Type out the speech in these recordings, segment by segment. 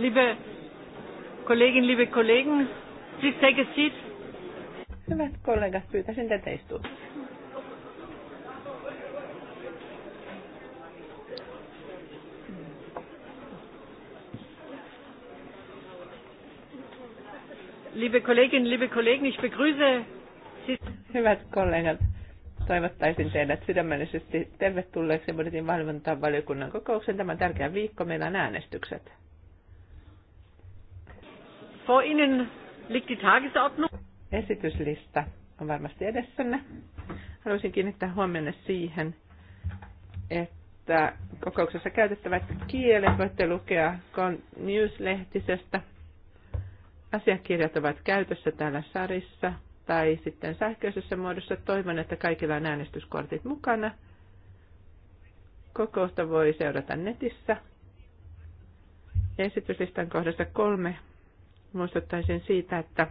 Liebe Kolleginnen, liebe Kollegen, please take a seat. Hyvät kollegat, pyytäisin tätä istua. Liebe Kolleginnen, liebe Kollegen, ich begrüße Sie. Hyvät kollegat, toivottaisin teidät sydämellisesti tervetulleeksi budjetin valvontavaliokunnan kokoukseen. Tämä on tärkeä viikko, meillä on äänestykset. Vor Ihnen liegt die Tagesordnung. Esityslista on varmasti edessänne. Haluaisin kiinnittää huomenna siihen, että kokouksessa käytettävät kielet voitte lukea News-lehtisestä. Asiakirjat ovat käytössä täällä sarissa tai sitten sähköisessä muodossa. Toivon, että kaikilla on äänestyskortit mukana. Kokousta voi seurata netissä. Esityslistan kohdassa kolme muistuttaisin siitä, että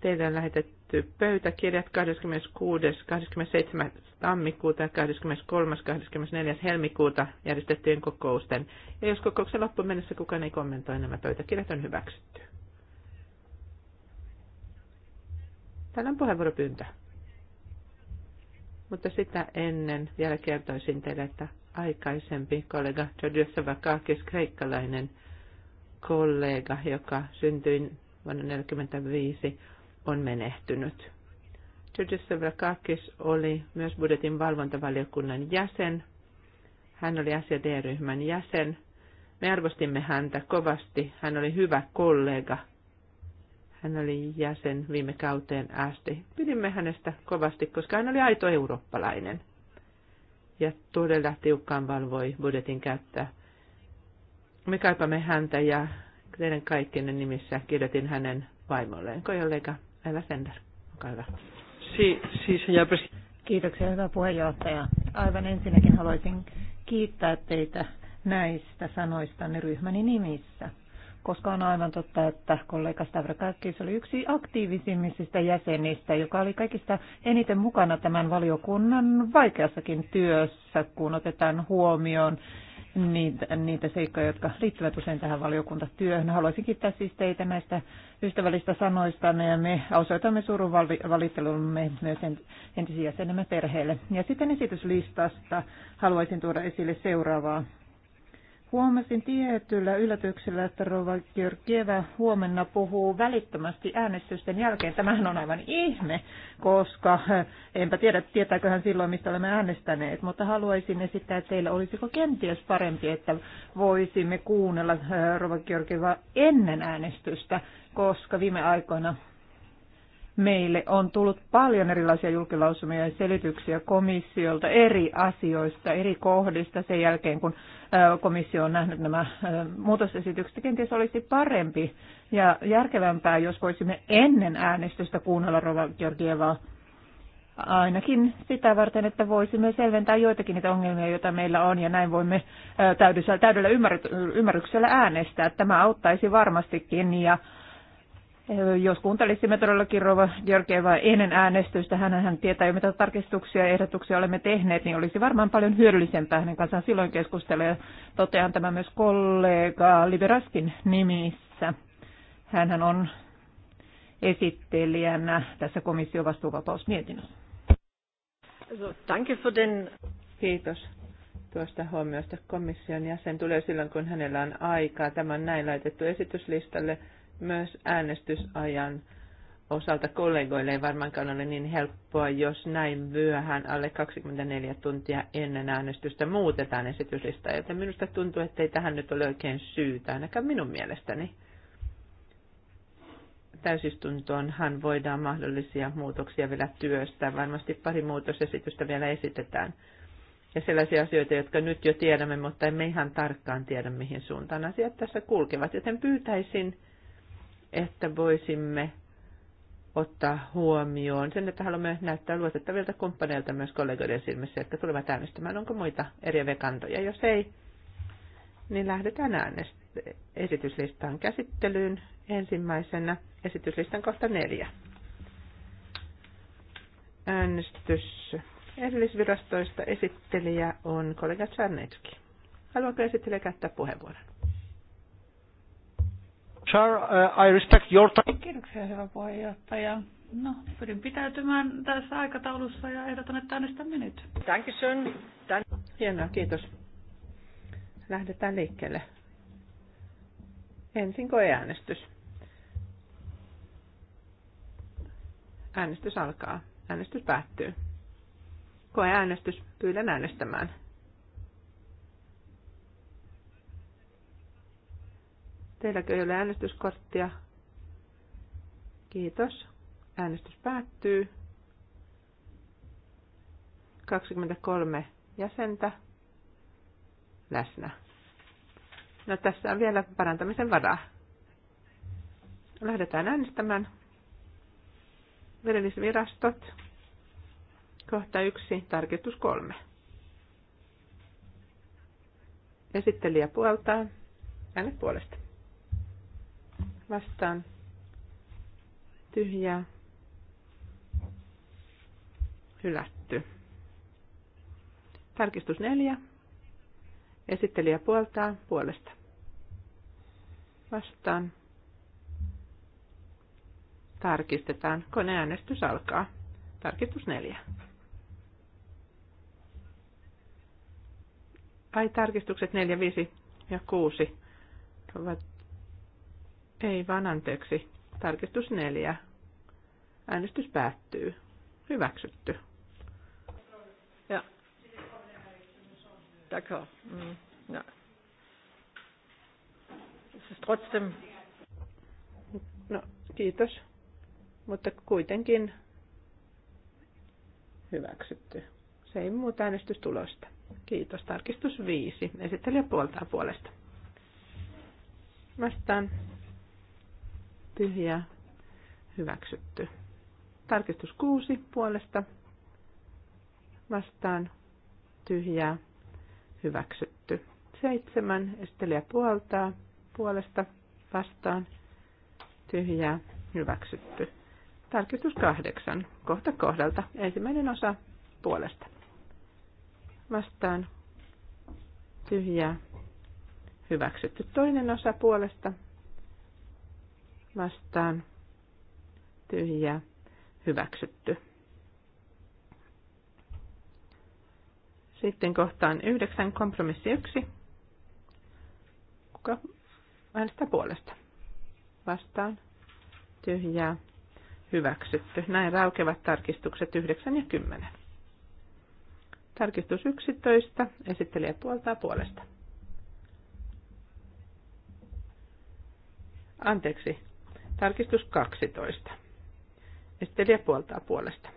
teille on lähetetty pöytäkirjat 26. 27. tammikuuta ja 23. 24. helmikuuta järjestettyjen kokousten. Ja jos kokouksen loppuun mennessä kukaan ei kommentoi, nämä pöytäkirjat on hyväksytty. Täällä on puheenvuoropyyntö. Mutta sitä ennen vielä kertoisin teille, että aikaisempi kollega Georgios Vakakis, kreikkalainen – kollega, joka syntyi vuonna 1945, on menehtynyt. George Savrakakis oli myös budjetin valvontavaliokunnan jäsen. Hän oli asia D-ryhmän jäsen. Me arvostimme häntä kovasti. Hän oli hyvä kollega. Hän oli jäsen viime kauteen asti. Pidimme hänestä kovasti, koska hän oli aito eurooppalainen. Ja todella tiukkaan valvoi budjetin käyttää me kaipaamme häntä ja teidän kaikkien nimissä kirjoitin hänen vaimolleen. Kojollega Ella Sender, olkaa hyvä. Si, si, Kiitoksia, hyvä puheenjohtaja. Aivan ensinnäkin haluaisin kiittää teitä näistä sanoista ryhmäni nimissä koska on aivan totta, että kollega Stavrakakis oli yksi aktiivisimmista jäsenistä, joka oli kaikista eniten mukana tämän valiokunnan vaikeassakin työssä, kun otetaan huomioon niitä, niitä seikkoja, jotka liittyvät usein tähän valiokuntatyöhön. Haluaisin kiittää siis teitä näistä ystävällistä sanoista, ja me osoitamme surun valittelumme myös entisiä jäsenemme perheelle. Ja sitten esityslistasta haluaisin tuoda esille seuraavaa Huomasin tietyllä yllätyksellä, että Rova Georgieva huomenna puhuu välittömästi äänestysten jälkeen. Tämähän on aivan ihme, koska eh, enpä tiedä, tietääkö hän silloin, mistä olemme äänestäneet, mutta haluaisin esittää teille, olisiko kenties parempi, että voisimme kuunnella eh, Rova Georgieva ennen äänestystä, koska viime aikoina meille on tullut paljon erilaisia julkilausumia ja selityksiä komissiolta eri asioista, eri kohdista sen jälkeen, kun komissio on nähnyt nämä muutosesitykset. Kenties olisi parempi ja järkevämpää, jos voisimme ennen äänestystä kuunnella Rova Georgievaa ainakin sitä varten, että voisimme selventää joitakin niitä ongelmia, joita meillä on, ja näin voimme täydellä ymmärryksellä äänestää. Tämä auttaisi varmastikin, ja jos kuuntelisimme todellakin Rova Georgievaa ennen äänestystä, hän, hän tietää jo mitä tarkistuksia ja ehdotuksia olemme tehneet, niin olisi varmaan paljon hyödyllisempää hänen kanssaan silloin keskustella. Ja totean tämä myös kollega Liberaskin nimissä. hän on esittelijänä tässä komission vastuuvapausmietinnössä. So, danke den... Kiitos tuosta huomiosta. Komission jäsen tulee silloin, kun hänellä on aikaa. Tämä on näin laitettu esityslistalle myös äänestysajan osalta kollegoille ei varmaankaan ole niin helppoa, jos näin myöhään alle 24 tuntia ennen äänestystä muutetaan esityslista, joten minusta tuntuu, että ei tähän nyt ole oikein syytä, ainakaan minun mielestäni. Täysistuntoonhan voidaan mahdollisia muutoksia vielä työstää, varmasti pari muutosesitystä vielä esitetään. Ja sellaisia asioita, jotka nyt jo tiedämme, mutta emme ihan tarkkaan tiedä, mihin suuntaan asiat tässä kulkevat, joten pyytäisin että voisimme ottaa huomioon sen, että haluamme näyttää luotettavilta kumppaneilta myös kollegoiden silmissä, että tulevat äänestämään, onko muita eriäviä kantoja. Jos ei, niin lähdetään äänest- esityslistan käsittelyyn ensimmäisenä esityslistan kohta neljä. Äänestys erillisvirastoista esittelijä on kollega Czarnetski. Haluatko esittelijä käyttää puheenvuoron? Chair, uh, I respect your time. Kiitoksia, hyvä puheenjohtaja. No, pyrin pitäytymään tässä aikataulussa ja ehdotan, että äänestämme nyt. Dankeschön. Dan... Hienoa, kiitos. Lähdetään liikkeelle. Ensin koeäänestys. Äänestys alkaa. Äänestys päättyy. Koeäänestys. Pyydän äänestämään. Teilläkö ei ole äänestyskorttia? Kiitos. Äänestys päättyy. 23 jäsentä läsnä. No tässä on vielä parantamisen varaa. Lähdetään äänestämään. Verillisvirastot. Kohta yksi, tarkistus kolme. Esittelijä puoltaa. Äänet puolesta vastaan tyhjää hylätty. Tarkistus neljä. Esittelijä puoltaa puolesta. Vastaan. Tarkistetaan. Koneäänestys alkaa. Tarkistus neljä. Ai tarkistukset 4, 5 ja 6 ovat ei vaan anteeksi. Tarkistus neljä. Äänestys päättyy. Hyväksytty. Ja. D'accord. Mm. Ja. Trotzdem. No, kiitos. Mutta kuitenkin hyväksytty. Se ei muuta äänestystulosta. Kiitos. Tarkistus 5. Esittelijä puoltaa puolesta. Vastaan tyhjää hyväksytty. Tarkistus 6 puolesta vastaan tyhjää hyväksytty. 7 esteliä puoltaa puolesta vastaan tyhjää hyväksytty. Tarkistus 8 kohta kohdalta ensimmäinen osa puolesta vastaan tyhjää hyväksytty. Toinen osa puolesta vastaan tyhjää hyväksytty. Sitten kohtaan yhdeksän kompromissi yksi. Kuka äänestää puolesta? Vastaan tyhjää hyväksytty. Näin raukevat tarkistukset 9 ja 10. Tarkistus 11. Esittelijä puoltaa puolesta. Anteeksi, Tarkistus 12. Esittelijä puoltaa puolesta.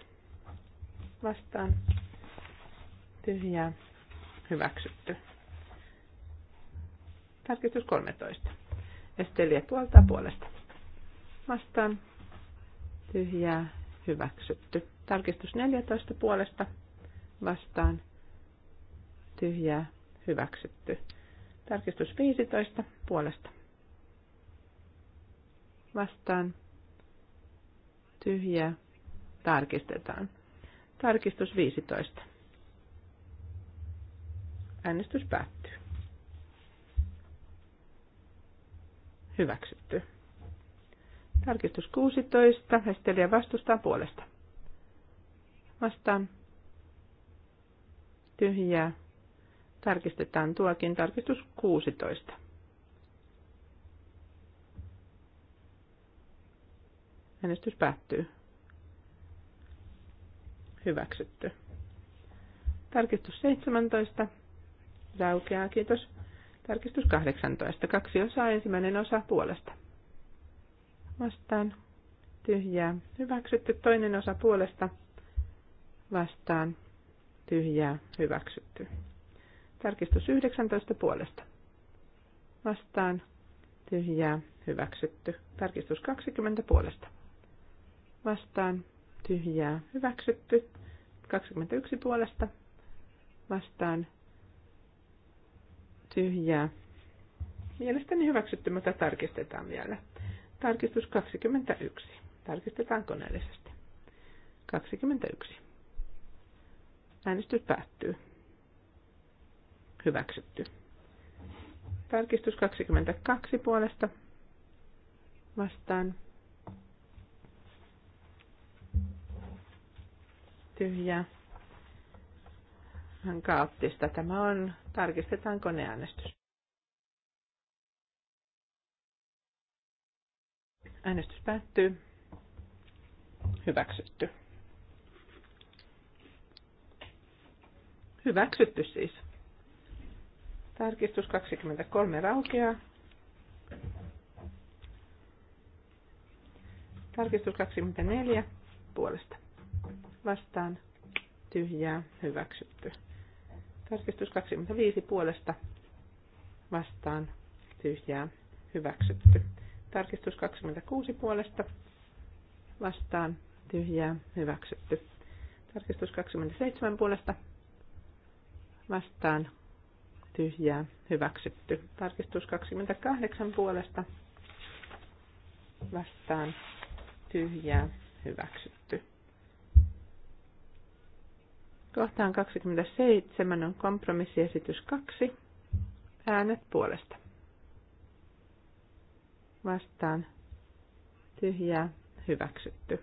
Vastaan. Tyhjää. Hyväksytty. Tarkistus 13. Esittelijä puoltaa puolesta. Vastaan. Tyhjää. Hyväksytty. Tarkistus 14 puolesta. Vastaan. Tyhjää. Hyväksytty. Tarkistus 15 puolesta vastaan tyhjää tarkistetaan. Tarkistus 15. Äänestys päättyy. Hyväksytty. Tarkistus 16. Estelijä vastustaa puolesta. Vastaan. Tyhjää. Tarkistetaan tuokin. Tarkistus 16. Äänestys päättyy. Hyväksytty. Tarkistus 17. Raukeaa, kiitos. Tarkistus 18. Kaksi osaa, ensimmäinen osa puolesta. Vastaan. Tyhjää. Hyväksytty. Toinen osa puolesta. Vastaan. Tyhjää. Hyväksytty. Tarkistus 19 puolesta. Vastaan. Tyhjää. Hyväksytty. Tarkistus 20 puolesta vastaan tyhjää hyväksytty. 21 puolesta vastaan tyhjää. Mielestäni hyväksytty, mutta tarkistetaan vielä. Tarkistus 21. Tarkistetaan koneellisesti. 21. Äänestys päättyy. Hyväksytty. Tarkistus 22 puolesta vastaan tyhjää. Vähän kaoottista tämä on. Tarkistetaan koneäänestys. Äänestys päättyy. Hyväksytty. Hyväksytty siis. Tarkistus 23 raukeaa. Tarkistus 24 puolesta vastaan tyhjää hyväksytty. Tarkistus 25 puolesta vastaan tyhjää hyväksytty. Tarkistus 26 puolesta vastaan tyhjää hyväksytty. Tarkistus 27 puolesta vastaan tyhjää hyväksytty. Tarkistus 28 puolesta vastaan tyhjää hyväksytty. Kohtaan 27 on kompromissiesitys 2. Äänet puolesta. Vastaan. Tyhjää. Hyväksytty.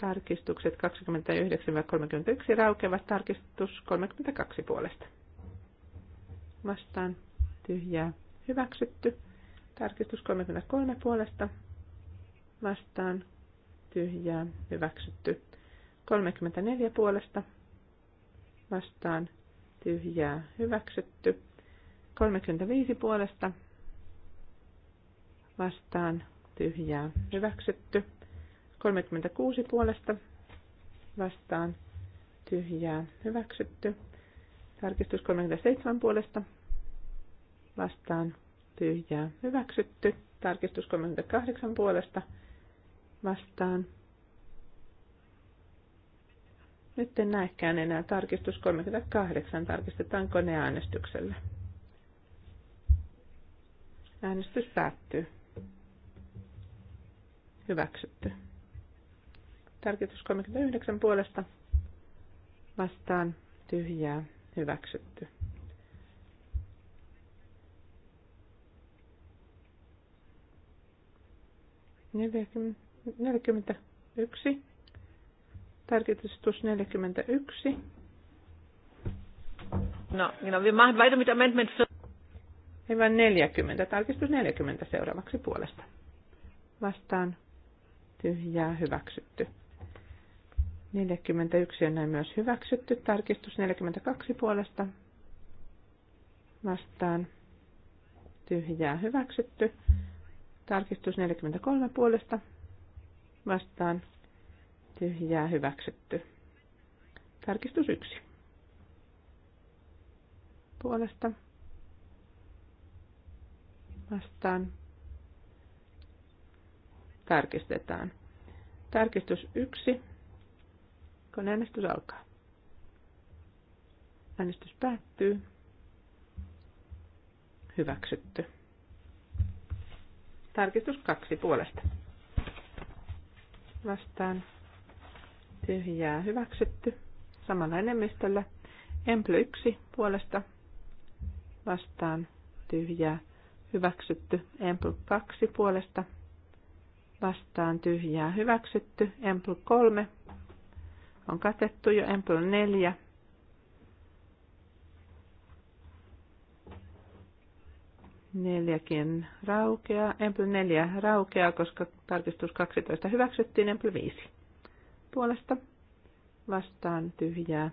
Tarkistukset 29-31 raukeavat. Tarkistus 32 puolesta. Vastaan. Tyhjää. Hyväksytty. Tarkistus 33 puolesta. Vastaan. Tyhjää. Hyväksytty 34 puolesta vastaan tyhjää hyväksytty. 35 puolesta vastaan tyhjää hyväksytty. 36 puolesta vastaan tyhjää hyväksytty. Tarkistus 37 puolesta vastaan tyhjää hyväksytty. Tarkistus 38 puolesta vastaan nyt en näekään enää tarkistus 38. Tarkistetaan koneäänestyksellä. Äänestys päättyy. Hyväksytty. Tarkistus 39 puolesta vastaan tyhjää hyväksytty. Neljäkymmentä yksi Tarkistus 41. No, no wir machen weiter mit Amendment vain 40. Tarkistus 40 seuraavaksi puolesta. Vastaan tyhjää hyväksytty. 41 on näin myös hyväksytty. Tarkistus 42 puolesta. Vastaan tyhjää hyväksytty. Tarkistus 43 puolesta. Vastaan tyhjää hyväksytty. Tarkistus 1. Puolesta vastaan tarkistetaan. Tarkistus 1, kun äänestys alkaa. Äänestys päättyy. Hyväksytty. Tarkistus 2 puolesta. Vastaan tyhjää hyväksytty samalla enemmistöllä. Emply 1 puolesta vastaan tyhjää hyväksytty. Emply 2 puolesta vastaan tyhjää hyväksytty. Emply 3 on katettu jo. Emply 4 neljäkin raukeaa, Empl 4 raukeaa, koska tarkistus 12 hyväksyttiin, Empl 5 puolesta vastaan tyhjää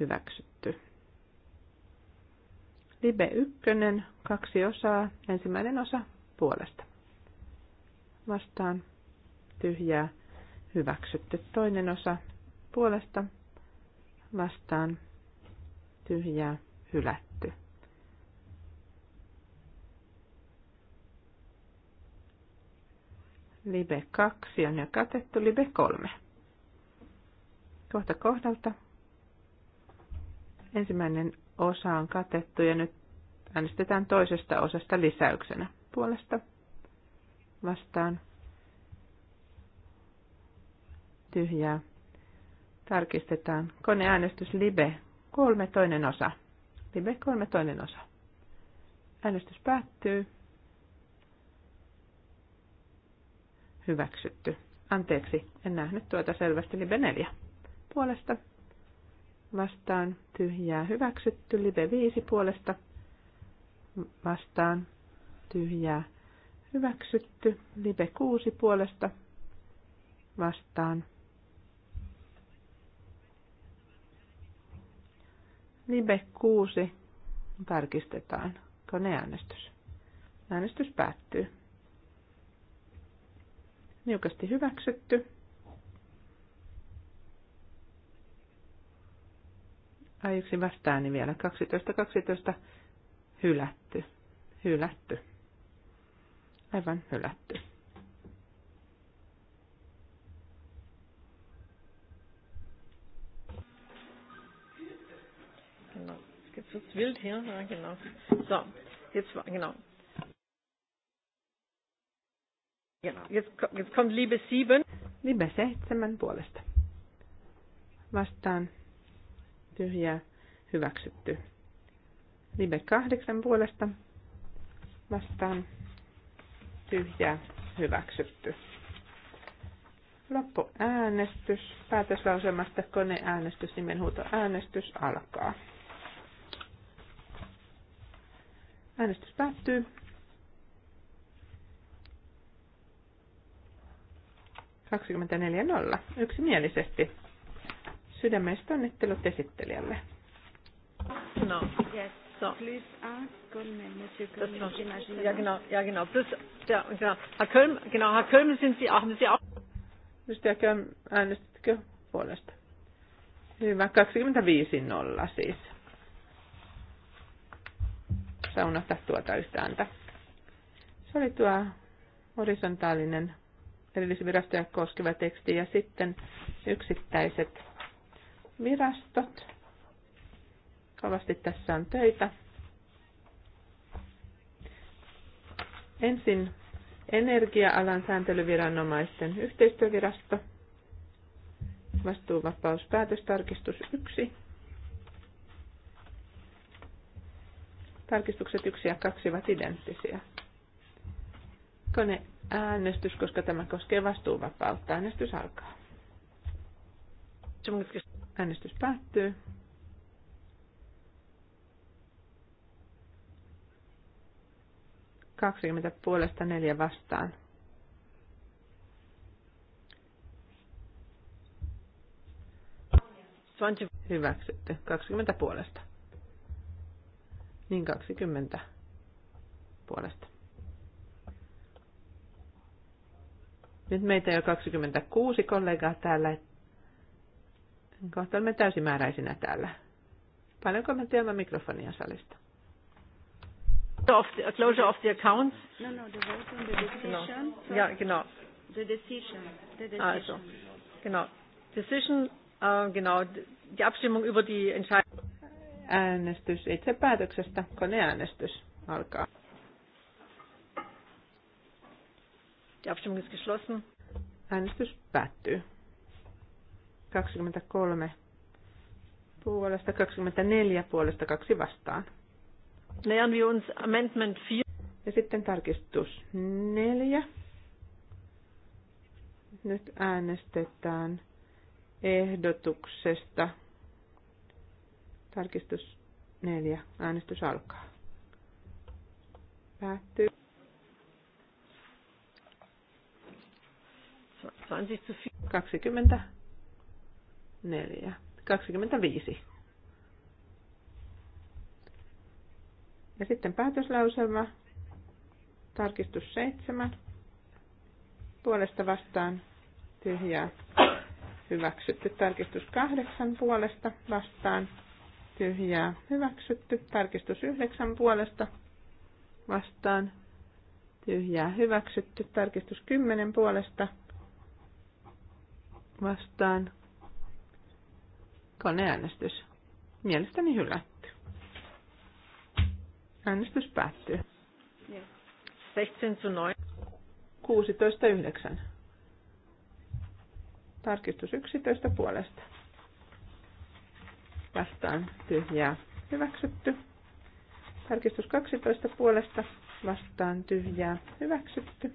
hyväksytty. Libe 1, kaksi osaa, ensimmäinen osa puolesta. Vastaan tyhjää hyväksytty. Toinen osa puolesta vastaan tyhjää hylätty. libe 2 on jo katettu, libe 3 kohta kohdalta. Ensimmäinen osa on katettu ja nyt äänestetään toisesta osasta lisäyksenä puolesta vastaan tyhjää. Tarkistetaan koneäänestys Libe kolme toinen osa. Libe kolme toinen osa. Äänestys päättyy. Hyväksytty. Anteeksi, en nähnyt tuota selvästi Libe 4 puolesta vastaan tyhjää hyväksytty. Live 5 puolesta vastaan tyhjää hyväksytty. Live 6 puolesta vastaan Live 6 tarkistetaan. Koneäänestys. Äänestys päättyy. Niukasti hyväksytty. Ai yksi vastaani vielä. 12, 12. Hylätty. Hylätty. Aivan hylätty. Genau. Jetzt wird's wild hier. Ja, genau. So, jetzt war, genau. Genau. Jetzt, jetzt kommt Liebe 7. Liebe 7 puolesta. Vastaan tyhjää hyväksytty. Live kahdeksan puolesta vastaan tyhjää hyväksytty. Loppuäänestys. Päätöslauselmasta koneäänestys, nimenhuutoäänestys alkaa. Äänestys päättyy. nolla yksimielisesti. Sydämestä onnittelut esittelijälle. No. Yes. So. Plus un Ja genau, ja genau. Plus, ja, genau. Herr Köln, genau, Herr Köln sind Sie haben Sie auch. Edustaja Köln, äänestitkö puolesta? Hyvä, 25 nolla siis. Saa unohtaa tuota yhtä ääntä. Se oli tuo horisontaalinen erillisvirastoja koskeva teksti ja sitten yksittäiset virastot. Kovasti tässä on töitä. Ensin energia-alan sääntelyviranomaisten yhteistyövirasto. Vastuuvapauspäätöstarkistus 1. Tarkistukset 1 ja 2 ovat identtisiä. Kone äänestys, koska tämä koskee vastuuvapautta. Äänestys alkaa. Äänestys päättyy. Kaksikymmentä puolesta neljä vastaan. Hyväksytty. 20 puolesta. Niin 20 puolesta. Nyt meitä on jo 26 kollegaa täällä, Kohta olemme täysimääräisinä täällä. Paljon kommentteja ilman mikrofonia salista. Of the, closure of the accounts? No, no, the vote on the decision. No. Ja, genau. The decision. The decision. Also, genau. Decision, uh, genau, die Abstimmung über die Entscheidung. Äänestys itse päätöksestä, koneäänestys alkaa. Die Abstimmung ist geschlossen. Äänestys päättyy. 23 puolesta, 24 puolesta, kaksi vastaan. Nähern vi uns Amendment 4. Ja sitten tarkistus 4. Nyt äänestetään ehdotuksesta. Tarkistus 4. Äänestys alkaa. Päättyy. 20 4. 20 neljä, 25. Ja sitten päätöslauselma, tarkistus 7, puolesta vastaan tyhjää hyväksytty. Tarkistus 8 puolesta vastaan tyhjää hyväksytty. Tarkistus 9 puolesta vastaan tyhjää hyväksytty. Tarkistus 10 puolesta vastaan Koneäänestys. Mielestäni hylätty. Äänestys päättyy. 16.9. Tarkistus 11 puolesta. Vastaan tyhjää hyväksytty. Tarkistus 12 puolesta. Vastaan tyhjää hyväksytty.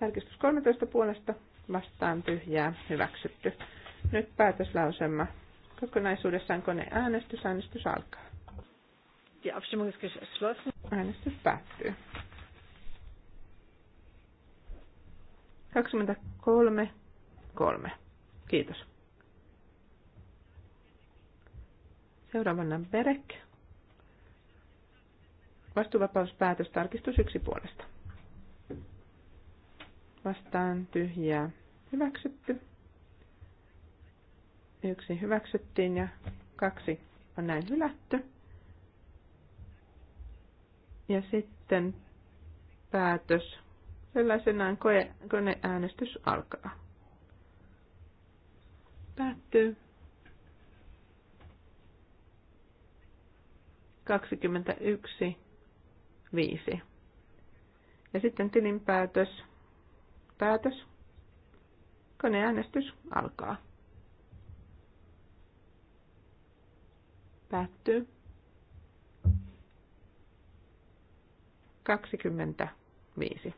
Tarkistus 13 puolesta. Vastaan tyhjää hyväksytty. Nyt päätöslauselma. Kokonaisuudessaan kone Äänestys alkaa. Die Abstimmung ist geschlossen. Äänestys päättyy. 23, 3. Kiitos. Seuraavana Berek. Vastuuvapauspäätös tarkistus yksi puolesta. Vastaan tyhjää. Hyväksytty. Yksi hyväksyttiin ja kaksi on näin hylätty. Ja sitten päätös. Sellaisenaan koneäänestys alkaa. Päättyy. 21, 5. Ja sitten tilinpäätös. Päätös. Koneäänestys alkaa. Päättyy. 25.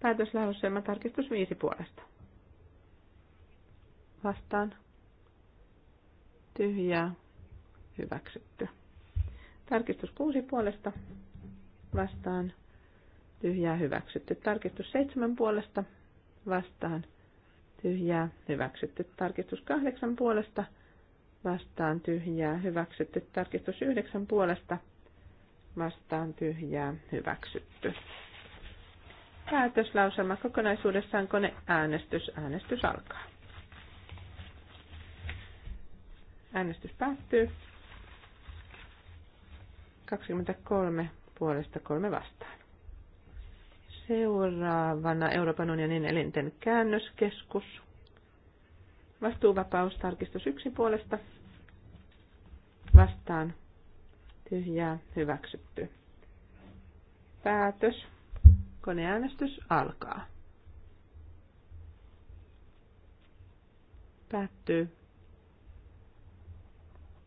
Päätöslauselma tarkistus 5 puolesta. Vastaan. Tyhjää. Hyväksytty. Tarkistus 6 puolesta. Vastaan. Tyhjää hyväksytty. Tarkistus 7 puolesta. Vastaan. Tyhjää hyväksytty. Tarkistus 8 puolesta vastaan tyhjää hyväksytty. Tarkistus yhdeksän puolesta vastaan tyhjää hyväksytty. Päätöslauselma kokonaisuudessaan koneäänestys. Äänestys alkaa. Äänestys päättyy. 23 puolesta kolme vastaan. Seuraavana Euroopan unionin elinten käännöskeskus. Vastuuvapaus tarkistus yksi puolesta vastaan tyhjää hyväksytty. Päätös. Koneäänestys alkaa. Päättyy.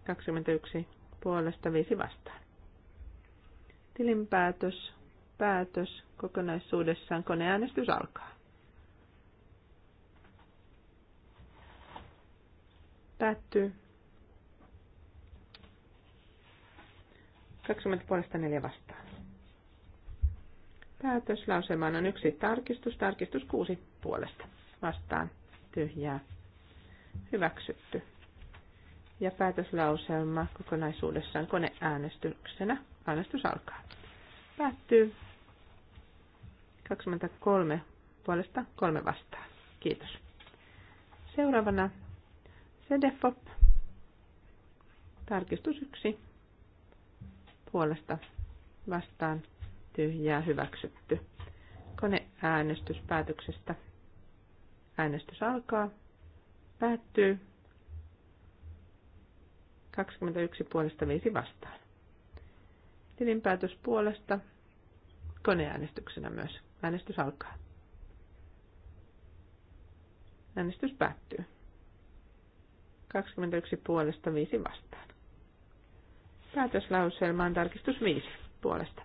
21 puolesta 5 vastaan. Tilinpäätös. Päätös. Kokonaisuudessaan koneäänestys alkaa. Päättyy. 20 puolesta 4 vastaan. Päätöslausemaan on yksi tarkistus, tarkistus 6 puolesta vastaan tyhjää hyväksytty. Ja päätöslauselma kokonaisuudessaan koneäänestyksenä. Äänestys alkaa. Päättyy 23 puolesta kolme vastaan. Kiitos. Seuraavana CDFOP. Tarkistus 1 puolesta vastaan tyhjää hyväksytty. Koneäänestys päätöksestä. Äänestys alkaa. Päättyy. 21 puolesta 5 vastaan. Tilinpäätös puolesta koneäänestyksenä myös. Äänestys alkaa. Äänestys päättyy. 21 puolesta 5 vastaan. Päätöslauselmaan tarkistus 5 puolesta.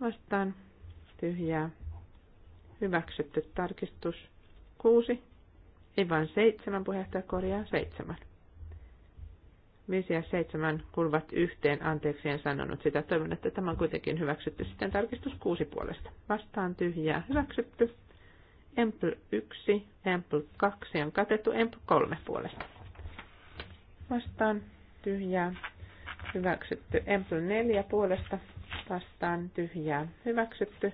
Vastaan tyhjää. Hyväksytty tarkistus 6. Ei vain 7 puheenjohtaja korjaa 7. 5 ja 7 kulvat yhteen, anteeksi en sanonut sitä. Toivon, että tämä on kuitenkin hyväksytty. Sitten tarkistus 6 puolesta. Vastaan tyhjää hyväksytty. Empl 1, Empl 2 on katettu, Empl 3 puolesta. Vastaan tyhjää Hyväksytty. Empyl 4 puolesta vastaan tyhjää. Hyväksytty.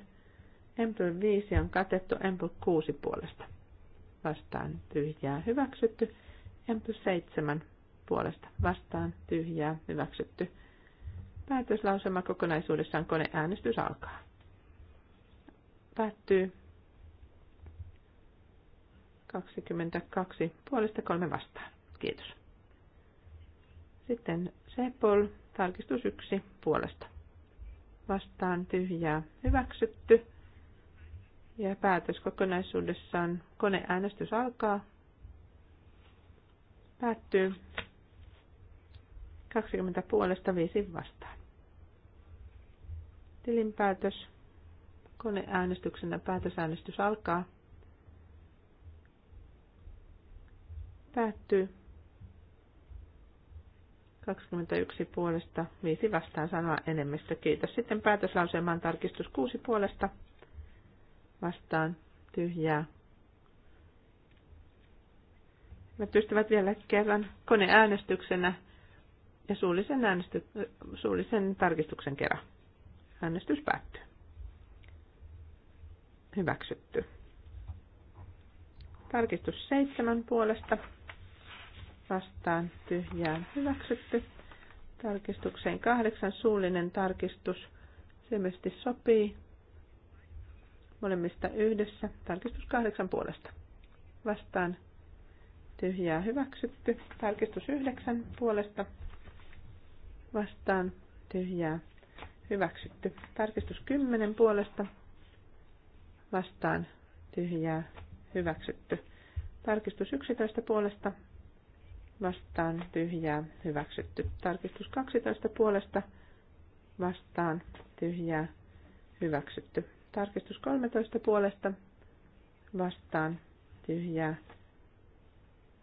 Empyl 5 on katettu. Empyl 6 puolesta vastaan tyhjää. Hyväksytty. Empyl 7 puolesta vastaan tyhjää. Hyväksytty. Päätöslausema kokonaisuudessaan koneäänestys alkaa. Päättyy 22 puolesta kolme vastaan. Kiitos. Sitten Sepol, tarkistus 1 puolesta. Vastaan tyhjää hyväksytty. Ja päätös kokonaisuudessaan. Koneäänestys alkaa. Päättyy. 20 puolesta 5 vastaan. Tilinpäätös. Koneäänestyksenä päätösäänestys alkaa. Päättyy. 21 puolesta, 5 vastaan sanoa enemmistö. Kiitos. Sitten päätöslauselman tarkistus 6 puolesta vastaan tyhjää. Me pystyvät vielä kerran koneäänestyksenä ja suullisen, äänesty- suullisen tarkistuksen kerran. Äänestys päättyy. Hyväksytty. Tarkistus 7 puolesta vastaan tyhjää hyväksytty. Tarkistukseen kahdeksan suullinen tarkistus. Se sopii. Molemmista yhdessä. Tarkistus kahdeksan puolesta. Vastaan tyhjää hyväksytty. Tarkistus yhdeksän puolesta. Vastaan tyhjää hyväksytty. Tarkistus kymmenen puolesta. Vastaan tyhjää hyväksytty. Tarkistus 11 puolesta vastaan tyhjää hyväksytty. Tarkistus 12 puolesta vastaan tyhjää hyväksytty. Tarkistus 13 puolesta vastaan tyhjää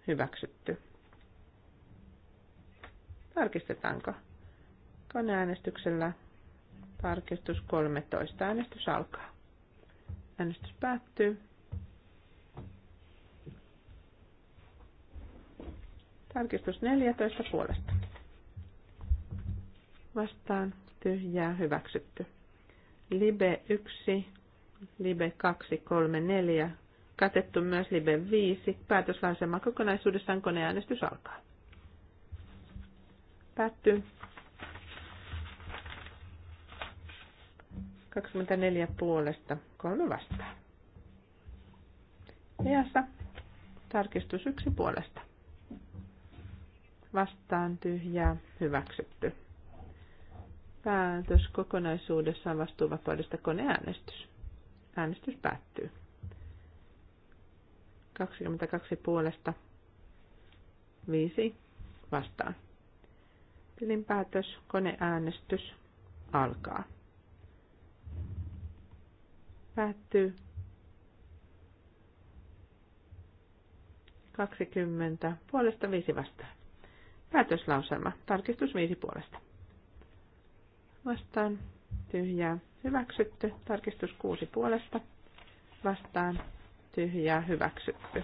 hyväksytty. Tarkistetaanko? Koneäänestyksellä tarkistus 13. Äänestys alkaa. Äänestys päättyy. Tarkistus 14 puolesta. Vastaan tyhjää hyväksytty. Libe 1, Libe 2, 3, 4, katettu myös Libe 5. Päätöslausema kokonaisuudessaan koneäänestys alkaa. Päättyy. 24 puolesta, 3 vastaan. Eassa tarkistus 1 puolesta vastaan tyhjää hyväksytty. Päätös kokonaisuudessaan vastuuvapaudesta koneäänestys. Äänestys päättyy. 22 puolesta 5 vastaan. Tilinpäätös, koneäänestys alkaa. Päättyy 20 puolesta 5 vastaan. Päätöslauselma. Tarkistus viisi puolesta. Vastaan. Tyhjää. Hyväksytty. Tarkistus kuusi puolesta. Vastaan. Tyhjää. Hyväksytty.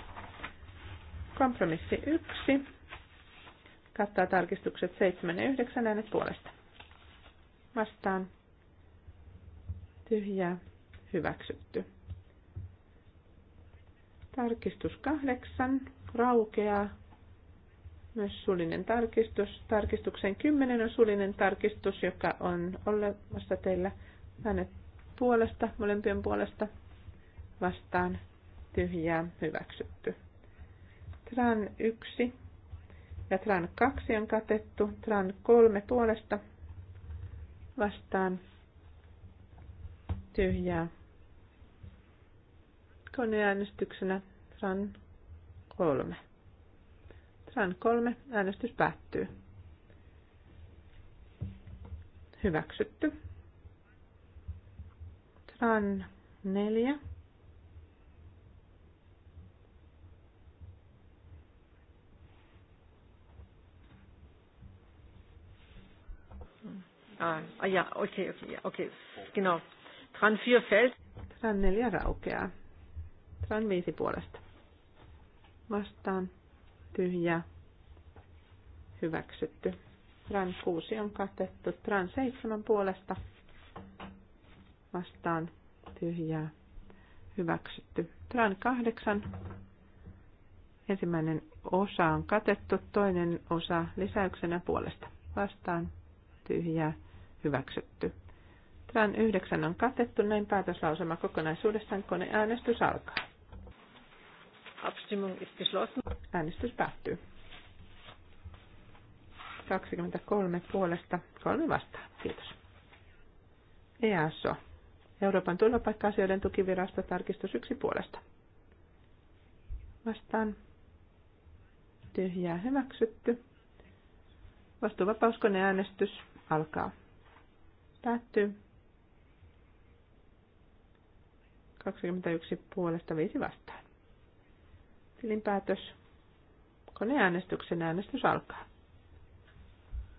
Kompromissi yksi. Kattaa tarkistukset 7 ja 9 äänet puolesta. Vastaan. Tyhjää. Hyväksytty. Tarkistus kahdeksan. Raukeaa myös suullinen tarkistus. Tarkistuksen 10 on suullinen tarkistus, joka on olemassa teillä äänet puolesta, molempien puolesta vastaan tyhjää hyväksytty. Tran 1 ja Tran 2 on katettu. Tran 3 puolesta vastaan tyhjää koneäänestyksenä Tran 3. Tran 3. Äänestys päättyy. Hyväksytty. Tran 4. Ah, ah ja, okay, okei, okay, okei, okay, Tran 4 fällt. Tran 4 raukeaa. Tran 5 puolesta. Vastaan tyhjä, hyväksytty. Tran 6 on katettu. Tran 7 puolesta vastaan tyhjää hyväksytty. Tran 8 ensimmäinen osa on katettu, toinen osa lisäyksenä puolesta vastaan tyhjää hyväksytty. Tran 9 on katettu, näin päätöslausema kokonaisuudessaan koneäänestys alkaa. Abstimmung ist geschlossen. Äänestys päättyy. 23 puolesta, kolme vastaan. Kiitos. EASO. Euroopan turvapaikka-asioiden tukivirasto tarkistus yksi puolesta. Vastaan. Tyhjää hyväksytty. äänestys alkaa. Päättyy. 21 puolesta 5 vastaan. Tilinpäätös. Koneäänestyksen äänestys alkaa.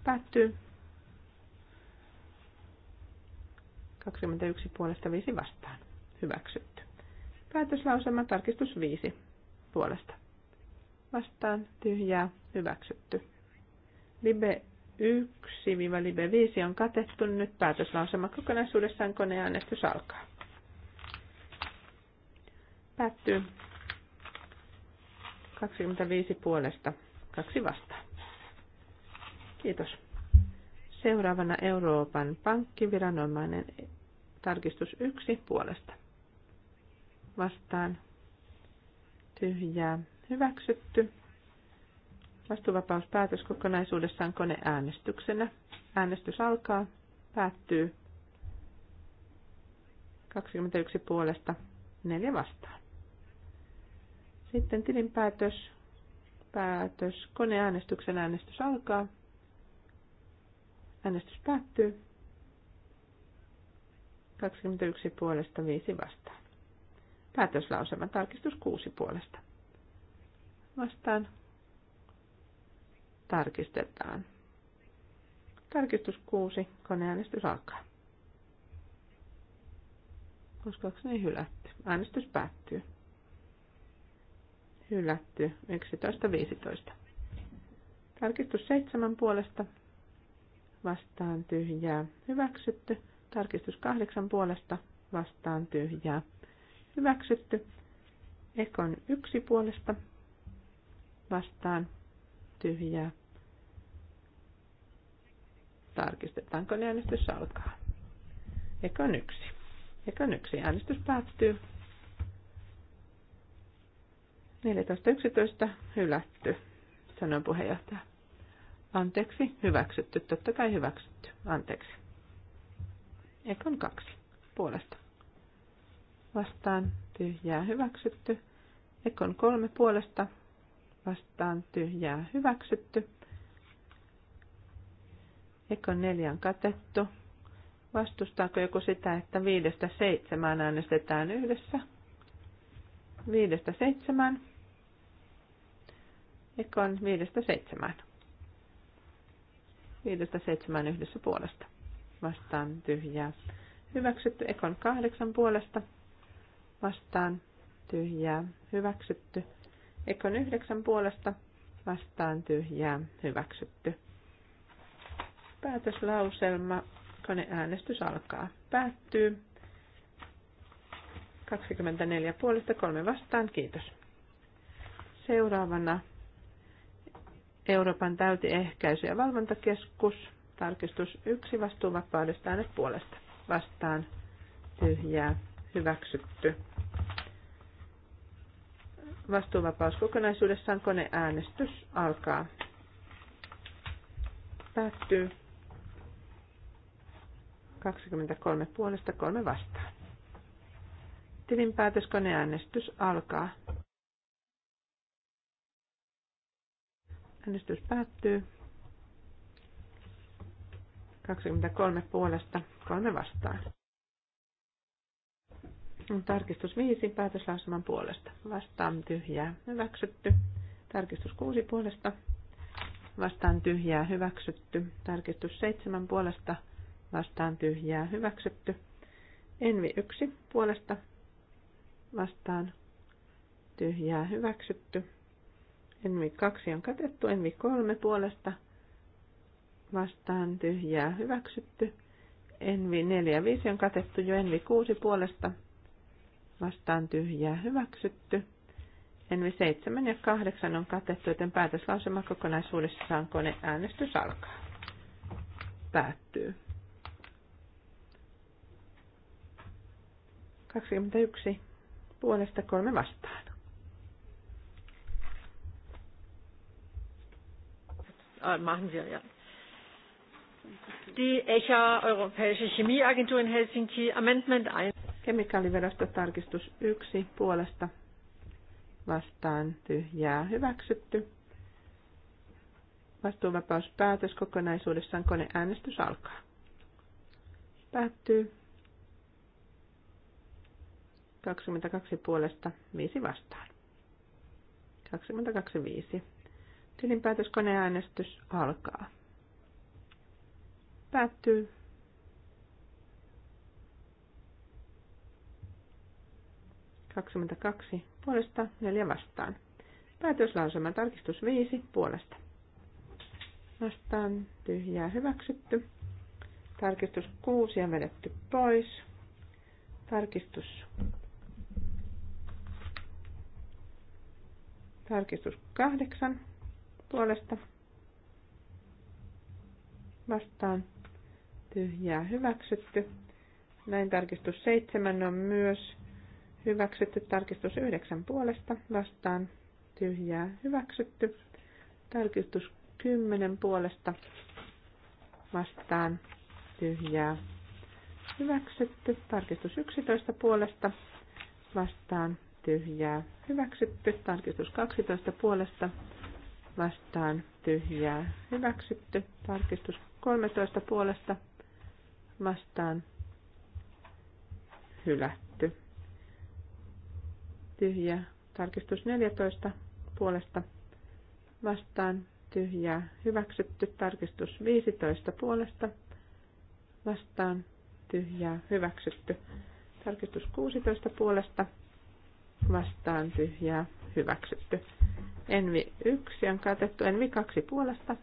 Päättyy. 21 puolesta 5 vastaan. Hyväksytty. Päätöslauselma tarkistus 5 puolesta. Vastaan tyhjää. Hyväksytty. Libe 1-libe 5 on katettu. Nyt päätöslauselma kokonaisuudessaan koneäänestys alkaa. Päättyy. 25 puolesta, kaksi vastaan. Kiitos. Seuraavana Euroopan pankkiviranomainen tarkistus 1 puolesta. Vastaan tyhjää hyväksytty. Vastuvapauspäätös kokonaisuudessaan koneäänestyksenä. Äänestys alkaa, päättyy 21 puolesta, 4 vastaan. Sitten tilinpäätös. Päätös. Koneäänestyksen äänestys alkaa. Äänestys päättyy. 21 puolesta 5 vastaan. Päätöslauselman tarkistus 6 puolesta. Vastaan. Tarkistetaan. Tarkistus 6. Koneäänestys alkaa. Uskoakseni hylätty. Äänestys päättyy. Hylätty 11.15. Tarkistus 7 puolesta. Vastaan tyhjää. Hyväksytty. Tarkistus 8 puolesta. Vastaan tyhjää. Hyväksytty. Ekon 1 puolesta. Vastaan tyhjää. Tarkistetaanko ne äänestys alkaa? Ekon 1. Ekon 1. Äänestys päättyy. 14.11. Hylätty, sanoi puheenjohtaja. Anteeksi, hyväksytty. Totta kai hyväksytty. Anteeksi. Ekon kaksi. Puolesta. Vastaan tyhjää hyväksytty. Ekon kolme puolesta. Vastaan tyhjää hyväksytty. Ekon neljän katettu. Vastustaako joku sitä, että viidestä seitsemään äänestetään yhdessä? Viidestä seitsemään Ekon viidestä seitsemään. Viidestä seitsemään yhdessä puolesta. Vastaan tyhjää. Hyväksytty Ekon kahdeksan puolesta. Vastaan tyhjää. Hyväksytty. Ekon yhdeksän puolesta. Vastaan tyhjää. Hyväksytty. Päätöslauselma. Koneäänestys alkaa. Päättyy. 24 puolesta, kolme vastaan. Kiitos. Seuraavana Euroopan tautiehkäisy- ja valvontakeskus, tarkistus 1, vastuuvapaudesta äänet puolesta. Vastaan tyhjää, hyväksytty. Vastuuvapaus kokonaisuudessaan koneäänestys alkaa. Päättyy 23 puolesta 3 vastaan. koneäänestys alkaa. Äänestys päättyy. 23 puolesta, 3 vastaan. Tarkistus 5 päätöslausuman puolesta. Vastaan tyhjää. Hyväksytty. Tarkistus 6 puolesta. Vastaan tyhjää. Hyväksytty. Tarkistus 7 puolesta. Vastaan tyhjää. Hyväksytty. Envi 1 puolesta. Vastaan tyhjää. Hyväksytty. Envi 2 on katettu, Envi 3 puolesta vastaan tyhjää hyväksytty. Envi 4 ja 5 on katettu jo Envi 6 puolesta vastaan tyhjää hyväksytty. Envi 7 ja 8 on katettu, joten päätöslausema kokonaisuudessaan koneäänestys alkaa. Päättyy. 21 puolesta 3 vastaan. Ah, machen wir ja. Die ECHA, Europäische Chemieagentur in Helsinki, Amendment 1. Kemikaalivirasto tarkistus 1 puolesta vastaan tyhjää hyväksytty. Vastuunvapauspäätös kokonaisuudessaan koneäänestys alkaa. Päättyy. 22 puolesta 5 vastaan. 5. Tilinpäätöskoneäänestys alkaa. Päättyy. kaksi puolesta, neljä vastaan. Päätöslauselma tarkistus 5 puolesta. Vastaan tyhjää hyväksytty. Tarkistus 6 ja vedetty pois. Tarkistus. Tarkistus 8 puolesta vastaan tyhjää hyväksytty. Näin tarkistus 7 on myös hyväksytty. Tarkistus 9 puolesta vastaan tyhjää hyväksytty. Tarkistus 10 puolesta vastaan tyhjää hyväksytty. Tarkistus 11 puolesta vastaan tyhjää hyväksytty. Tarkistus 12 puolesta vastaan tyhjää hyväksytty. Tarkistus 13 puolesta vastaan hylätty. Tyhjä. Tarkistus 14 puolesta vastaan tyhjää hyväksytty. Tarkistus 15 puolesta vastaan tyhjää hyväksytty. Tarkistus 16 puolesta vastaan tyhjää hyväksytty. Envi 1 on katettu Envi 2 puolesta.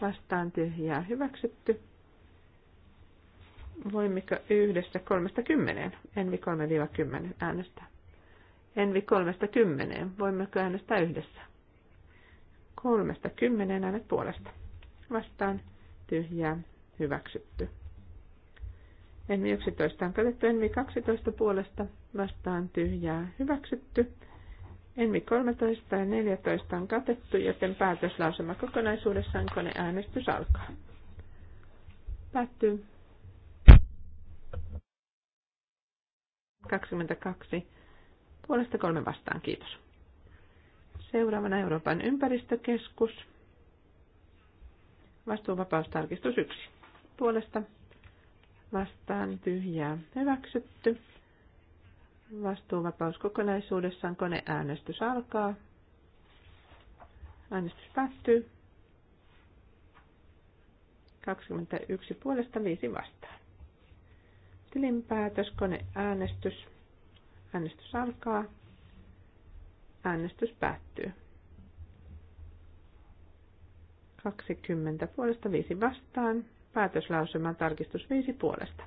Vastaan tyhjää hyväksytty. Voimmeko yhdessä kolmesta kymmeneen? Envi 3-10 äänestää. Envi kolmesta kymmeneen. Voimmeko äänestää yhdessä? Kolmesta kymmeneen äänet puolesta. Vastaan tyhjää hyväksytty. Envi 11 on katettu Envi 12 puolesta. Vastaan tyhjää hyväksytty. Enmi 13 ja 14 on katettu, joten päätöslausema kokonaisuudessaan koneäänestys alkaa. Päättyy. 22. Puolesta kolme vastaan, kiitos. Seuraavana Euroopan ympäristökeskus. Vastuuvapaustarkistus 1. Puolesta vastaan tyhjää hyväksytty. Vastuuvapaus kokonaisuudessaan koneäänestys alkaa. Äänestys päättyy. 21 puolesta 5 vastaan. Tilinpäätös, koneäänestys. Äänestys alkaa. Äänestys päättyy. 20 puolesta 5 vastaan. Päätöslausuma tarkistus 5 puolesta.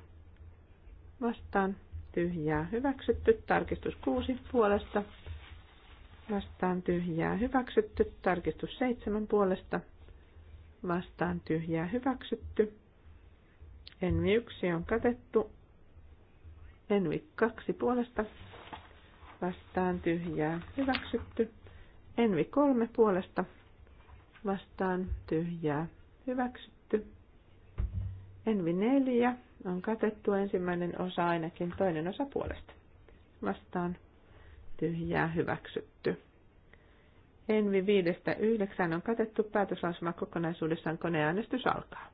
Vastaan tyhjää hyväksytty. Tarkistus 6 puolesta vastaan tyhjää hyväksytty. Tarkistus 7 puolesta vastaan tyhjää hyväksytty. Envi 1 on katettu. Envi 2 puolesta vastaan tyhjää hyväksytty. Envi 3 puolesta vastaan tyhjää hyväksytty. Envi 4 on katettu ensimmäinen osa ainakin, toinen osa puolesta. Vastaan tyhjää hyväksytty. Envi 5.9 on katettu päätöslausuma kokonaisuudessaan koneäänestys alkaa.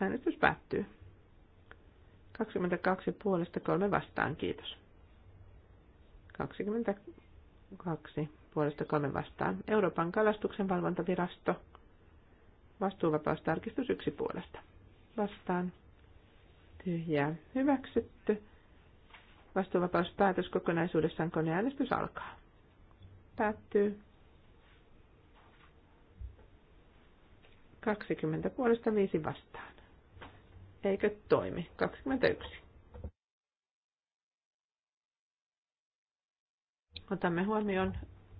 Äänestys päättyy. 22 puolesta 3 vastaan, kiitos. 22 puolesta 3 vastaan. Euroopan kalastuksen valvontavirasto. Vastuuvapaustarkistus 1 puolesta vastaan tyhjää hyväksytty. Vastuuvapauspäätös kokonaisuudessaan koneäänestys alkaa. Päättyy. 20 puolesta 5 vastaan. Eikö toimi? 21. Otamme huomioon,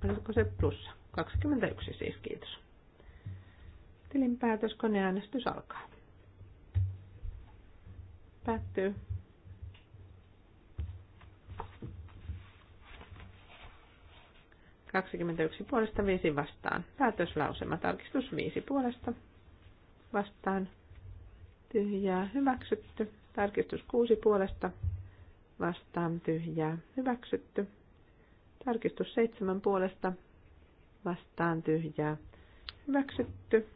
oliko se plussa? 21 siis, kiitos. Tilinpäätös, koneäänestys alkaa. Päättyy. Kaksikymmentäyksi puolesta viisi vastaan. Päätöslausema tarkistus viisi puolesta vastaan. Tyhjää hyväksytty. Tarkistus kuusi puolesta vastaan tyhjää hyväksytty. Tarkistus seitsemän puolesta vastaan tyhjää hyväksytty.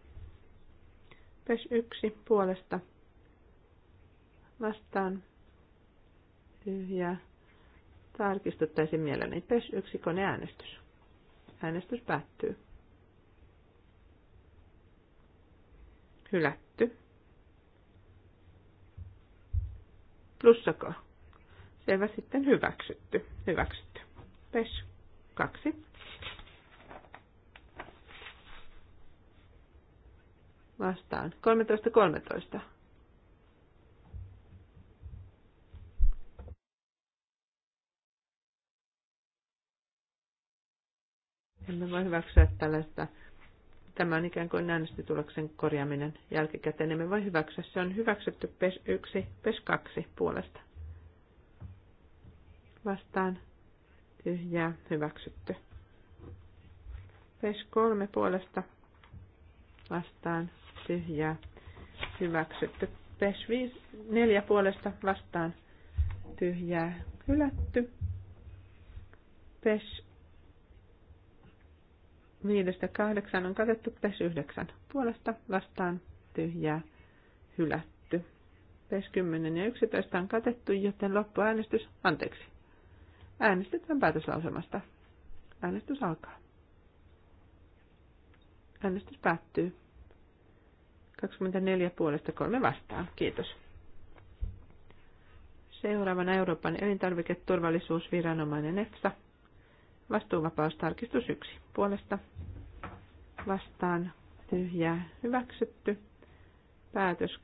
Pes yksi puolesta vastaan Tyhjä. Tarkistuttaisin mielelläni PES yksikön äänestys. Äänestys päättyy. Hylätty. Plussako. Selvä sitten hyväksytty. Hyväksytty. PES kaksi. Vastaan. 13.13. 13. Emme voi hyväksyä tällaista. Tämä on ikään kuin äänestytuloksen korjaaminen jälkikäteen. Emme voi hyväksyä. Se on hyväksytty PES 1, PES 2 puolesta. Vastaan tyhjää hyväksytty. PES 3 puolesta vastaan tyhjää hyväksytty. PES 5, 4 puolesta vastaan tyhjää hylätty. PES Viidestä kahdeksan on katettu PES yhdeksän Puolesta vastaan tyhjää hylätty. PES 10 ja 11 on katettu, joten loppuäänestys, anteeksi. Äänestetään päätöslausemasta. Äänestys alkaa. Äänestys päättyy. 24 puolesta kolme vastaan. Kiitos. Seuraavana Euroopan elintarviketurvallisuusviranomainen EFSA. Vastuuvapaustarkistus 1. Puolesta vastaan tyhjää hyväksytty. Päätös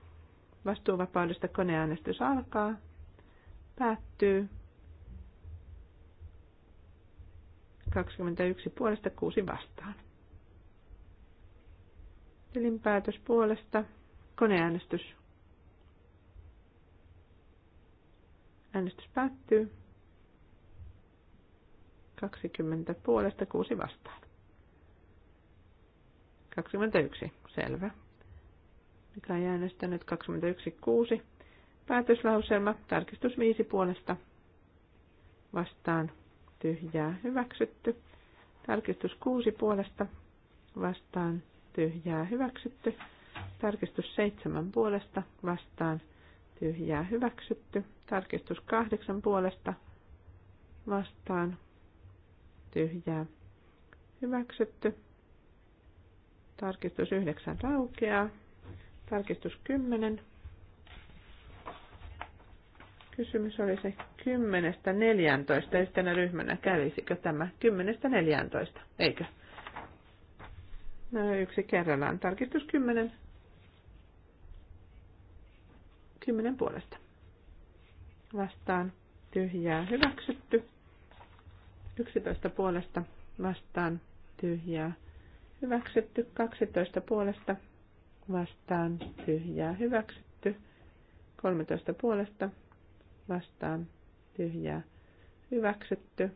vastuuvapaudesta koneäänestys alkaa. Päättyy. 21 puolesta 6 vastaan. Tilinpäätös puolesta. Koneäänestys. Äänestys päättyy. 20 puolesta 6 vastaan. 21, selvä. Mikä on äänestänyt 21, 6. Päätöslauselma, tarkistus 5 puolesta vastaan tyhjää hyväksytty. Tarkistus 6 puolesta vastaan tyhjää hyväksytty. Tarkistus 7 puolesta vastaan tyhjää hyväksytty. Tarkistus 8 puolesta vastaan tyhjää hyväksytty. Tarkistus 9 raukeaa. Tarkistus 10. Kysymys oli se 10-14 yhtenä ryhmänä. Kävisikö tämä 10-14? Eikö? No yksi kerrallaan. Tarkistus 10. 10 puolesta. Vastaan tyhjää hyväksytty. 11 puolesta vastaan tyhjää hyväksytty. 12 puolesta vastaan tyhjää hyväksytty. 13 puolesta vastaan tyhjää hyväksytty.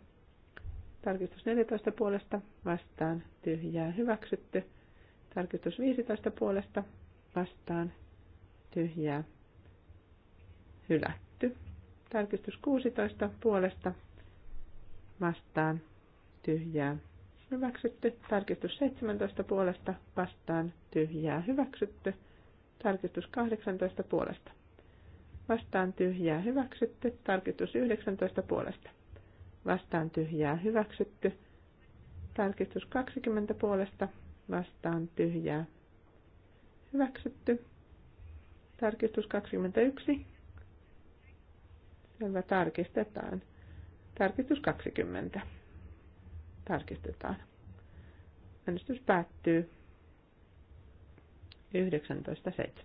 Tarkistus 14 puolesta vastaan tyhjää hyväksytty. Tarkistus 15 puolesta vastaan tyhjää hylätty. Tarkistus 16 puolesta vastaan tyhjää hyväksytty. Tarkistus 17 puolesta vastaan tyhjää hyväksytty. Tarkistus 18 puolesta. Vastaan tyhjää hyväksytty. Tarkistus 19 puolesta. Vastaan tyhjää hyväksytty. Tarkistus 20 puolesta. Vastaan tyhjää hyväksytty. Tarkistus 21. Selvä, tarkistetaan. Tarkistus 20. Tarkistetaan. Äänestys päättyy 19.7.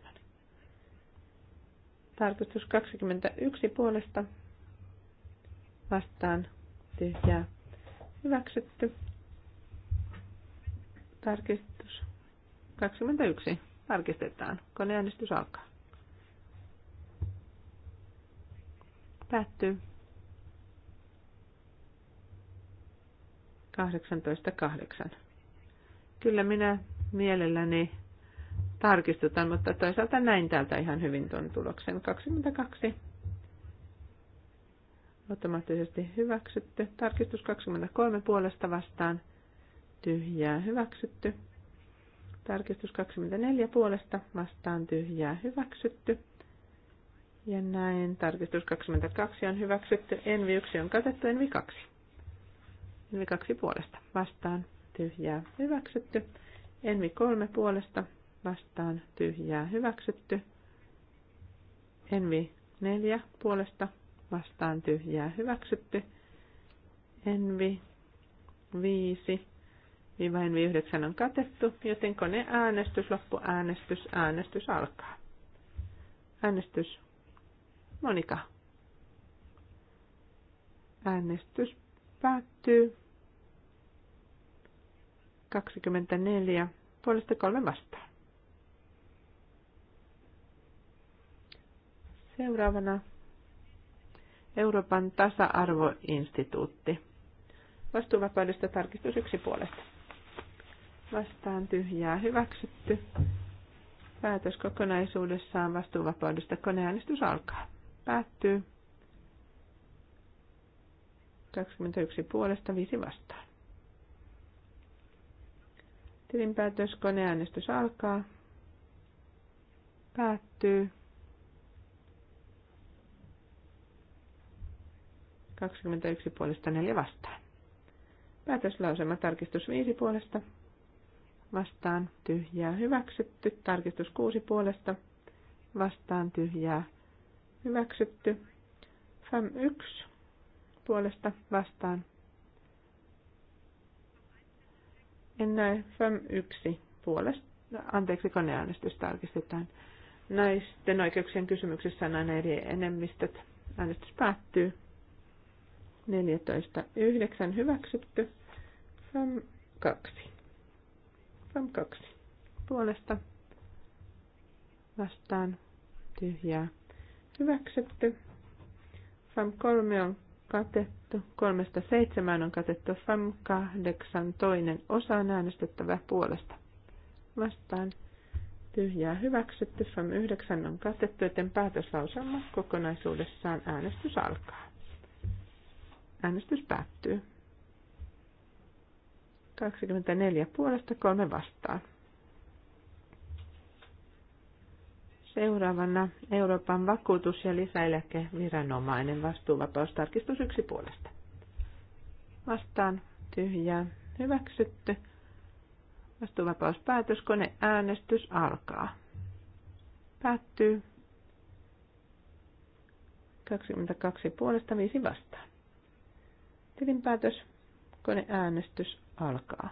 Tarkistus 21 puolesta vastaan tyhjää hyväksytty. Tarkistus 21. Tarkistetaan. Koneäänestys alkaa. Päättyy 18.8. Kyllä minä mielelläni tarkistutan, mutta toisaalta näin täältä ihan hyvin tuon tuloksen. 22. Automaattisesti hyväksytty. Tarkistus 23 puolesta vastaan. Tyhjää hyväksytty. Tarkistus 24 puolesta vastaan tyhjää hyväksytty. Ja näin tarkistus 22 on hyväksytty. Envi 1 on katettu, envi 2 Envi kaksi puolesta vastaan tyhjää hyväksytty. Envi kolme puolesta vastaan tyhjää hyväksytty. Envi neljä puolesta vastaan tyhjää hyväksytty. Envi viisi viiva envi yhdeksän on katettu, joten kone koneäänestys, loppuäänestys, äänestys alkaa. Äänestys Monika. Äänestys päättyy. 24 puolesta kolme vastaan. Seuraavana Euroopan tasa-arvoinstituutti. Vastuuvapaudesta tarkistus yksi puolesta. Vastaan tyhjää hyväksytty. Päätös kokonaisuudessaan vastuuvapaudesta koneäänestys alkaa. Päättyy. 21 puolesta, 5 vastaan. Tilinpäätös, koneäänestys alkaa. Päättyy. 21 puolesta 4 vastaan. Päätöslausema tarkistus 5 puolesta. Vastaan tyhjää hyväksytty. Tarkistus 6 puolesta. Vastaan tyhjää hyväksytty. FAM 1 puolesta vastaan. En näe FEM 1 puolesta. Anteeksi, koneäänestys tarkistetaan. Naisten oikeuksien kysymyksessä on aina eri enemmistöt. Äänestys päättyy. 14.9. hyväksytty. FEM 2. FEM 2 puolesta vastaan tyhjää hyväksytty. fem 3 on katettu. Kolmesta seitsemään on katettu FAM kahdeksan toinen osa on äänestettävä puolesta. Vastaan tyhjää hyväksytty. FAM yhdeksän on katettu, joten päätöslauselma kokonaisuudessaan äänestys alkaa. Äänestys päättyy. 24 puolesta kolme vastaan. Seuraavana Euroopan vakuutus- ja lisäeläkeviranomainen vastuuvapaustarkistus yksi puolesta. Vastaan tyhjää. Hyväksytty. Vastuuvapauspäätös. äänestys alkaa. Päättyy. 22 puolesta 5 vastaan. Tilinpäätös. Koneäänestys alkaa.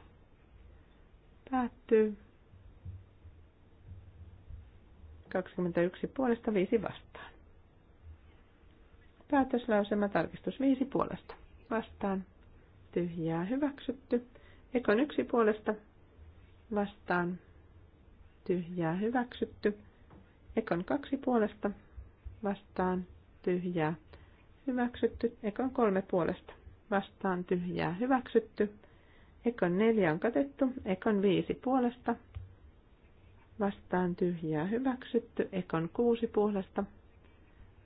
Päättyy. 21 puolesta 5 vastaan. Päätöslausema tarkistus 5 puolesta. Vastaan. Tyhjää hyväksytty. Ekon 1 puolesta. Vastaan. Tyhjää hyväksytty. Ekon 2 puolesta. Vastaan. Tyhjää hyväksytty. Ekon 3 puolesta. Vastaan. Tyhjää hyväksytty. Ekon 4 on katettu. Ekon 5 puolesta vastaan tyhjää hyväksytty, ekon kuusi puolesta,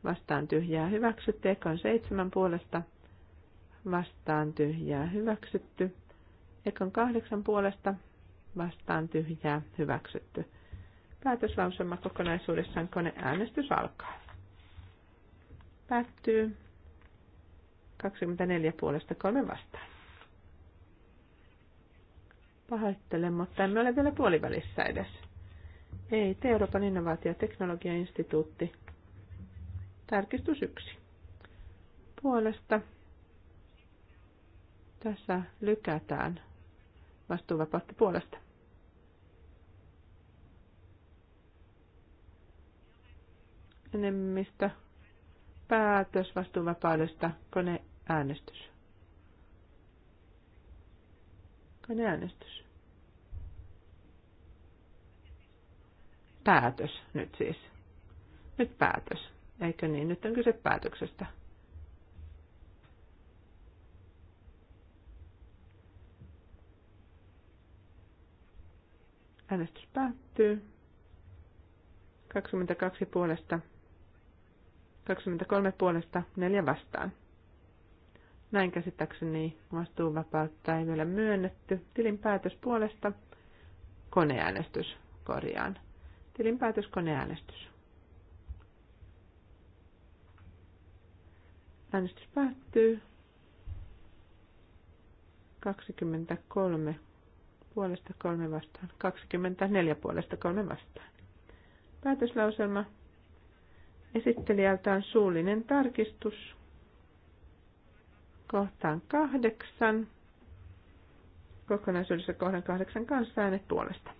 vastaan tyhjää hyväksytty, ekon seitsemän puolesta, vastaan tyhjää hyväksytty, ekon kahdeksan puolesta, vastaan tyhjää hyväksytty. Päätöslausema kokonaisuudessaan koneäänestys alkaa. Päättyy 24 puolesta kolme vastaan. Pahoittelen, mutta emme ole vielä puolivälissä edes. Ei, Euroopan innovaatio- ja teknologiainstituutti. Tarkistus 1. Puolesta tässä lykätään vastuuvapautta puolesta. Enemmistö päätös vastuuvapaudesta koneäänestys. Koneäänestys. Päätös nyt siis. Nyt päätös. Eikö niin? Nyt on kyse päätöksestä. Äänestys päättyy. 22 puolesta, 23 puolesta, 4 vastaan. Näin käsittääkseni vastuunvapautta ei vielä myönnetty. tilin päätös puolesta, koneäänestys korjaan. Tilinpäätöskoneäänestys. Äänestys päättyy. 23 puolesta kolme vastaan. 24 puolesta kolme vastaan. Päätöslauselma. Esittelijältään suullinen tarkistus. Kohtaan kahdeksan. Kokonaisuudessa kohdan kahdeksan kanssa äänet puolesta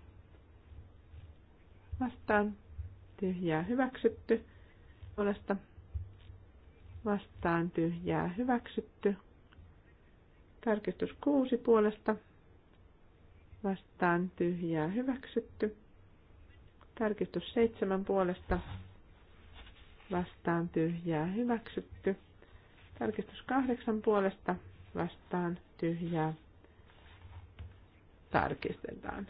vastaan tyhjää hyväksytty. Puolesta vastaan tyhjää hyväksytty. Tarkistus 6 puolesta vastaan tyhjää hyväksytty. Tarkistus 7 puolesta vastaan tyhjää hyväksytty. Tarkistus 8 puolesta vastaan tyhjää tarkistetaan.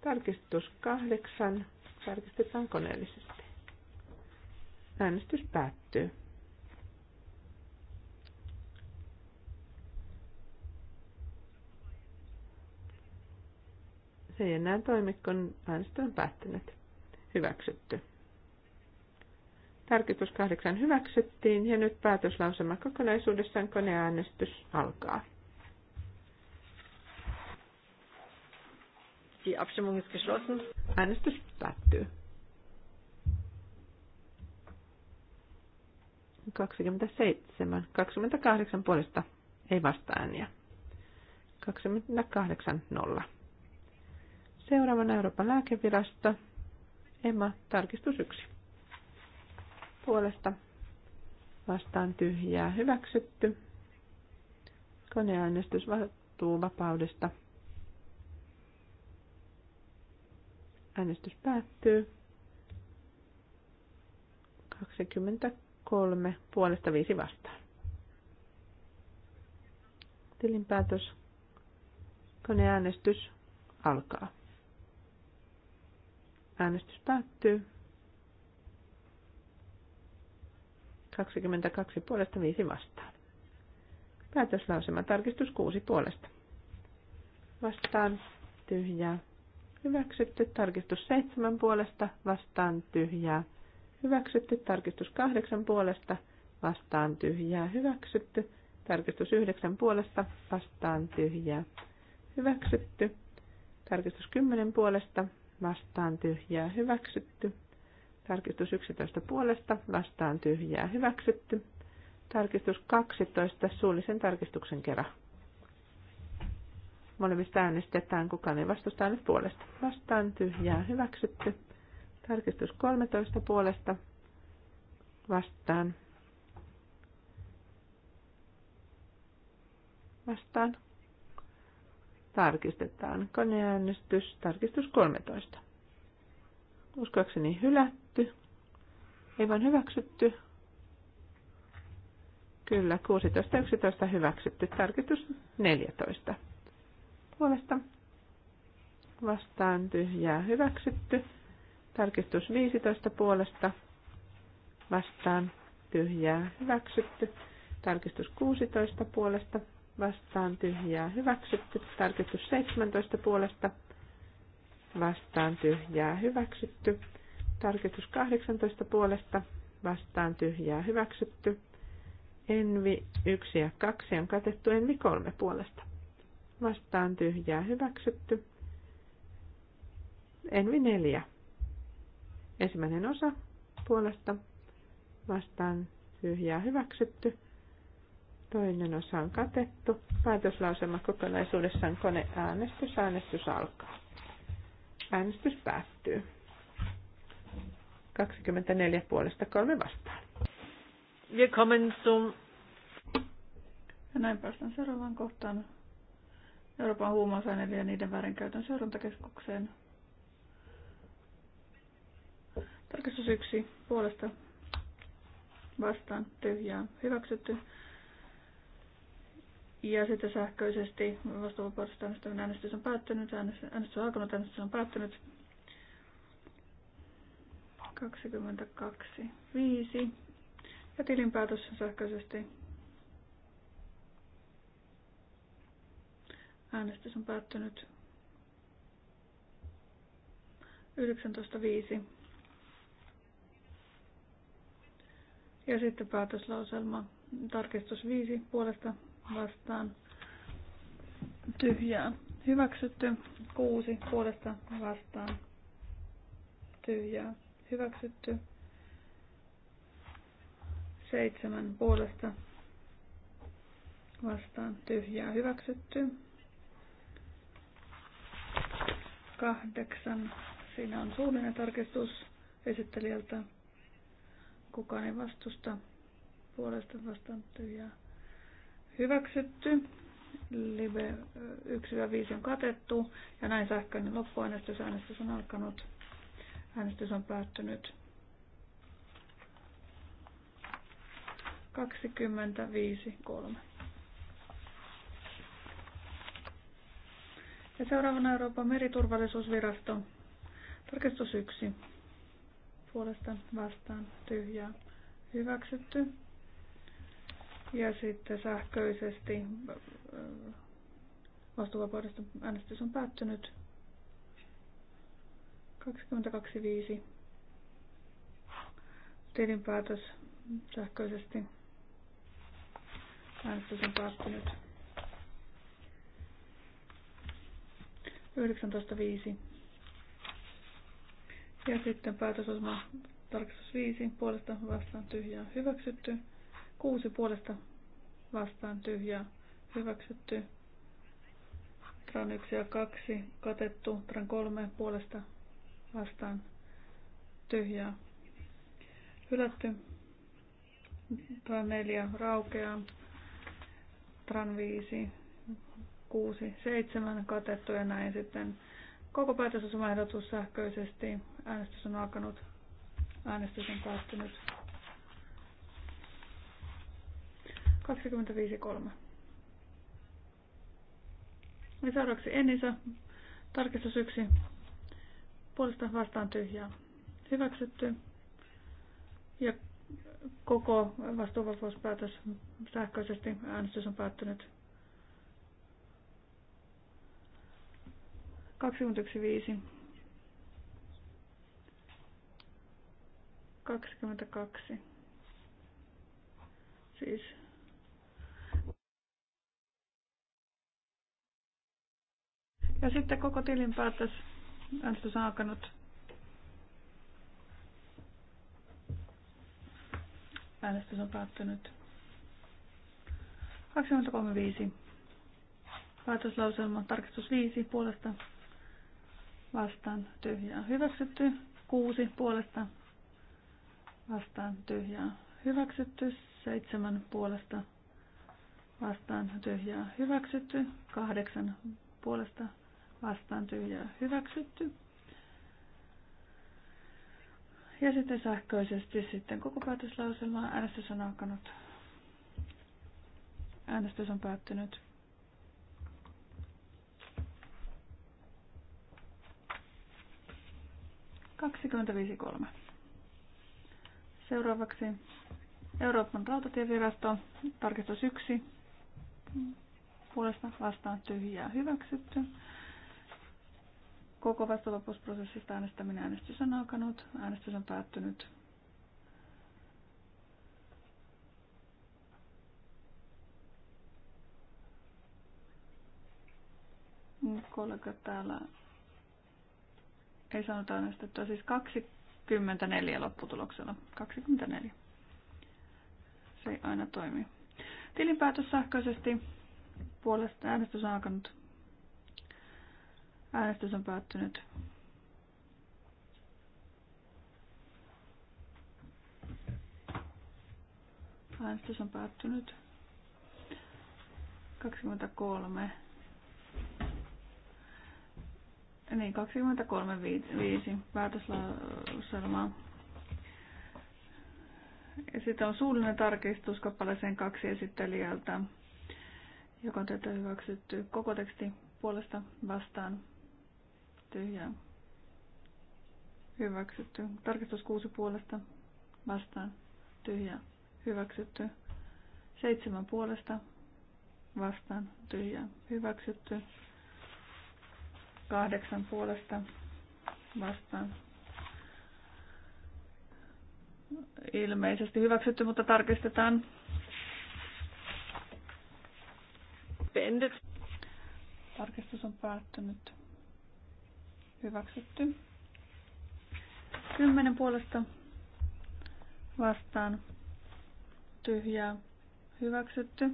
Tarkistus 8 Tarkistetaan koneellisesti. Äänestys päättyy. Se ei enää toimi, kun äänestö on päättynyt. Hyväksytty. Tarkistus kahdeksan hyväksyttiin ja nyt päätöslausema kokonaisuudessaan koneäänestys alkaa. Die Abstimmung ist geschlossen. Äänestys päättyy. 27, 28 puolesta ei vasta ääniä. 28, 0. Seuraavana Euroopan lääkevirasto, Emma, tarkistus 1. Puolesta vastaan tyhjää hyväksytty. Koneäänestys vastuu vapaudesta Äänestys päättyy. 23 puolesta 5 vastaan. Tilinpäätös. Koneäänestys alkaa. Äänestys päättyy. 22 puolesta 5 vastaan. Päätöslausema tarkistus 6 puolesta. Vastaan tyhjää Hyväksytty tarkistus 7 puolesta vastaan tyhjää. Hyväksytty tarkistus 8 puolesta vastaan tyhjää. Hyväksytty tarkistus 9 puolesta vastaan tyhjää. Hyväksytty tarkistus 10 puolesta vastaan tyhjää. Hyväksytty tarkistus 11 puolesta vastaan tyhjää. Hyväksytty tarkistus 12 suullisen tarkistuksen kerran Molemmista äänestetään, kukaan ei vastusta äänet puolesta. Vastaan tyhjää hyväksytty. Tarkistus 13 puolesta vastaan. Vastaan. Tarkistetaan koneäänestys. Tarkistus 13. Uskoakseni hylätty. Ei vaan hyväksytty. Kyllä, 16.11 hyväksytty. Tarkistus 14 puolesta vastaan tyhjää hyväksytty. Tarkistus 15 puolesta vastaan tyhjää hyväksytty. Tarkistus 16 puolesta vastaan tyhjää hyväksytty. Tarkistus 17 puolesta vastaan tyhjää hyväksytty. Tarkistus 18 puolesta vastaan tyhjää hyväksytty. Envi 1 ja 2 on katettu Envi 3 puolesta vastaan tyhjää hyväksytty. Envi neljä. Ensimmäinen osa puolesta vastaan tyhjää hyväksytty. Toinen osa on katettu. Päätöslausema kokonaisuudessaan koneäänestys. Äänestys alkaa. Äänestys päättyy. 24 puolesta kolme vastaan. Wir kommen zum... Ja näin päästään seuraavaan kohtaan. Euroopan huumausaineiden ja niiden väärinkäytön seurantakeskukseen. Tarkastus 1. Puolesta vastaan tyhjää hyväksytty. Ja sitten sähköisesti vastuuvapaudesta äänestäminen äänestys on päättynyt, äänestys on alkanut, äänestys on päättynyt. 22.5. Ja tilinpäätös sähköisesti Äänestys on päättynyt 19.5. Ja sitten päätöslauselma tarkistus 5 puolesta vastaan tyhjää. Hyväksytty 6 puolesta vastaan tyhjää. Hyväksytty 7 puolesta vastaan tyhjää. Hyväksytty kahdeksan. Siinä on suullinen tarkistus esittelijältä. Kukaan ei vastusta. Puolesta vastaan tyhjää. Hyväksytty. Live 1-5 on katettu ja näin sähköinen loppuäänestys. Äänestys on alkanut. Äänestys on päättynyt. 25.3. Ja seuraavana Euroopan meriturvallisuusvirasto. Tarkistus 1. Puolesta vastaan tyhjää hyväksytty. Ja sitten sähköisesti äh, vastuuvapaudesta äänestys on päättynyt. 22.5. Tilinpäätös sähköisesti. Äänestys on päättynyt. 19.5. Ja sitten päätösosma tarkistus 5 puolesta vastaan tyhjää hyväksytty. 6 puolesta vastaan tyhjää hyväksytty. Tran 1 ja 2 katettu. Tran 3 puolesta vastaan tyhjää hylätty. Tran 4 raukeaa. Tran 5 6, 7 katettu ja näin sitten koko päätösasumaehdotus sähköisesti. Äänestys on alkanut. Äänestys on päättynyt. 25.3. Ja seuraavaksi Enisa. Tarkistus 1. Puolesta vastaan tyhjää. Hyväksytty. Ja koko vastuuvapauspäätös sähköisesti äänestys on päättynyt 22. Siis Ja sitten koko tilin päätös äänestys on alkanut. Äänestys on päättynyt. 23.5. Päätöslauselma tarkistus 5 puolesta vastaan tyhjää hyväksytty. Kuusi puolesta vastaan tyhjää hyväksytty. Seitsemän puolesta vastaan tyhjää hyväksytty. Kahdeksan puolesta vastaan tyhjää hyväksytty. Ja sitten sähköisesti sitten koko päätöslauselma. Äänestys on alkanut. Äänestys on päättynyt. 25.3. Seuraavaksi Euroopan rautatievirasto, tarkistus 1, puolesta vastaan tyhjää hyväksytty. Koko vastavapuusprosessista äänestäminen äänestys on alkanut, äänestys on päättynyt. Kollega täällä ei sanota äänestettyä, siis 24 lopputuloksella. 24. Se ei aina toimi. Tilinpäätös sähköisesti. Puolesta äänestys on alkanut. Äänestys on päättynyt. Äänestys on päättynyt. 23 Niin, 23.5. Päätöslauselma. Ja sitten on suullinen tarkistus kappaleeseen kaksi esittelijältä, joka on tätä hyväksytty koko teksti puolesta vastaan tyhjää. Hyväksytty. Tarkistus kuusi puolesta vastaan tyhjä Hyväksytty. Seitsemän puolesta vastaan tyhjä Hyväksytty. Kahdeksan puolesta vastaan. Ilmeisesti hyväksytty, mutta tarkistetaan. Beendet. Tarkistus on päättynyt. Hyväksytty. Kymmenen puolesta vastaan. Tyhjää. Hyväksytty.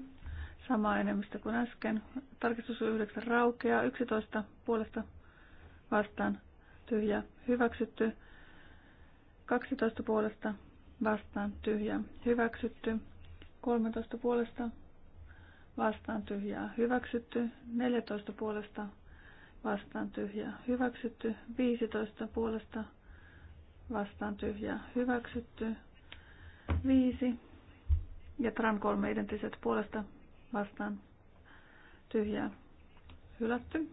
Sama enemmistö kuin äsken. Tarkistus 9 raukeaa. 11 puolesta vastaan tyhjä hyväksytty. 12 puolesta vastaan tyhjä hyväksytty. 13 puolesta vastaan tyhjää hyväksytty. 14 puolesta vastaan tyhjää hyväksytty. 15 puolesta vastaan tyhjää hyväksytty. 5 ja tran 3 identtiset puolesta vastaan tyhjää hylätty.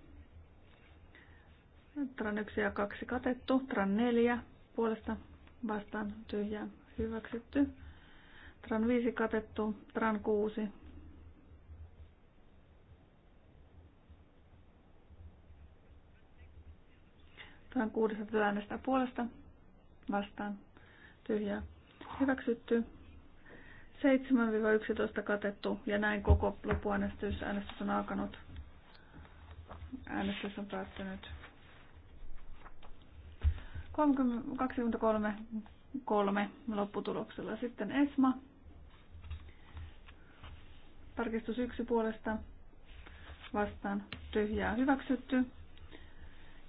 Tran 1 ja 2 katettu. Tran 4 puolesta vastaan tyhjää hyväksytty. Tran 5 katettu. Tran 6 Tran 6 äänestää puolesta vastaan tyhjää hyväksytty. 7-11 katettu ja näin koko lopuäänestys. Äänestys on alkanut. Äänestys on päättynyt. 30, 23 3 lopputuloksella. Sitten ESMA. Tarkistus yksi puolesta vastaan tyhjää hyväksytty.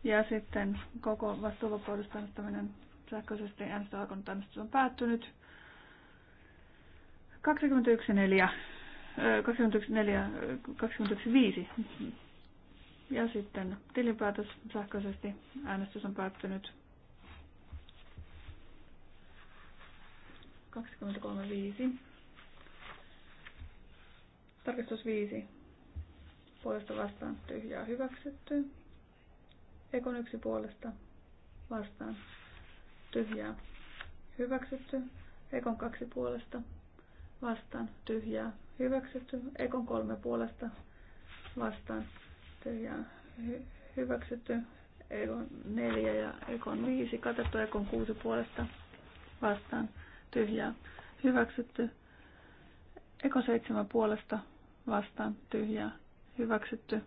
Ja sitten koko vastuuvapaudesta äänestäminen sähköisesti äänestys on päättynyt 21.4. 21.4. Ja sitten tilinpäätös sähköisesti. Äänestys on päättynyt 23.5. Tarkistus 5. Puolesta vastaan tyhjää hyväksytty. Ekon yksi puolesta vastaan tyhjää hyväksytty. Ekon kaksi puolesta vastaan tyhjää hyväksytty. Ekon kolme puolesta vastaan tyhjää hy- hyväksytty. Ekon neljä ja Ekon viisi katettu. Ekon kuusi puolesta vastaan tyhjää hyväksytty. Ekon seitsemän puolesta vastaan tyhjää hyväksytty.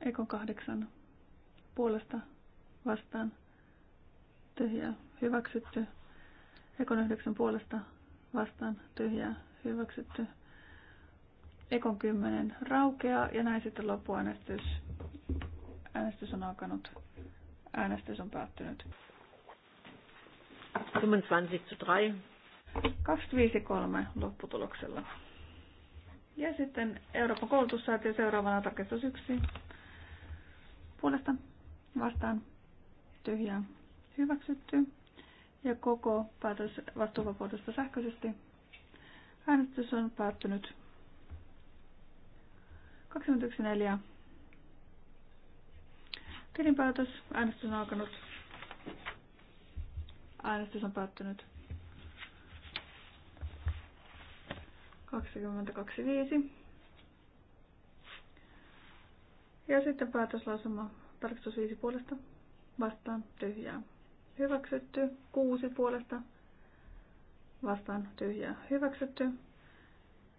Ekon kahdeksan puolesta vastaan tyhjää hyväksytty. Ekon yhdeksän puolesta vastaan tyhjää hyväksytty. Ekon kymmenen raukeaa ja näin sitten loppuäänestys. Äänestys on alkanut. Äänestys on päättynyt. 25 3. 253 lopputuloksella. Ja sitten Euroopan koulutussäätiö seuraavana tarkistus yksi. Puolesta vastaan tyhjää hyväksytty ja koko päätös vastuuvapaudesta sähköisesti. Äänestys on päättynyt 21.4. Tilinpäätös. Äänestys on alkanut. Äänestys on päättynyt 22.5. Ja sitten päätöslausuma tarkistus 5 puolesta vastaan tyhjää hyväksytty. Kuusi puolesta vastaan tyhjää hyväksytty.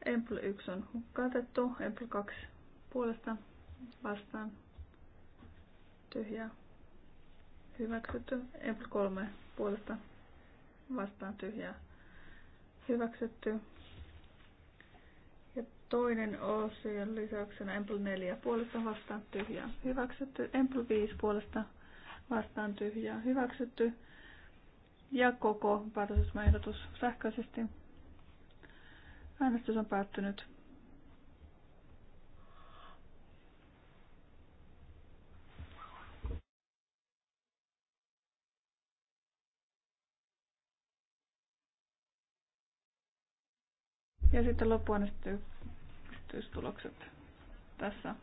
Empl 1 on katettu. Empl 2 puolesta vastaan tyhjää hyväksytty. Empl 3 puolesta vastaan tyhjää hyväksytty. Ja toinen osio lisäyksenä Empl 4 puolesta vastaan tyhjää hyväksytty. Empl 5 puolesta vastaan tyhjää hyväksytty. Ja koko päätösesmaehdotus sähköisesti. Äänestys on päättynyt. Ja sitten yksityistulokset tässä.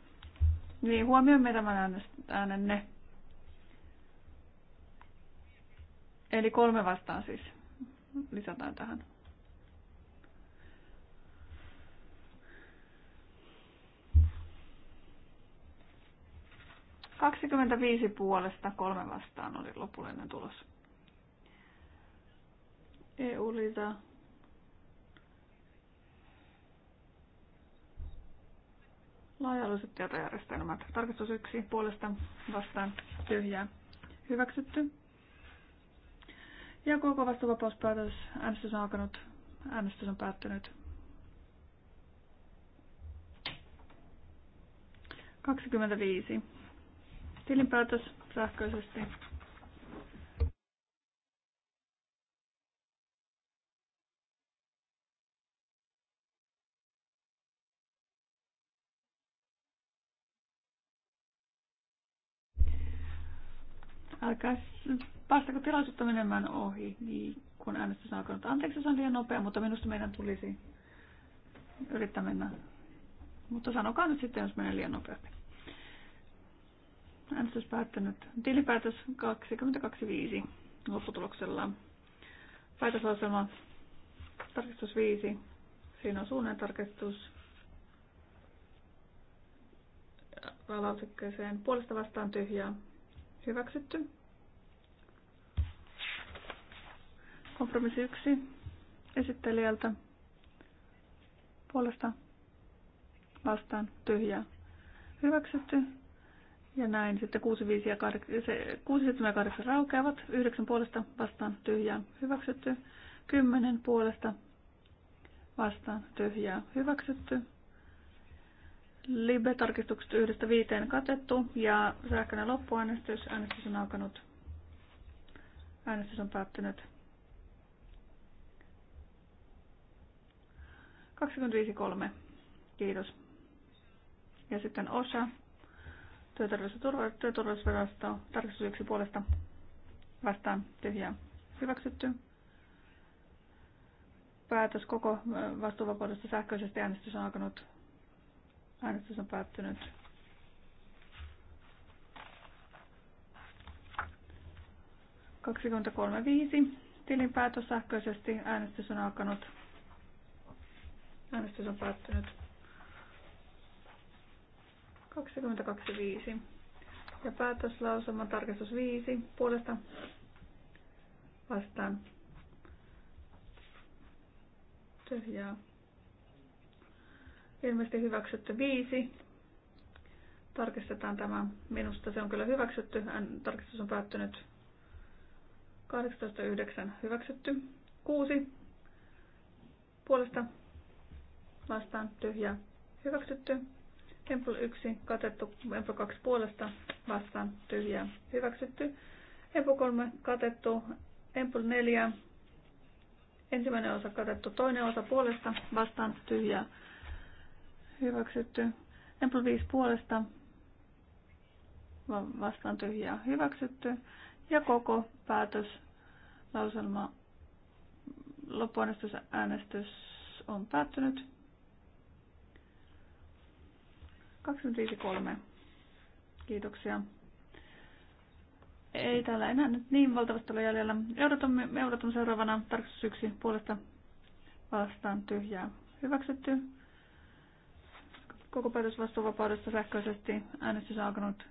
Niin, huomioimme tämän äänenne. Eli kolme vastaan siis lisätään tähän. Kaksikymmentäviisi puolesta kolme vastaan oli lopullinen tulos. EU-lisä. Laajalliset tietojärjestelmät. Tarkistus yksi puolesta vastaan tyhjää. Hyväksytty. Ja koko vastuvapauspäätös. Äänestys on alkanut. Äänestys on päättynyt. 25. Tilinpäätös sähköisesti. Älkää Päästäkö tilaisuutta menemään ohi, niin kun äänestys on alkanut? Anteeksi, se on liian nopea, mutta minusta meidän tulisi yrittää mennä. Mutta sanokaa nyt sitten, jos menee liian nopeasti. Äänestys päättänyt. Tilipäätös 22.5 lopputuloksella. Päätösasema tarkistus 5. Siinä on suunnan tarkistus lausekkeeseen puolesta vastaan tyhjää hyväksytty. Kompromissi yksi esittelijältä puolesta vastaan tyhjää hyväksytty. Ja näin sitten 6, 5 ja 8, 6, 7 ja 8 raukeavat, 9 puolesta vastaan tyhjää hyväksytty, 10 puolesta vastaan tyhjää hyväksytty, Libe-tarkistukset yhdestä viiteen katettu ja sähköinen loppuäänestys. Äänestys on alkanut. Äänestys on päättynyt. 25.3. Kiitos. Ja sitten OSA, työterveys- ja puolesta vastaan tyhjää hyväksytty. Päätös koko vastuuvapaudesta sähköisesti äänestys on alkanut. Äänestys on päättynyt. viisi Tilinpäätös sähköisesti. Äänestys on alkanut. Äänestys on päättynyt. 22.5. Ja päätöslausuma tarkistus 5 puolesta vastaan. Tyhjää. Ilmeisesti hyväksytty 5. Tarkistetaan tämä. Minusta se on kyllä hyväksytty. Tarkistus on päättynyt 18.9. Hyväksytty. 6. Puolesta vastaan tyhjä hyväksytty. Empul 1 katettu, Empul 2 puolesta vastaan tyhjä hyväksytty. Empul 3 katettu, Empul 4 ensimmäinen osa katettu, toinen osa puolesta vastaan tyhjä hyväksytty. Empul 5 puolesta vastaan tyhjä hyväksytty. Ja koko päätös lauselma loppuäänestys äänestys on päättynyt. 25.3. Kiitoksia. Ei täällä enää nyt niin valtavasti ole jäljellä. Euroton, Euroton seuraavana tarkistus puolesta vastaan tyhjää hyväksytty. Koko päätös vastuuvapaudesta sähköisesti. Äänestys on alkanut.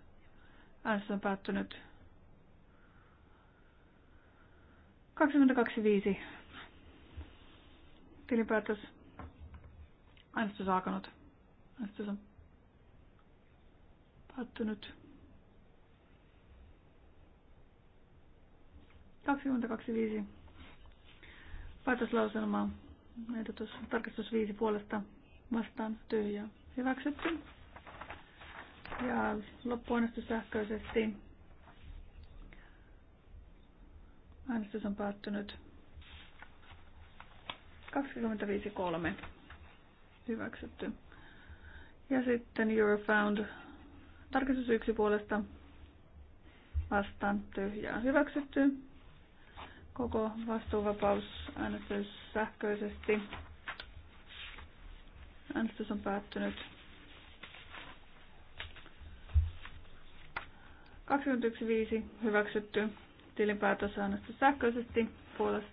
Äänestys on päättynyt. 22.5. Tilinpäätös. Äänestys on alkanut. Äänestys on Päättynyt. 22.5. Päätöslauselma. Ehdotus tarkistus 5 puolesta vastaan tyhjä. Hyväksytty. Ja loppuäänestys sähköisesti. Äänestys on päättynyt 25.3. Hyväksytty. Ja sitten found. Tarkistus yksi puolesta vastaan tyhjää hyväksytty. Koko vastuuvapaus äänestys sähköisesti. Äänestys on päättynyt. 21.5 hyväksytty tilinpäätös äänestys sähköisesti puolesta.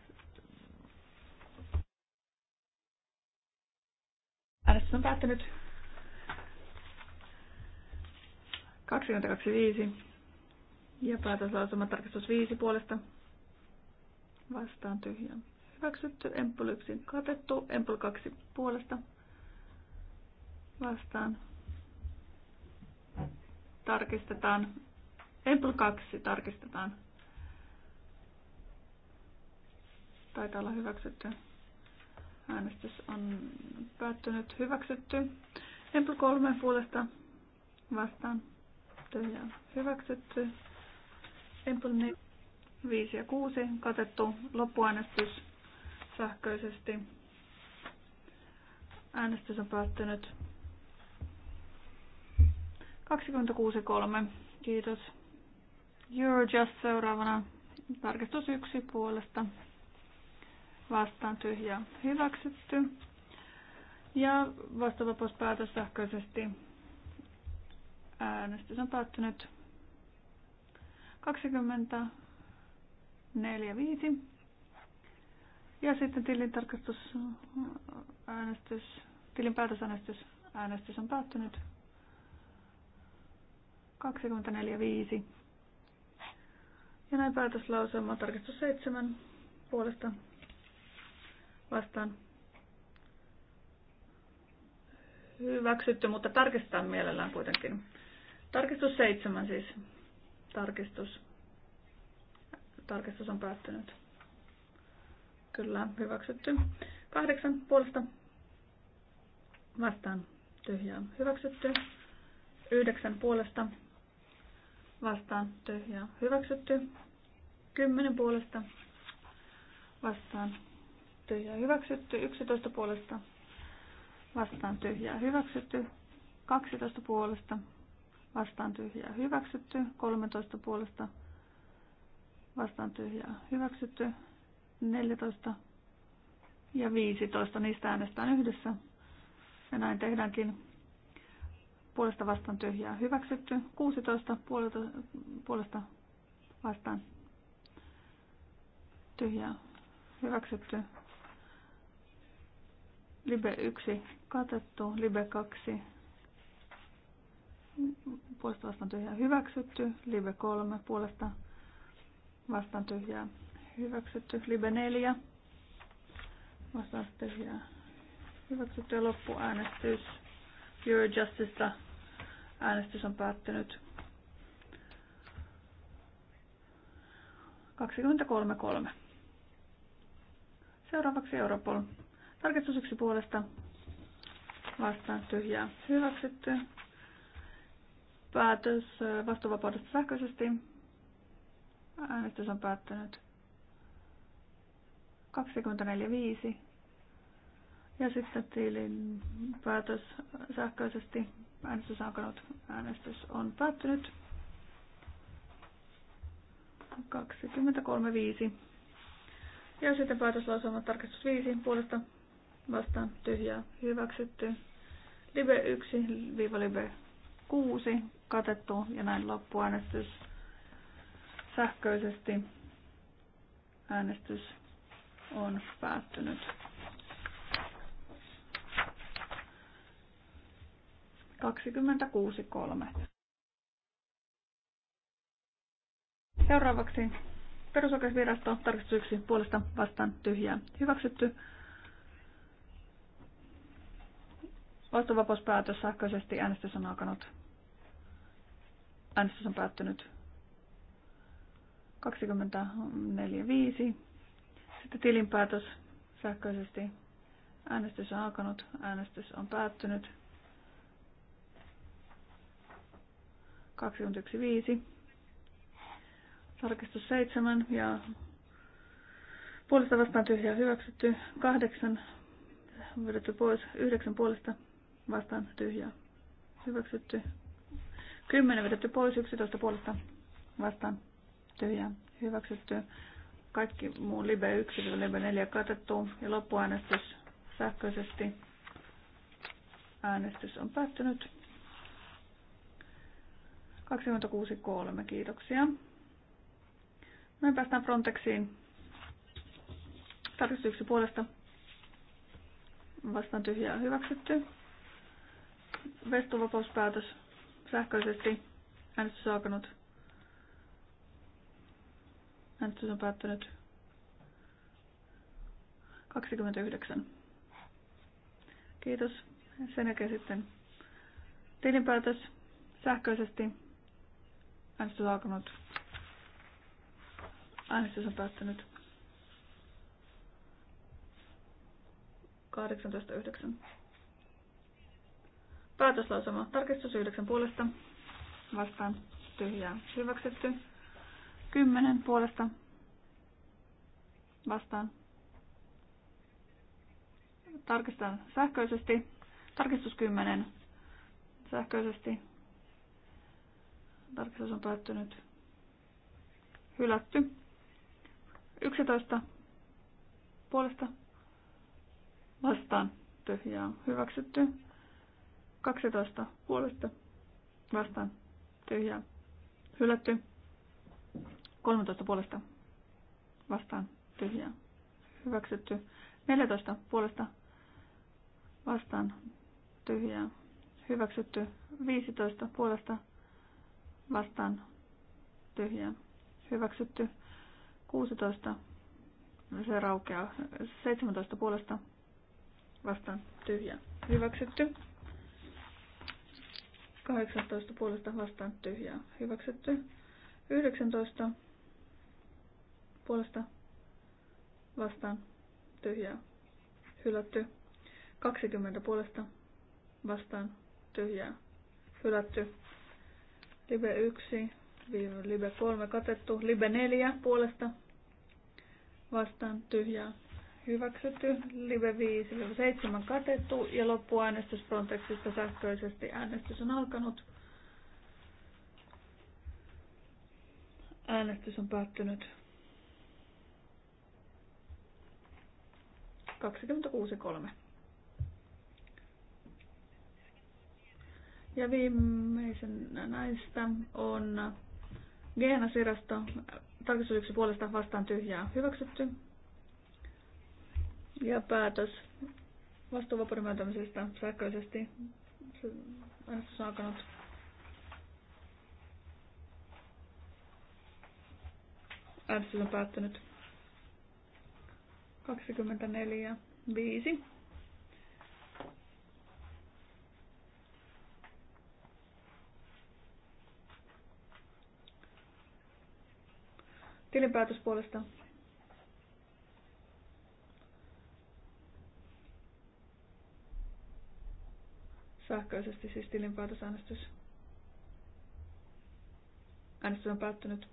Äänestys on päättynyt 22.5 ja päätöslausuma tarkistus 5 puolesta vastaan tyhjä. Hyväksytty Empul 1 katettu, Empul 2 puolesta vastaan. Tarkistetaan. Empul 2 tarkistetaan. Taitaa olla hyväksytty. Äänestys on päättynyt. Hyväksytty. Empul 3 puolesta vastaan ja hyväksytty. Empel 5 ja 6 katettu loppuäänestys sähköisesti. Äänestys on päättynyt 26.3. Kiitos. Eurojust seuraavana. Tarkistus 1 puolesta. Vastaan tyhjä hyväksytty. Ja päätös sähköisesti Äänestys on päättynyt 24.5. Ja sitten tilintarkastus, äänestys, tilinpäätösäänestys, äänestys on päättynyt 24.5. Ja näin päätöslauselma tarkistus 7 puolesta vastaan. Hyväksytty, mutta tarkistetaan mielellään kuitenkin. Tarkistus seitsemän siis. Tarkistus. Tarkistus on päättynyt. Kyllä, hyväksytty. Kahdeksan puolesta vastaan tyhjää hyväksytty. Yhdeksän puolesta vastaan tyhjää hyväksytty. Kymmenen puolesta vastaan tyhjää hyväksytty. Yksitoista puolesta vastaan tyhjää hyväksytty. Kaksitoista puolesta vastaan tyhjää hyväksytty, 13 puolesta vastaan tyhjää hyväksytty, 14 ja 15, niistä äänestään yhdessä. Ja näin tehdäänkin. Puolesta vastaan tyhjää hyväksytty, 16 puolesta, puolesta vastaan tyhjää hyväksytty, Libe 1 katettu, Libe 2 puolesta vastaan tyhjää hyväksytty. Live 3 puolesta vastaan tyhjää hyväksytty. Live 4 vastaan tyhjää hyväksytty. Ja loppuäänestys Eurojustista. Äänestys on päättynyt 23.3. Seuraavaksi Europol. Tarkistus yksi puolesta vastaan tyhjää hyväksytty. Päätös vastuuvapaudesta sähköisesti. Äänestys on päättynyt 24.5. Ja sitten tiilin päätös sähköisesti. Äänestys on Äänestys on päättynyt 23.5. Ja sitten päätöslausuma tarkistus 5 puolesta vastaan tyhjää hyväksytty. Live 1-live Kuusi katettu ja näin loppuäänestys sähköisesti. Äänestys on päättynyt. Kaksikymmentä kuusi kolme. Seuraavaksi perusoikeusvirasto tarkistus yksi puolesta vastaan tyhjää hyväksytty. Vastuvapauspäätös sähköisesti äänestys on alkanut. Äänestys on päättynyt 24.5. Sitten tilinpäätös sähköisesti. Äänestys on alkanut, äänestys on päättynyt 21.5. Tarkistus 7 ja puolesta vastaan tyhjää hyväksytty. 8 vedetty pois, 9 puolesta vastaan tyhjää hyväksytty. 10 vedetty pois, 11 puolesta vastaan tyhjää hyväksytty. Kaikki muu live 1 live 4 katettu ja loppuäänestys sähköisesti. Äänestys on päättynyt. 26.3. Kiitoksia. No, me päästään Frontexiin. Tarkistuksen puolesta. Vastaan tyhjää hyväksytty. Vestuvapauspäätös sähköisesti. Äänestys on alkanut. Äänestys on päättynyt. 29. Kiitos. Sen jälkeen sitten tilinpäätös sähköisesti. Äänestys on alkanut. Äänestys on päättynyt. 18.9. Päätöslausuma. Tarkistus yhdeksän puolesta. Vastaan tyhjää. Hyväksytty. Kymmenen puolesta. Vastaan. Tarkistetaan sähköisesti. Tarkistus 10. Sähköisesti. Tarkistus on päättynyt. Hylätty. 11 puolesta. Vastaan tyhjää. Hyväksytty. 12 puolesta vastaan tyhjää hylätty. 13 puolesta vastaan tyhjää hyväksytty. 14 puolesta vastaan tyhjää hyväksytty. 15 puolesta vastaan tyhjää hyväksytty. 16 se raukeaa. 17 puolesta vastaan tyhjää hyväksytty. 18 puolesta vastaan tyhjää hyväksytty. 19 puolesta vastaan tyhjää hylätty. 20 puolesta vastaan tyhjää hylätty. Live 1, Live 3 katettu. Live 4 puolesta vastaan tyhjää Hyväksytty. Live 5-7 katettu ja loppuäänestys Frontexista sähköisesti. Äänestys on alkanut. Äänestys on päättynyt. 26.3. Ja viimeisenä näistä on Geena Sirasto, tarkistusyksi puolesta vastaan tyhjää hyväksytty. Ja päätös vastuuvapauden myöntämisestä sähköisesti. Äänestys on alkanut. Äänestys on päättynyt 24 5. Tilinpäätös puolesta Sähköisesti siis tilinpäätösäänestys. Äänestys on päättynyt.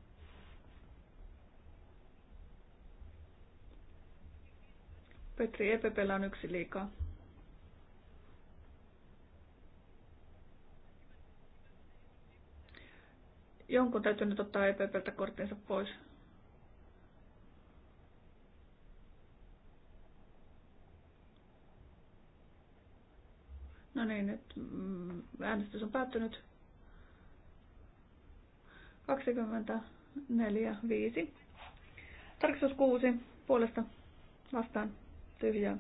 Petri Epepellä on yksi liikaa. Jonkun täytyy nyt ottaa EPPltä korttinsa pois. niin nyt mm, äänestys on päättynyt. 24, 5. Tarkistus 6 puolesta vastaan tyhjää.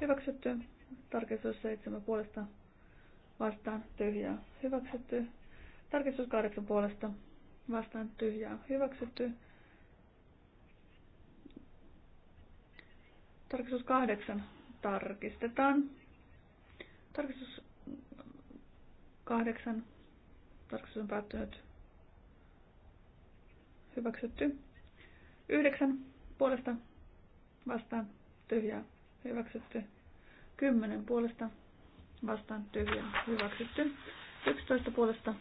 Hyväksytty. Tarkistus 7 puolesta vastaan tyhjää. Hyväksytty. Tarkistus 8 puolesta vastaan tyhjää. Hyväksytty. Tarkistus 8 tarkistetaan. Tarkistus kahdeksan. Tarkistus on päättynyt. Hyväksytty. Yhdeksän puolesta vastaan tyhjää. Hyväksytty. Kymmenen puolesta vastaan tyhjää. Hyväksytty. Yksitoista puolesta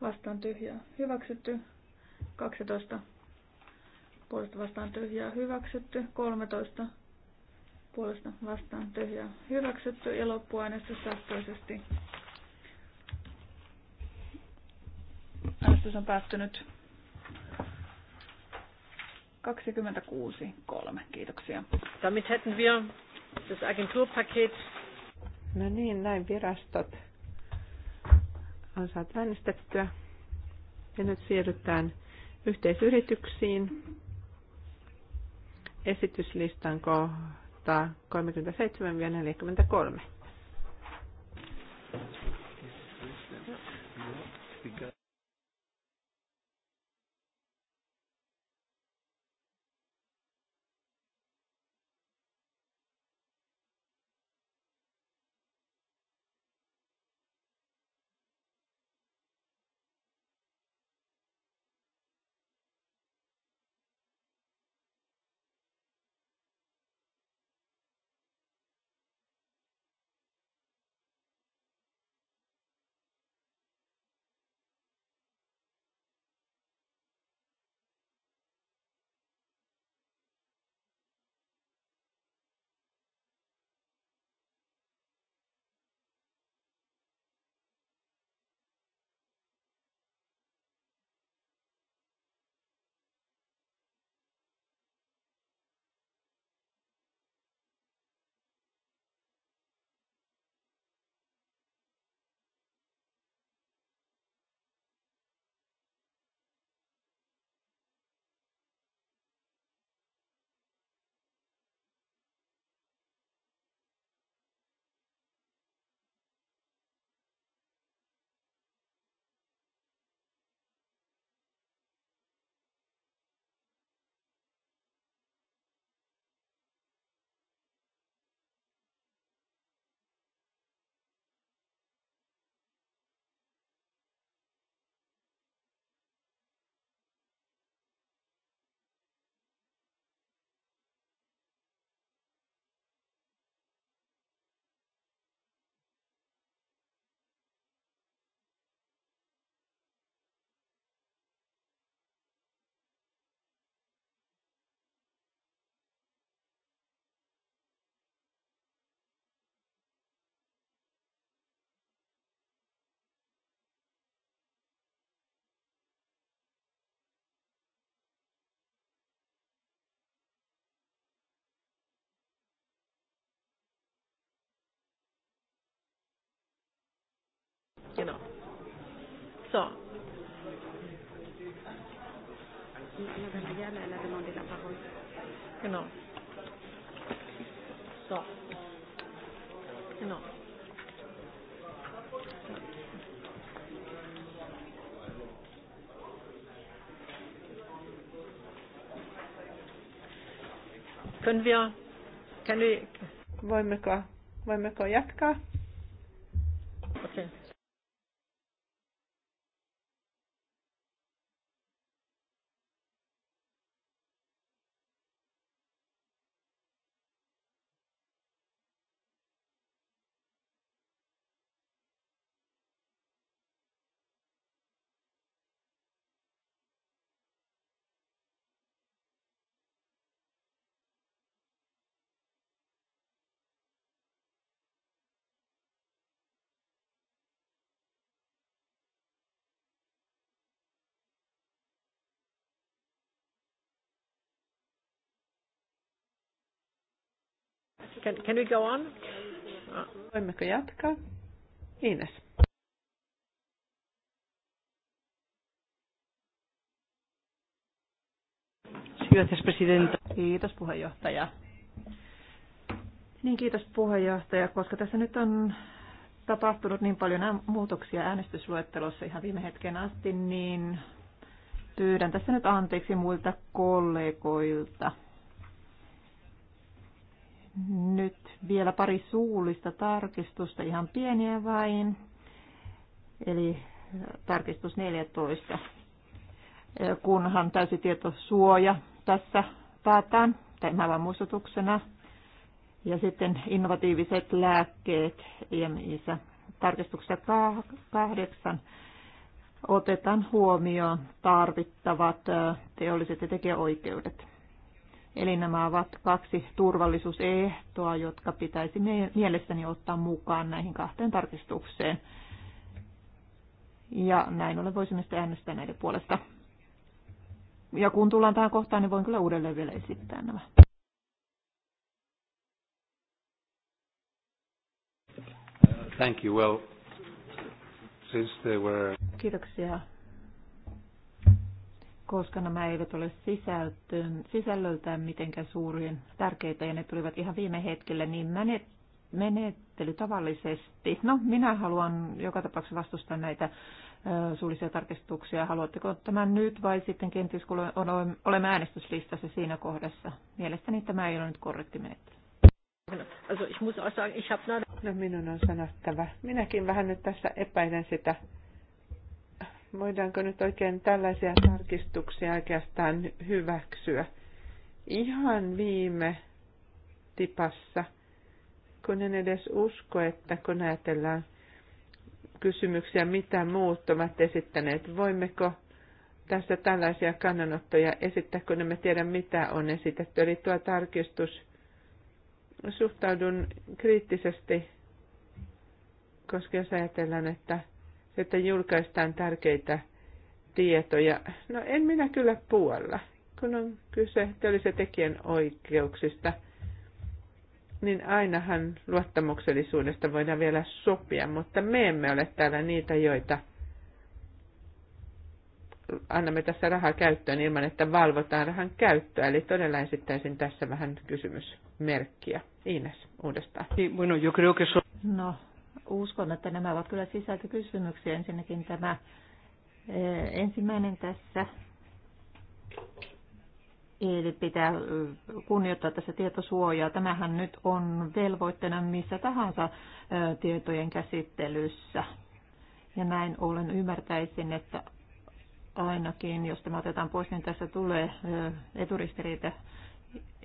vastaan tyhjää. Hyväksytty. Kaksitoista. puolesta vastaan tyhjää. Hyväksytty. Kolmetoista puolesta vastaan tyhjää hyväksytty ja loppuäänestys sähköisesti. Äänestys on päättynyt 26.3. Kiitoksia. Damit hätten wir das Agenturpaket. No niin, näin virastot on saatu äänestettyä. Ja nyt siirrytään yhteisyrityksiin. Esityslistan kohdalla kohtaa 37-43. No. So. Kan vi, kan vi, voimmeko, voimmeko jatkaa? Can, can we go on? Voimmeko jatkaa? Ines. Kiitos puheenjohtaja. Niin, kiitos puheenjohtaja, koska tässä nyt on tapahtunut niin paljon muutoksia äänestysluettelossa ihan viime hetken asti, niin pyydän tässä nyt anteeksi muilta kollegoilta. Nyt vielä pari suullista tarkistusta, ihan pieniä vain. Eli tarkistus 14, kunhan tietosuoja tässä päätään tämä vain muistutuksena. Ja sitten innovatiiviset lääkkeet IMIssä tarkistuksessa kahdeksan otetaan huomioon tarvittavat teolliset ja tekijäoikeudet. Eli nämä ovat kaksi turvallisuusehtoa, jotka pitäisi mielestäni ottaa mukaan näihin kahteen tarkistukseen. Ja näin ollen voisimme sitten äänestää näiden puolesta. Ja kun tullaan tähän kohtaan, niin voin kyllä uudelleen vielä esittää nämä. Thank you. Well, since they were... Kiitoksia koska nämä eivät ole sisällöltään mitenkään suurien tärkeitä ja ne tulivat ihan viime hetkellä, niin menet, menettely tavallisesti. No, minä haluan joka tapauksessa vastustaa näitä ö, suullisia tarkistuksia. Haluatteko tämän nyt vai sitten kenties kun olemme äänestyslistassa siinä kohdassa? Mielestäni tämä ei ole nyt korrekti menettely. No, minun on sanottava. Minäkin vähän nyt tässä epäilen sitä voidaanko nyt oikein tällaisia tarkistuksia oikeastaan hyväksyä. Ihan viime tipassa, kun en edes usko, että kun ajatellaan kysymyksiä, mitä muut ovat esittäneet, voimmeko tässä tällaisia kannanottoja esittää, kun emme tiedä, mitä on esitetty. Eli tuo tarkistus suhtaudun kriittisesti, koska jos ajatellaan, että että julkaistaan tärkeitä tietoja. No en minä kyllä puolla, kun on kyse teollisen tekijän oikeuksista, niin ainahan luottamuksellisuudesta voidaan vielä sopia, mutta me emme ole täällä niitä, joita annamme tässä rahaa käyttöön ilman, että valvotaan rahan käyttöä. Eli todella esittäisin tässä vähän kysymysmerkkiä. Ines, uudestaan. No yo creo que so- no, uskon, että nämä ovat kyllä sisältökysymyksiä. Ensinnäkin tämä eh, ensimmäinen tässä. Eli pitää eh, kunnioittaa tässä tietosuojaa. Tämähän nyt on velvoitteena missä tahansa eh, tietojen käsittelyssä. Ja näin ollen ymmärtäisin, että ainakin, jos tämä otetaan pois, niin tässä tulee eturistiriita.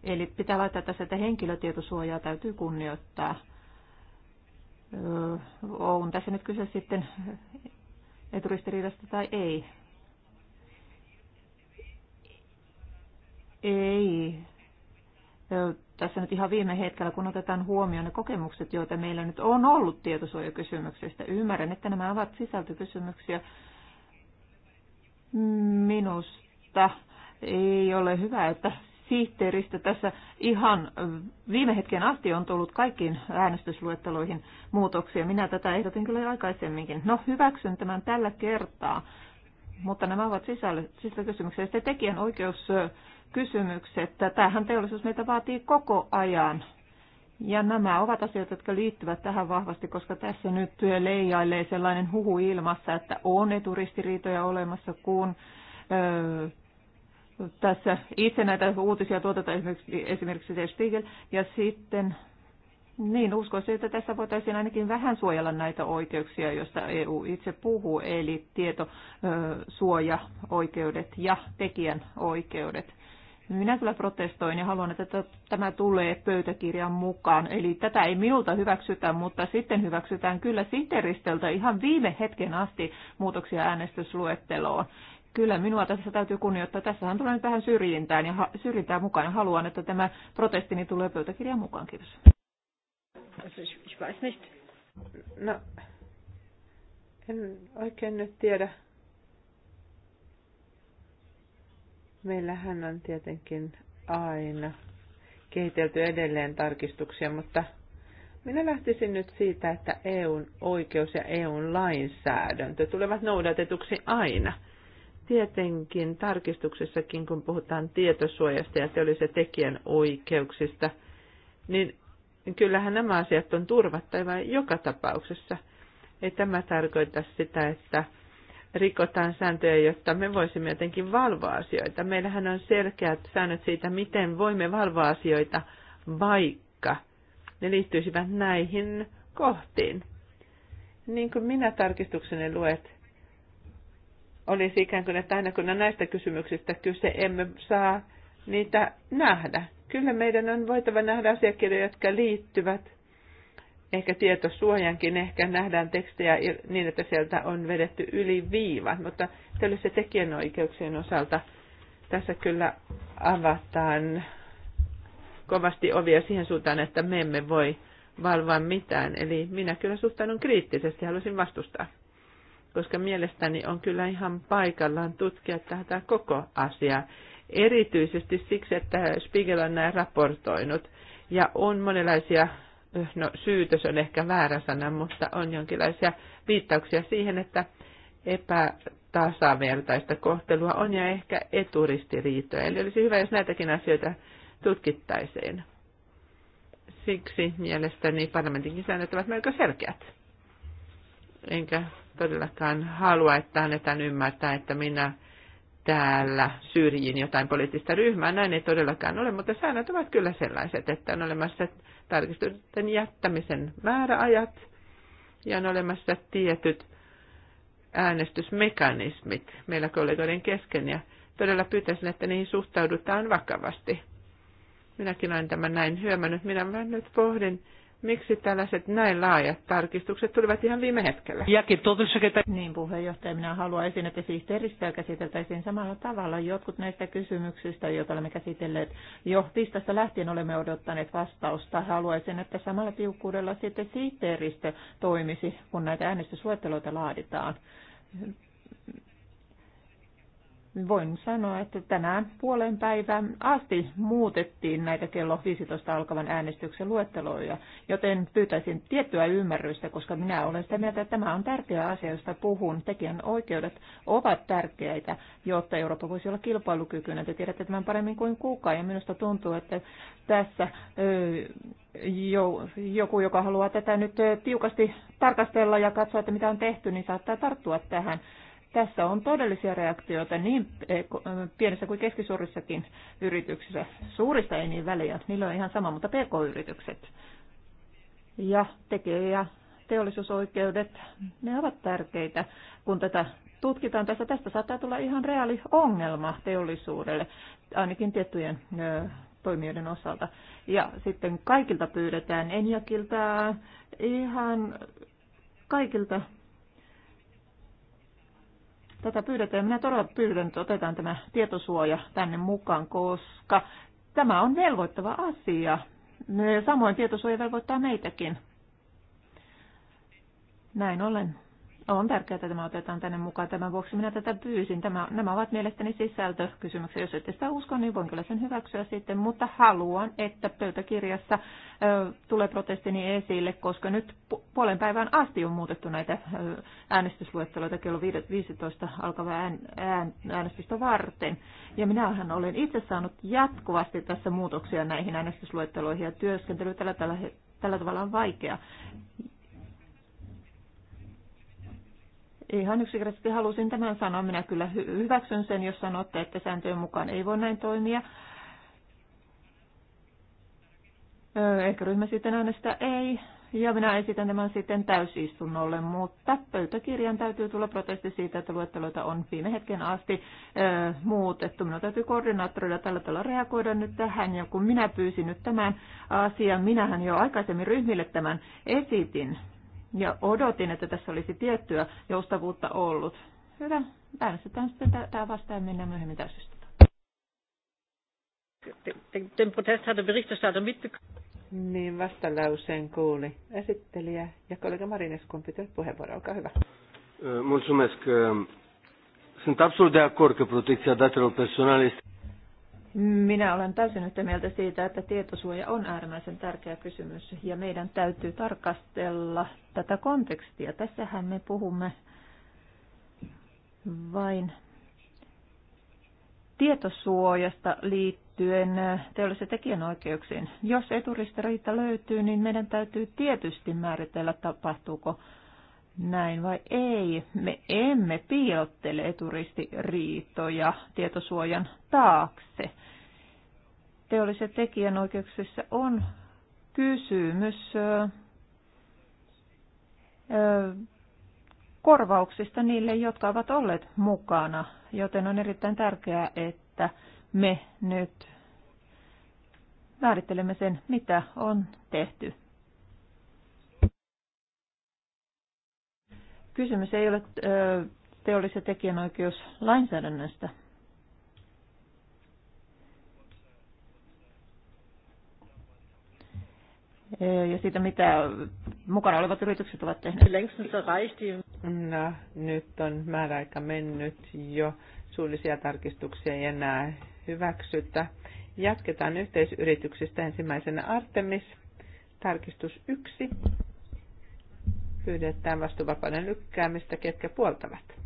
Eli pitää laittaa tässä, että henkilötietosuojaa täytyy kunnioittaa on tässä nyt kyse sitten eturistiriidasta tai ei. Ei. Tässä nyt ihan viime hetkellä, kun otetaan huomioon ne kokemukset, joita meillä nyt on ollut tietosuojakysymyksistä, ymmärrän, että nämä ovat sisältökysymyksiä. Minusta ei ole hyvä, että Sihteeristä tässä ihan viime hetken asti on tullut kaikkiin äänestysluetteloihin muutoksia. Minä tätä ehdotin kyllä aikaisemminkin. No, hyväksyn tämän tällä kertaa, mutta nämä ovat sisältökysymyksiä. Sitten tekijän oikeuskysymykset. Tämähän teollisuus meitä vaatii koko ajan. Ja nämä ovat asioita, jotka liittyvät tähän vahvasti, koska tässä nyt leijailee sellainen huhu ilmassa, että on eturistiriitoja olemassa, kun tässä itse näitä uutisia tuotetaan esimerkiksi, esimerkiksi Der Spiegel, ja sitten niin, uskoisin, että tässä voitaisiin ainakin vähän suojella näitä oikeuksia, joista EU itse puhuu, eli tietosuoja-oikeudet ja tekijän oikeudet. Minä kyllä protestoin ja haluan, että tämä tulee pöytäkirjan mukaan. Eli tätä ei minulta hyväksytä, mutta sitten hyväksytään kyllä sihteeristöltä ihan viime hetken asti muutoksia äänestysluetteloon kyllä minua tässä täytyy kunnioittaa. Tässähän tulee nyt vähän syrjintään ja ha- syrjintää mukaan haluan, että tämä protestini tulee pöytäkirjan mukaan. Kiitos. No, en oikein nyt tiedä. Meillähän on tietenkin aina kehitelty edelleen tarkistuksia, mutta minä lähtisin nyt siitä, että EUn oikeus ja EUn lainsäädäntö tulevat noudatetuksi aina – Tietenkin tarkistuksessakin, kun puhutaan tietosuojasta ja teolliset tekijän oikeuksista, niin kyllähän nämä asiat on turvattava joka tapauksessa. Ei tämä tarkoita sitä, että rikotaan sääntöjä, jotta me voisimme jotenkin valvoa asioita. Meillähän on selkeät säännöt siitä, miten voimme valvoa asioita, vaikka ne liittyisivät näihin kohtiin. Niin kuin minä tarkistuksenne luet, olisi ikään kuin, että aina kun on näistä kysymyksistä kyse, emme saa niitä nähdä. Kyllä meidän on voitava nähdä asiakirjoja, jotka liittyvät ehkä tietosuojankin, ehkä nähdään tekstejä niin, että sieltä on vedetty yli viiva, mutta tällaisen tekijänoikeuksien osalta tässä kyllä avataan kovasti ovia siihen suuntaan, että me emme voi valvoa mitään. Eli minä kyllä suhtaudun kriittisesti, haluaisin vastustaa koska mielestäni on kyllä ihan paikallaan tutkia tätä koko asiaa. Erityisesti siksi, että Spiegel on näin raportoinut ja on monenlaisia, no syytös on ehkä väärä sana, mutta on jonkinlaisia viittauksia siihen, että epätasavertaista kohtelua on ja ehkä eturistiriitoja. Eli olisi hyvä, jos näitäkin asioita tutkittaisiin. Siksi mielestäni parlamentinkin säännöt ovat melko selkeät. Enkä todellakaan halua, että annetaan ymmärtää, että minä täällä syrjin jotain poliittista ryhmää. Näin ei todellakaan ole, mutta säännöt ovat kyllä sellaiset, että on olemassa tarkistusten jättämisen määräajat ja on olemassa tietyt äänestysmekanismit meillä kollegoiden kesken ja todella pyytäisin, että niihin suhtaudutaan vakavasti. Minäkin olen tämän näin hyömännyt. Minä vähän nyt pohdin, miksi tällaiset näin laajat tarkistukset tulivat ihan viime hetkellä? Niin puheenjohtaja, minä haluaisin, että sihteeristöä käsiteltäisiin samalla tavalla. Jotkut näistä kysymyksistä, joita olemme käsitelleet jo tiistasta lähtien, olemme odottaneet vastausta. Haluaisin, että samalla tiukkuudella sitten sihteeristö toimisi, kun näitä äänestysluetteloita laaditaan voin sanoa, että tänään puolen päivän asti muutettiin näitä kello 15 alkavan äänestyksen luetteloja, joten pyytäisin tiettyä ymmärrystä, koska minä olen sitä mieltä, että tämä on tärkeä asia, josta puhun. Tekijän oikeudet ovat tärkeitä, jotta Eurooppa voisi olla kilpailukykyinen. Te tiedätte tämän paremmin kuin kukaan, ja minusta tuntuu, että tässä joku, joka haluaa tätä nyt tiukasti tarkastella ja katsoa, että mitä on tehty, niin saattaa tarttua tähän tässä on todellisia reaktioita niin pienissä kuin keskisuurissakin yrityksissä. Suurista ei niin väliä, niillä on ihan sama, mutta pk-yritykset ja tekee ja teollisuusoikeudet, ne ovat tärkeitä, kun tätä tutkitaan tässä. Tästä saattaa tulla ihan reaali ongelma teollisuudelle, ainakin tiettyjen toimijoiden osalta. Ja sitten kaikilta pyydetään, Enjakilta, ihan kaikilta tätä pyydetään. Minä todella pyydän, että otetaan tämä tietosuoja tänne mukaan, koska tämä on velvoittava asia. Samoin tietosuoja velvoittaa meitäkin. Näin ollen on tärkeää, että tämä otetaan tänne mukaan. Tämän vuoksi minä tätä pyysin. Tämä, nämä ovat mielestäni sisältökysymyksiä. Jos ette sitä usko, niin voin kyllä sen hyväksyä sitten. Mutta haluan, että pöytäkirjassa ö, tulee protestini esille, koska nyt puolen päivän asti on muutettu näitä äänestysluetteloita kello 15 alkava ään, ään, äänestystä varten. Ja minähän olen itse saanut jatkuvasti tässä muutoksia näihin äänestysluetteloihin ja työskentely tällä, tällä, tällä tavalla on vaikea. Ihan yksinkertaisesti halusin tämän sanoa. Minä kyllä hyväksyn sen, jos sanotte, että sääntöjen mukaan ei voi näin toimia. Ehkä ryhmä sitten äänestää ei. Ja minä esitän tämän sitten täysistunnolle, mutta pöytäkirjan täytyy tulla protesti siitä, että luetteloita on viime hetken asti ö, muutettu. Minun täytyy koordinaattorilla tällä tavalla reagoida nyt tähän, ja kun minä pyysin nyt tämän asian, minähän jo aikaisemmin ryhmille tämän esitin, ja odotin, että tässä olisi tiettyä joustavuutta ollut. Hyvä. Äänestetään sitten tämä vastaan ja mennään myöhemmin täysistuntoon. Den protest hatte Berichterstatter mitbekommen. Niin, vastalauseen kuuli esittelijä ja kollega Marines, kun pitäisi puheenvuoro, olkaa hyvä. Eh, mulțumesc. Eh, sunt absolut de acord că protecția datelor personale este... Minä olen täysin yhtä mieltä siitä, että tietosuoja on äärimmäisen tärkeä kysymys ja meidän täytyy tarkastella tätä kontekstia. Tässähän me puhumme vain tietosuojasta liittyen teollis- ja tekijänoikeuksiin. Jos eturistiriita löytyy, niin meidän täytyy tietysti määritellä, tapahtuuko näin vai ei. Me emme piilottele eturistiriitoja tietosuojan taakse. Teolliset tekijänoikeuksissa on kysymys korvauksista niille, jotka ovat olleet mukana, joten on erittäin tärkeää, että me nyt määrittelemme sen, mitä on tehty. Kysymys ei ole teollis- ja tekijänoikeuslainsäädännöstä. Ja siitä, mitä mukana olevat yritykset ovat tehneet. No, nyt on määräaika mennyt jo. Suullisia tarkistuksia ei enää hyväksytä. Jatketaan yhteisyrityksistä ensimmäisenä Artemis, tarkistus 1 pyydetään vastuvapauden lykkäämistä, ketkä puoltavat.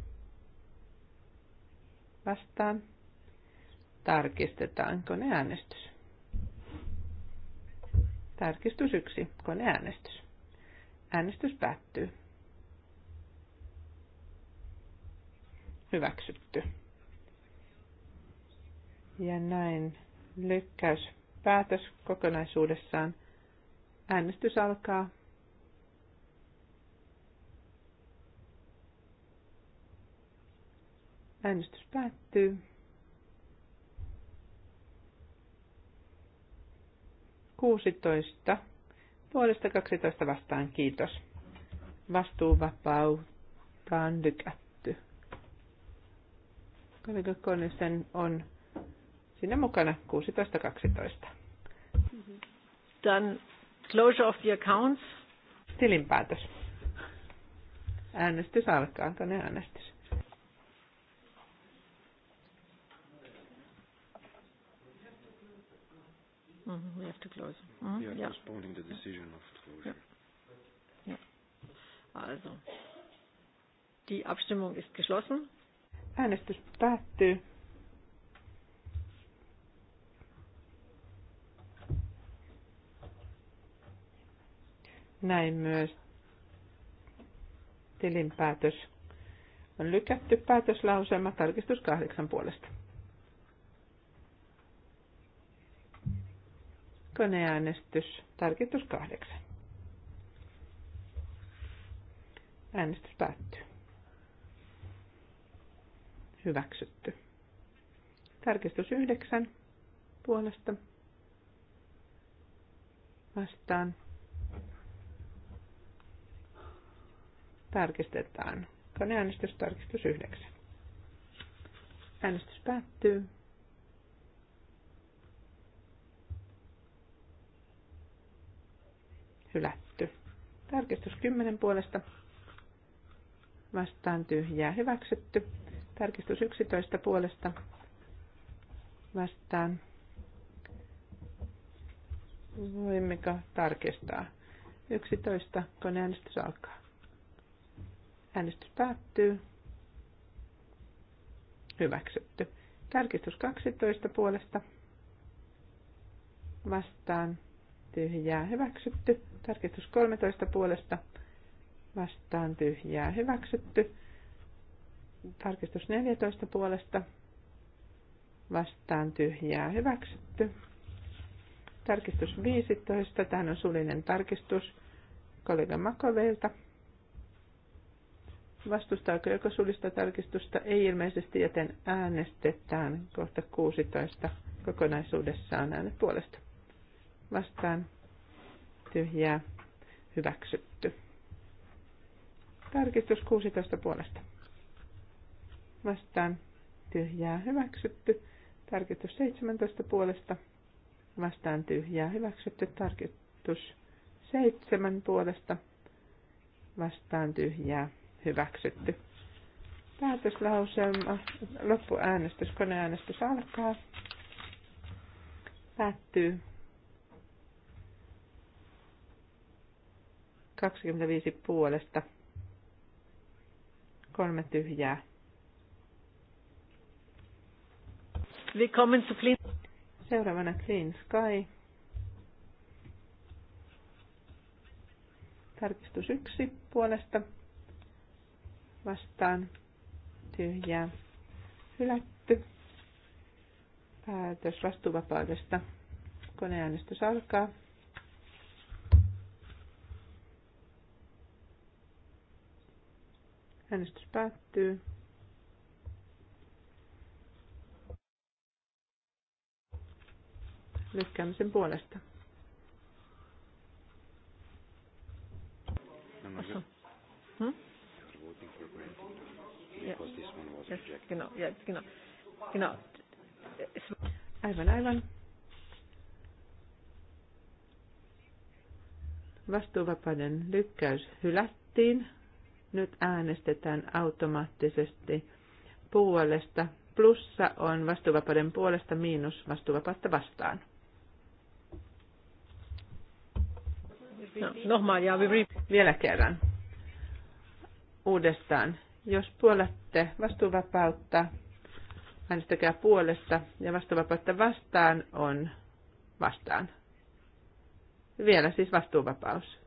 Vastaan. Tarkistetaan koneäänestys. Tarkistus 1. Koneäänestys. Äänestys päättyy. Hyväksytty. Ja näin lykkäyspäätös kokonaisuudessaan. Äänestys alkaa Äänestys päättyy. Kuusitoista. Puolesta 12 vastaan kiitos. Vastuuvapautta on lykätty. Kollega Konisen on siinä mukana 16.12. Mm-hmm. closure of the accounts. Tilinpäätös. Äänestys alkaa, kone äänestys. Mm-hmm. We have to close. Mm-hmm. We are yeah. postponing the decision yeah. of closure. Yeah. Yeah. Also. Die Abstimmung ist geschlossen. Äänestys päättyy. Näin myös tilinpäätös on lykätty päätöslauselma tarkistus kahdeksan puolesta. Koneäänestys. Tarkistus kahdeksan. Äänestys päättyy. Hyväksytty. Tarkistus yhdeksän puolesta vastaan. Tarkistetaan. Koneäänestys tarkistus yhdeksän. Äänestys päättyy. hylätty. Tarkistus 10 puolesta vastaan tyhjää hyväksytty. Tarkistus 11 puolesta vastaan. Voimmeko tarkistaa? 11 koneäänestys alkaa. Äänestys päättyy. Hyväksytty. Tarkistus 12 puolesta vastaan tyhjää hyväksytty. Tarkistus 13 puolesta vastaan tyhjää hyväksytty. Tarkistus 14 puolesta vastaan tyhjää hyväksytty. Tarkistus 15. Tähän on suullinen tarkistus kollega Makoveilta. Vastustaako joko sulista tarkistusta? Ei ilmeisesti, joten äänestetään kohta 16 kokonaisuudessaan äänet puolesta vastaan tyhjää hyväksytty. Tarkistus 16 puolesta. Vastaan tyhjää hyväksytty. Tarkistus 17 puolesta. Vastaan tyhjää hyväksytty. Tarkistus 7 puolesta. Vastaan tyhjää hyväksytty. Päätöslauselma. Loppuäänestys. Koneäänestys alkaa. Päättyy. 25 puolesta. Kolme tyhjää. Willkommen Seuraavana Clean Sky. Tarkistus yksi puolesta. Vastaan tyhjää. Hylätty. Päätös vastuuvapaudesta. Koneäänestys alkaa. Äänestys päättyy. Lykkäämisen puolesta. Hmm? Aivan, aivan. Vastuuvapainen lykkäys hylättiin. Nyt äänestetään automaattisesti puolesta. Plussa on vastuuvapauden puolesta, miinus vastuuvapautta vastaan. No, nochmal, ja Vielä kerran. Uudestaan. Jos puolette vastuuvapautta, äänestäkää puolesta ja vastuuvapautta vastaan on vastaan. Vielä siis vastuuvapaus.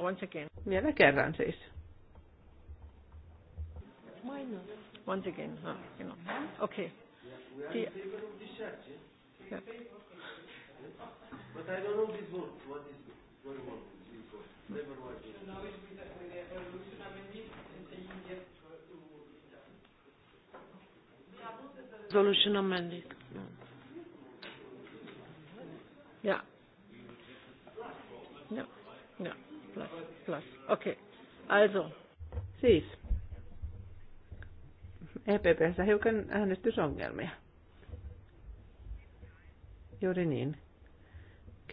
Once again. Vielä kerran siis. Once again. No, you know. Okay. The... Yeah. But I don't know this What is going on? Never Resolution amended. Yeah. No. No plus, plus. Okei. Okay. Also. Siis. EPPssä hiukan äänestysongelmia. Juuri niin.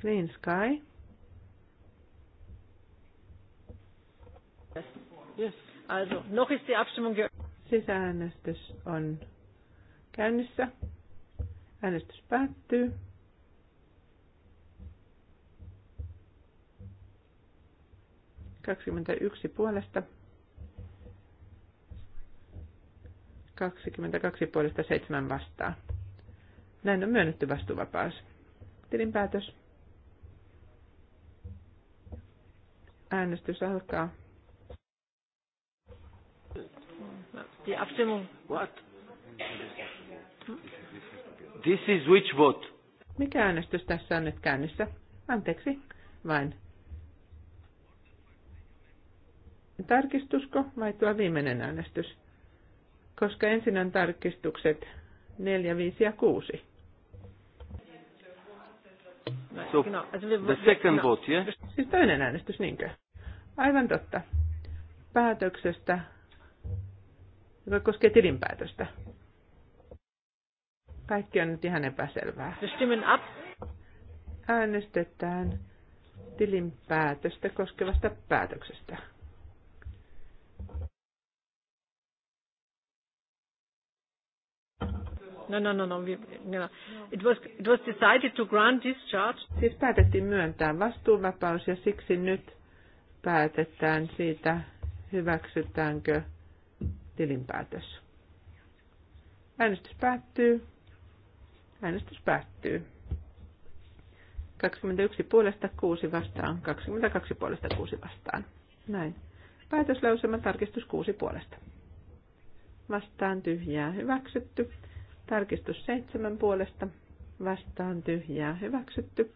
Clean Sky. Yes. yes. Also, noch ist die Abstimmung Sisäänestys on käynnissä. Äänestys päättyy. 21 puolesta. 22 puolesta 7 vastaa. Näin on myönnetty vastuuvapaus. Tilinpäätös. Äänestys alkaa. Die Abstimmung. What? This is which vote? Mikä äänestys tässä on nyt käynnissä? Anteeksi, vain tarkistusko vai tuo viimeinen äänestys? Koska ensin on tarkistukset 4, 5 ja 6. So, no, no, the second no. vote, yeah? Siis toinen äänestys, niinkö? Aivan totta. Päätöksestä, joka koskee tilinpäätöstä. Kaikki on nyt ihan epäselvää. Äänestetään tilinpäätöstä koskevasta päätöksestä. No, no, no, no. no. It, was, it was decided to grant discharge. Siis päätettiin myöntää vastuuvapaus ja siksi nyt päätetään siitä, hyväksytäänkö tilinpäätös. Äänestys päättyy. Äänestys päättyy. 21 puolesta 6 vastaan, 22 puolesta 6 vastaan. Näin. Päätöslausema tarkistus 6 puolesta. Vastaan tyhjää hyväksytty. Tarkistus seitsemän puolesta vastaan tyhjää hyväksytty.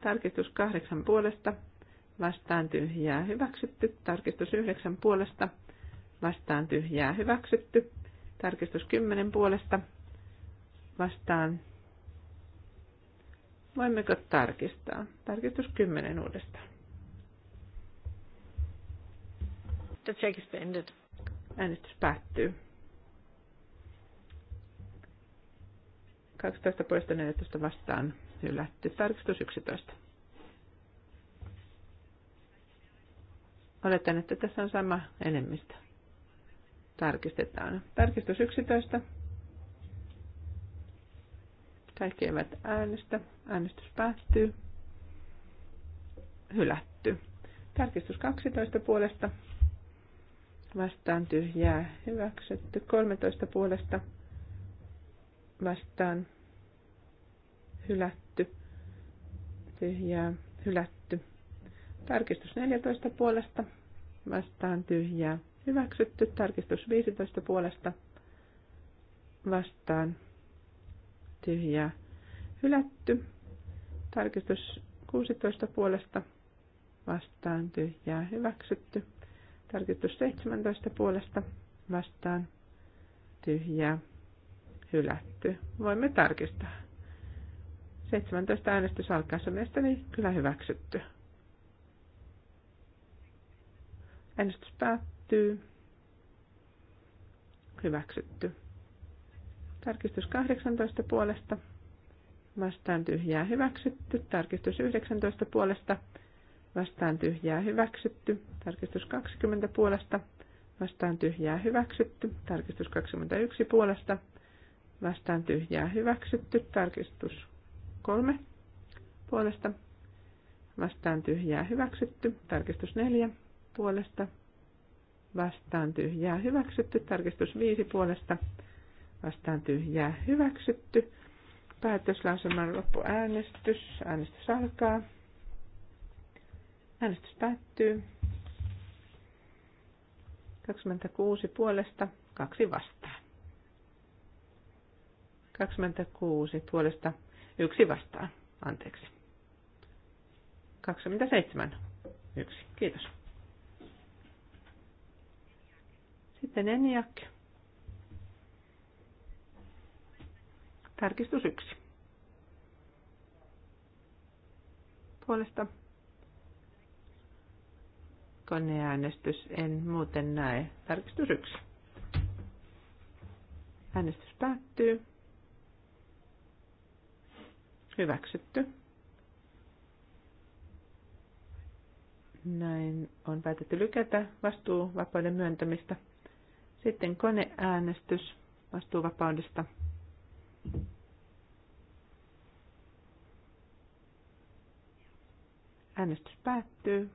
Tarkistus kahdeksan puolesta vastaan tyhjää hyväksytty. Tarkistus yhdeksän puolesta vastaan tyhjää hyväksytty. Tarkistus kymmenen puolesta vastaan. Voimmeko tarkistaa? Tarkistus kymmenen uudestaan. The check is ended. Äänestys päättyy. 12 poista 14 vastaan hylätty. Tarkistus 11. Oletan, että tässä on sama enemmistö. Tarkistetaan. Tarkistus 11. Kaikki eivät äänestä. Äänestys päättyy. Hylätty. Tarkistus 12 puolesta. Vastaan tyhjää. Hyväksytty. 13 puolesta vastaan hylätty, tyhjää, hylätty. Tarkistus 14 puolesta vastaan tyhjää, hyväksytty. Tarkistus 15 puolesta vastaan tyhjää, hylätty. Tarkistus 16 puolesta vastaan tyhjää, hyväksytty. Tarkistus 17 puolesta vastaan tyhjää, hylätty. Voimme tarkistaa. 17 äänestys alkaa mielestäni kyllä hyväksytty. Äänestys päättyy. Hyväksytty. Tarkistus 18 puolesta. Vastaan tyhjää hyväksytty. Tarkistus 19 puolesta. Vastaan tyhjää hyväksytty. Tarkistus 20 puolesta. Vastaan tyhjää hyväksytty. Tarkistus 21 puolesta vastaan tyhjää hyväksytty. Tarkistus kolme puolesta vastaan tyhjää hyväksytty. Tarkistus neljä puolesta vastaan tyhjää hyväksytty. Tarkistus viisi puolesta vastaan tyhjää hyväksytty. Päätöslauselman loppuäänestys. Äänestys alkaa. Äänestys päättyy. 26 puolesta, kaksi vastaan. 26 puolesta yksi vastaan. Anteeksi. 27 yksi. Kiitos. Sitten Eniak. Tarkistus yksi. Puolesta koneäänestys. En muuten näe. Tarkistus yksi. Äänestys päättyy. Hyväksytty. Näin on päätetty lykätä vastuuvapauden myöntämistä. Sitten koneäänestys vastuuvapaudesta. Äänestys päättyy.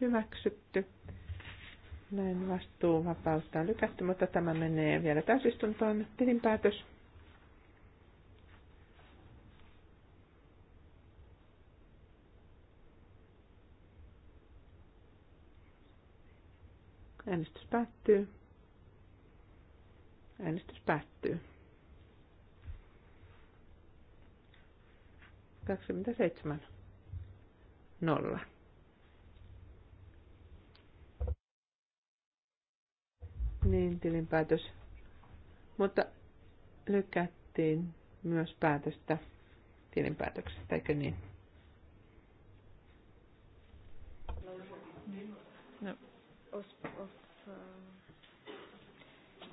Hyväksytty. Näin vastuuvapautta on lykätty, mutta tämä menee vielä täysistuntoon. Tilinpäätös. Äänestys päättyy. Äänestys päättyy. 27. Nolla. Niin, tilinpäätös. Mutta lykättiin myös päätöstä tilinpäätöksestä, eikö niin? No. Os, os.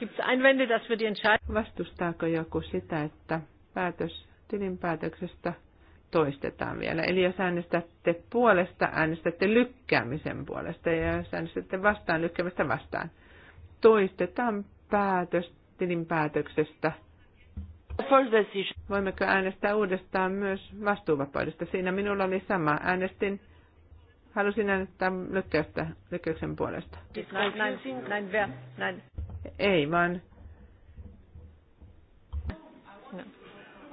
Gibt es Einwände, dass wir die Entscheidung... Vastustaako joku sitä, että päätös tilinpäätöksestä toistetaan vielä? Eli jos äänestätte puolesta, äänestätte lykkäämisen puolesta ja jos äänestätte vastaan, lykkäämistä vastaan. Toistetaan päätös tilinpäätöksestä. Voimmeko äänestää uudestaan myös vastuuvapaudesta? Siinä minulla oli sama. Äänestin Halusin äänestää lykkäystä, lykkäyksen puolesta. Näin, näin, näin, näin. Ei vaan.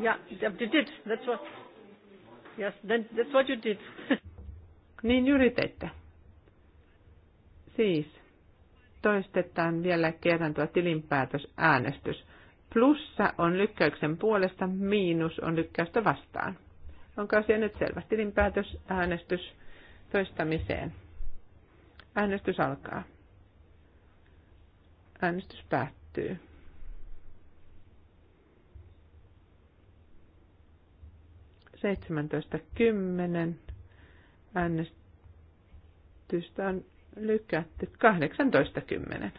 Yeah, no. you did. That's what. Yes, then that's what you did. niin yritette. Siis toistetaan vielä kerran tuo äänestys. Plussa on lykkäyksen puolesta, miinus on lykkäystä vastaan. Onko asia nyt selvä? äänestys toistamiseen. Äänestys alkaa. Äänestys päättyy. Seitsemäntoista kymmenen. Äänestystä on lykätty. Kahdeksantoista kymmenen.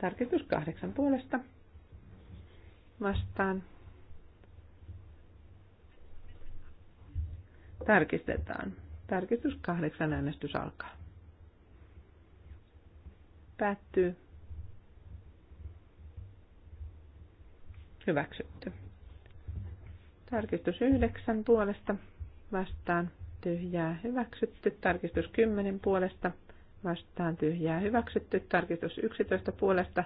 Tarkistus kahdeksan puolesta. Vastaan. Tarkistetaan. Tarkistus kahdeksan äänestys alkaa. Päättyy. Hyväksytty. Tarkistus 9 puolesta vastaan tyhjää hyväksytty. Tarkistus 10 puolesta vastaan tyhjää hyväksytty. Tarkistus 11 puolesta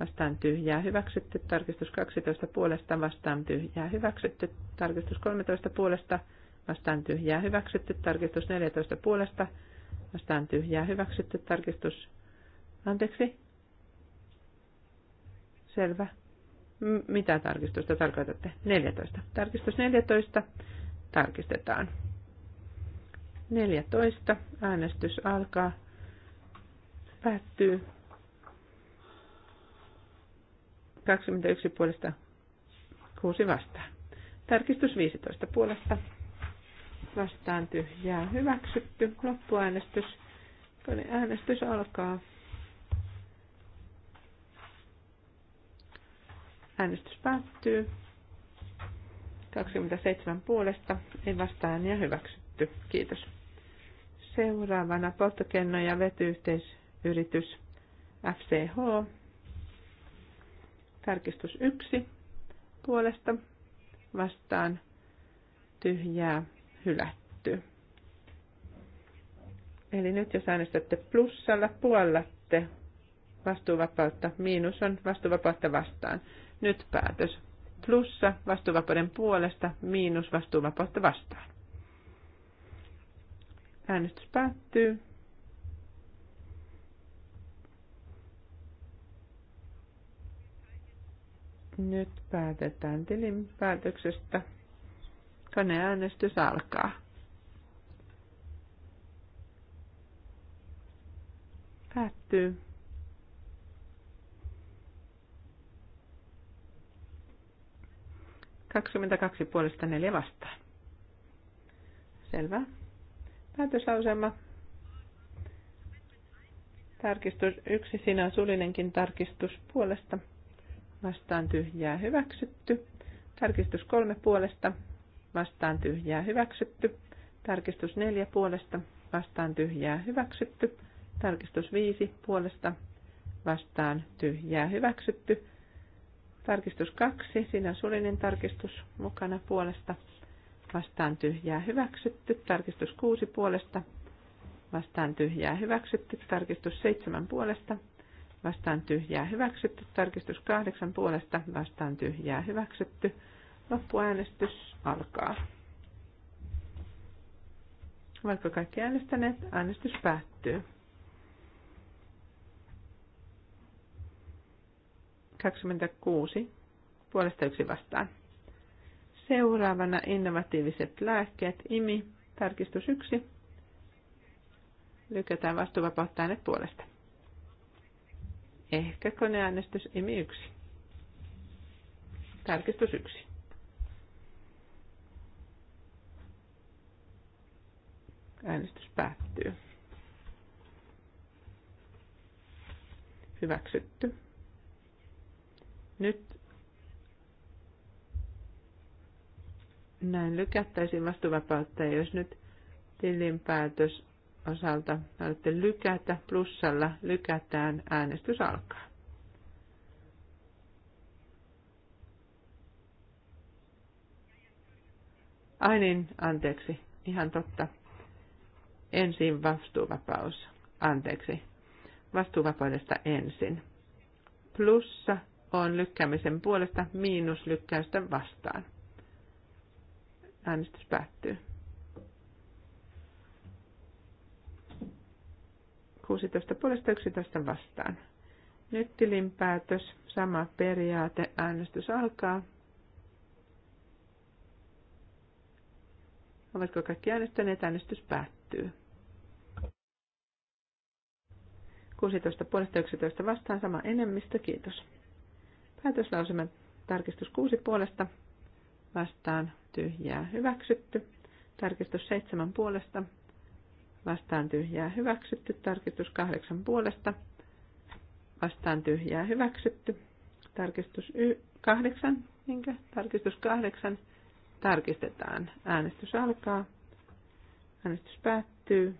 vastaan tyhjää hyväksytty. Tarkistus 12 puolesta vastaan tyhjää hyväksytty. Tarkistus 13 puolesta vastaan tyhjää hyväksytty. Tarkistus 14 puolesta vastaan tyhjää hyväksytty. Tarkistus Anteeksi? Selvä. M- mitä tarkistusta tarkoitatte? 14. Tarkistus 14. Tarkistetaan. 14. Äänestys alkaa. Päättyy. 21 puolesta 6 vastaan. Tarkistus 15 puolesta vastaan tyhjää hyväksytty. Loppuäänestys. Äänestys alkaa. Äänestys päättyy. 27 puolesta, ei vastaan ja hyväksytty. Kiitos. Seuraavana polttokenno- ja vetyyhteisyritys FCH. Tarkistus 1 puolesta vastaan tyhjää hylätty. Eli nyt jos äänestätte plussalla puollatte vastuuvapautta, miinus on vastuuvapautta vastaan. Nyt päätös. Plussa vastuuvapauden puolesta, miinus vastuuvapautta vastaan. Äänestys päättyy. Nyt päätetään tilinpäätöksestä. Koneäänestys alkaa. Päättyy. 22 puolesta 4 vastaan. Selvä. Päätöslauselma. Tarkistus yksi sinä sulinenkin tarkistus puolesta. Vastaan tyhjää hyväksytty. Tarkistus kolme puolesta. Vastaan tyhjää hyväksytty. Tarkistus neljä puolesta. Vastaan tyhjää hyväksytty. Tarkistus viisi puolesta. Vastaan tyhjää hyväksytty. Tarkistus kaksi siinä on suullinen tarkistus mukana puolesta. Vastaan tyhjää hyväksytty. Tarkistus kuusi puolesta. Vastaan tyhjää hyväksytty. Tarkistus seitsemän puolesta. Vastaan tyhjää hyväksytty. Tarkistus kahdeksan puolesta. Vastaan tyhjää hyväksytty. Loppuäänestys alkaa. Vaikka kaikki äänestäneet, äänestys päättyy. 26 puolesta yksi vastaan. Seuraavana innovatiiviset lääkkeet, IMI, tarkistus 1. Lykätään vastuuvapautta äänet puolesta. Ehkä koneäänestys IMI 1. Tarkistus 1. Äänestys päättyy. Hyväksytty. Nyt näin lykättäisiin vastuvapautta, ja jos nyt tilinpäätös osalta haluatte lykätä, plussalla lykätään, äänestys alkaa. Ai niin, anteeksi, ihan totta. Ensin vastuuvapaus, anteeksi, vastuuvapaudesta ensin. Plussa on lykkäämisen puolesta miinus-lykkäystä vastaan. Äänestys päättyy. 16 puolesta 11 vastaan. Nyt tilinpäätös, sama periaate, äänestys alkaa. Ovatko kaikki äänestäneet? Äänestys päättyy. 16 puolesta 11 vastaan sama enemmistö. Kiitos päätöslauseman tarkistus 6 puolesta vastaan tyhjää hyväksytty. Tarkistus 7 puolesta vastaan tyhjää hyväksytty. Tarkistus 8 puolesta vastaan tyhjää hyväksytty. Tarkistus 8, minkä Tarkistus 8 tarkistetaan. Äänestys alkaa. Äänestys päättyy.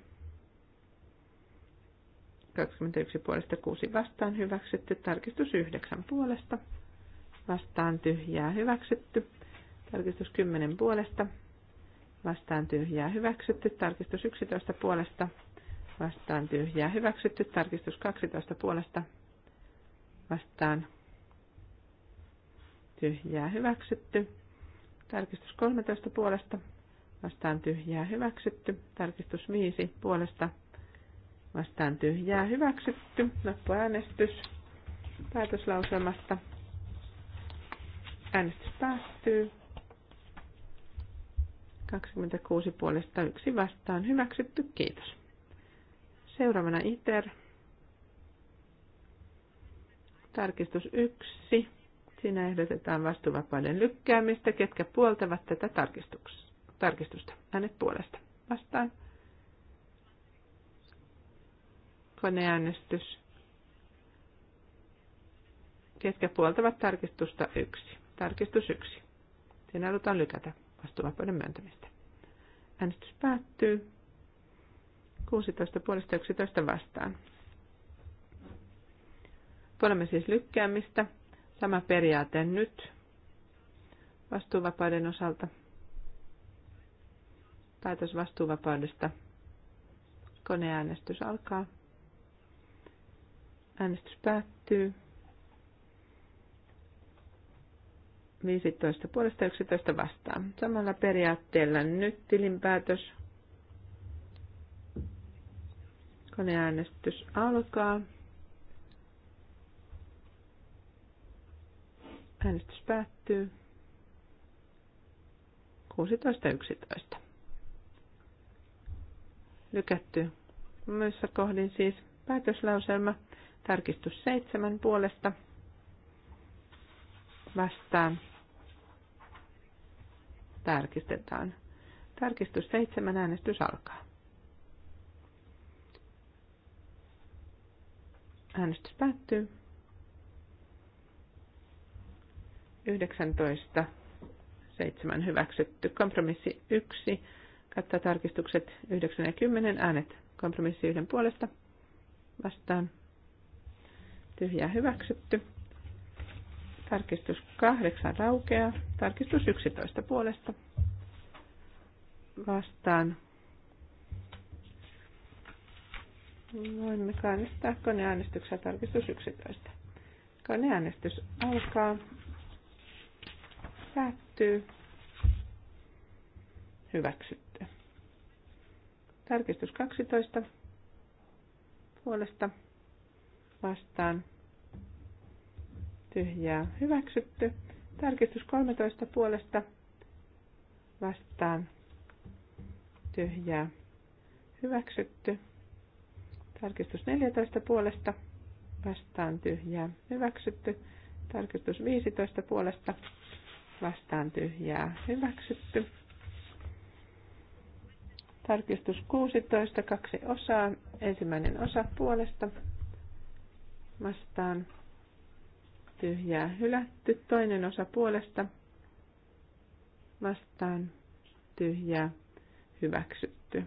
21 puolesta 6 vastaan hyväksytty. Tarkistus 9 puolesta vastaan tyhjää hyväksytty. Tarkistus 10 puolesta vastaan tyhjää hyväksytty. Tarkistus 11 puolesta vastaan tyhjää hyväksytty. Tarkistus 12 puolesta vastaan tyhjää hyväksytty. Tarkistus 13 puolesta vastaan tyhjää hyväksytty. Tarkistus 5 puolesta Vastaan tyhjää hyväksytty. Loppuäänestys päätöslauselmasta. Äänestys päättyy. 26 puolesta yksi vastaan hyväksytty. Kiitos. Seuraavana ITER. Tarkistus 1. Siinä ehdotetaan vastuuvapauden lykkäämistä. Ketkä puoltavat tätä tarkistusta? Äänet puolesta. Vastaan. Koneäänestys. Ketkä puoltavat tarkistusta yksi. Tarkistus yksi. Siinä halutaan lykätä vastuuvapauden myöntämistä. Äänestys päättyy. 16 puolesta 11 vastaan. Puolemme siis lykkäämistä. Sama periaate nyt vastuuvapauden osalta. Päätös vastuuvapaudesta. Koneäänestys alkaa. Äänestys päättyy. 15 puolesta 11 vastaan. Samalla periaatteella nyt tilinpäätös. Koneäänestys alkaa. Äänestys päättyy. 16.11. Lykätty. Myössä kohdin siis päätöslauselma. Tarkistus seitsemän puolesta vastaan. Tarkistetaan. Tarkistus seitsemän äänestys alkaa. Äänestys päättyy. 19. 7 hyväksytty. Kompromissi 1 kattaa tarkistukset 9 ja 10 äänet. Kompromissi 1 puolesta vastaan tyhjää hyväksytty. Tarkistus 8 raukeaa. Tarkistus 11 puolesta vastaan. Voimme äänestää koneäänestyksellä tarkistus 11. Koneäänestys alkaa. Päättyy. Hyväksytty. Tarkistus 12 puolesta vastaan tyhjää hyväksytty. Tarkistus 13 puolesta vastaan tyhjää hyväksytty. Tarkistus 14 puolesta vastaan tyhjää hyväksytty. Tarkistus 15 puolesta vastaan tyhjää hyväksytty. Tarkistus 16, kaksi osaa. Ensimmäinen osa puolesta vastaan tyhjää hylätty. Toinen osa puolesta vastaan tyhjää hyväksytty.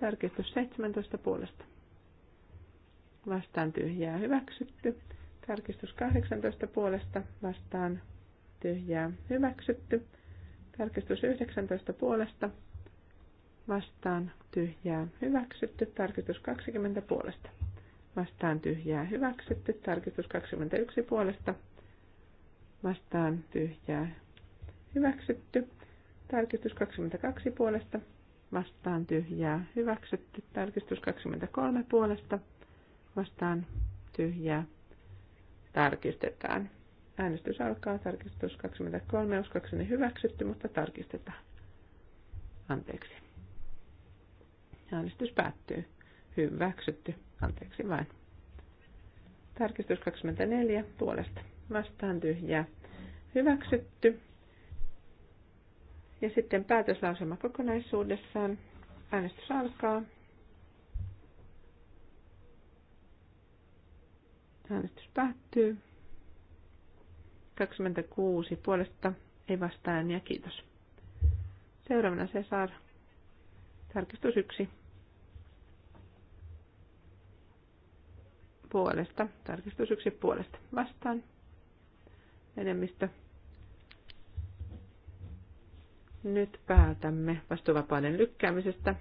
Tarkistus 17 puolesta. Vastaan tyhjää hyväksytty. Tarkistus 18 puolesta vastaan tyhjää hyväksytty. Tarkistus 19 puolesta vastaan tyhjää hyväksytty. Tarkistus 20 puolesta vastaan tyhjää hyväksytty. Tarkistus 21 puolesta vastaan tyhjää hyväksytty. Tarkistus 22 puolesta vastaan tyhjää hyväksytty. Tarkistus 23 puolesta vastaan tyhjää tarkistetaan. Äänestys alkaa. Tarkistus 23 uskoakseni hyväksytty, mutta tarkistetaan. Anteeksi. Äänestys päättyy hyväksytty. Anteeksi vain. Tarkistus 24 puolesta. Vastaan tyhjää. Hyväksytty. Ja sitten päätöslausema kokonaisuudessaan. Äänestys alkaa. Äänestys päättyy. 26 puolesta ei vastaan ja kiitos. Seuraavana Cesar. Tarkistus 1 puolesta, tarkistus yksi puolesta vastaan, enemmistö. Nyt päätämme vastuuvapauden lykkäämisestä.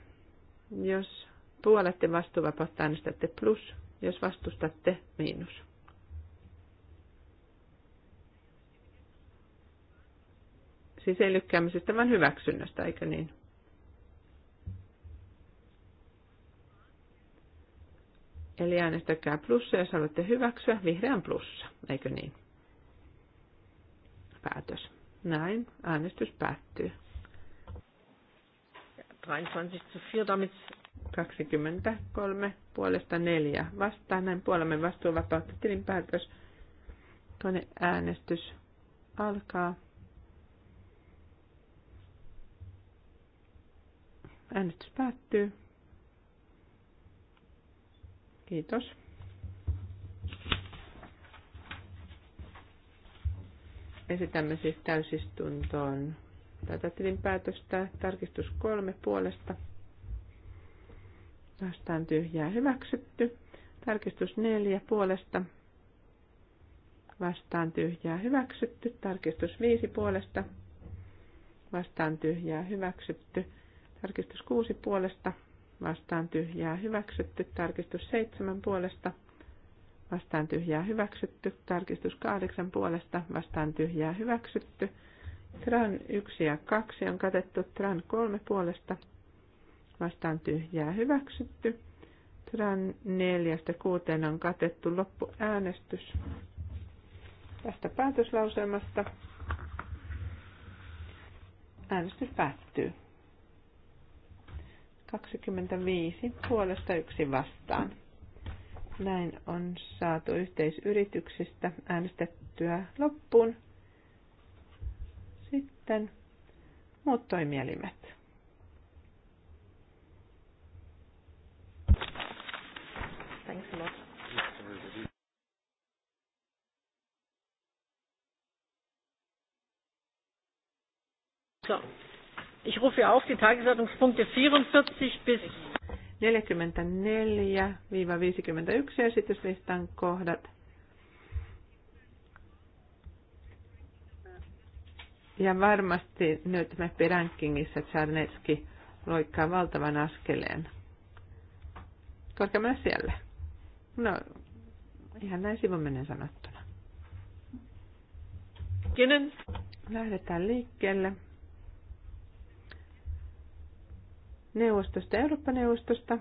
Jos puolette vastuuvapautta äänestätte plus, jos vastustatte miinus. Siis ei lykkäämisestä, vaan hyväksynnästä, eikö niin? Eli äänestäkää plussa, jos haluatte hyväksyä vihreän plussa, eikö niin? Päätös. Näin, äänestys päättyy. 23 damit 23 puolesta 4 vastaan. Näin puolemme vastuuvapautta tilinpäätös. Tuonne äänestys alkaa. Äänestys päättyy. Kiitos. Esitämme siis täysistuntoon tätä tilinpäätöstä tarkistus kolme puolesta. Vastaan tyhjää hyväksytty. Tarkistus neljä puolesta. Vastaan tyhjää hyväksytty. Tarkistus viisi puolesta. Vastaan tyhjää hyväksytty. Tarkistus kuusi puolesta vastaan tyhjää hyväksytty, tarkistus 7 puolesta, vastaan tyhjää hyväksytty, tarkistus 8 puolesta, vastaan tyhjää hyväksytty, tran 1 ja 2 on katettu, tran 3 puolesta, vastaan tyhjää hyväksytty, tran 4 kuuteen on katettu loppuäänestys tästä päätöslauselmasta. Äänestys päättyy. 25 puolesta yksi vastaan. Näin on saatu yhteisyrityksistä äänestettyä loppuun. Sitten muut toimielimet. Thanks a lot. So. Ich rufe auf die Tagesordnungspunkte 44 bis 44-51 esityslistan kohdat. Ja varmasti nyt me rankingissa Czarnetski loikkaa valtavan askeleen. Koska myös siellä. No, ihan näin sivun menen sanottuna. Kenen? Lähdetään liikkeelle. neuvostosta ja Eurooppa-neuvostosta.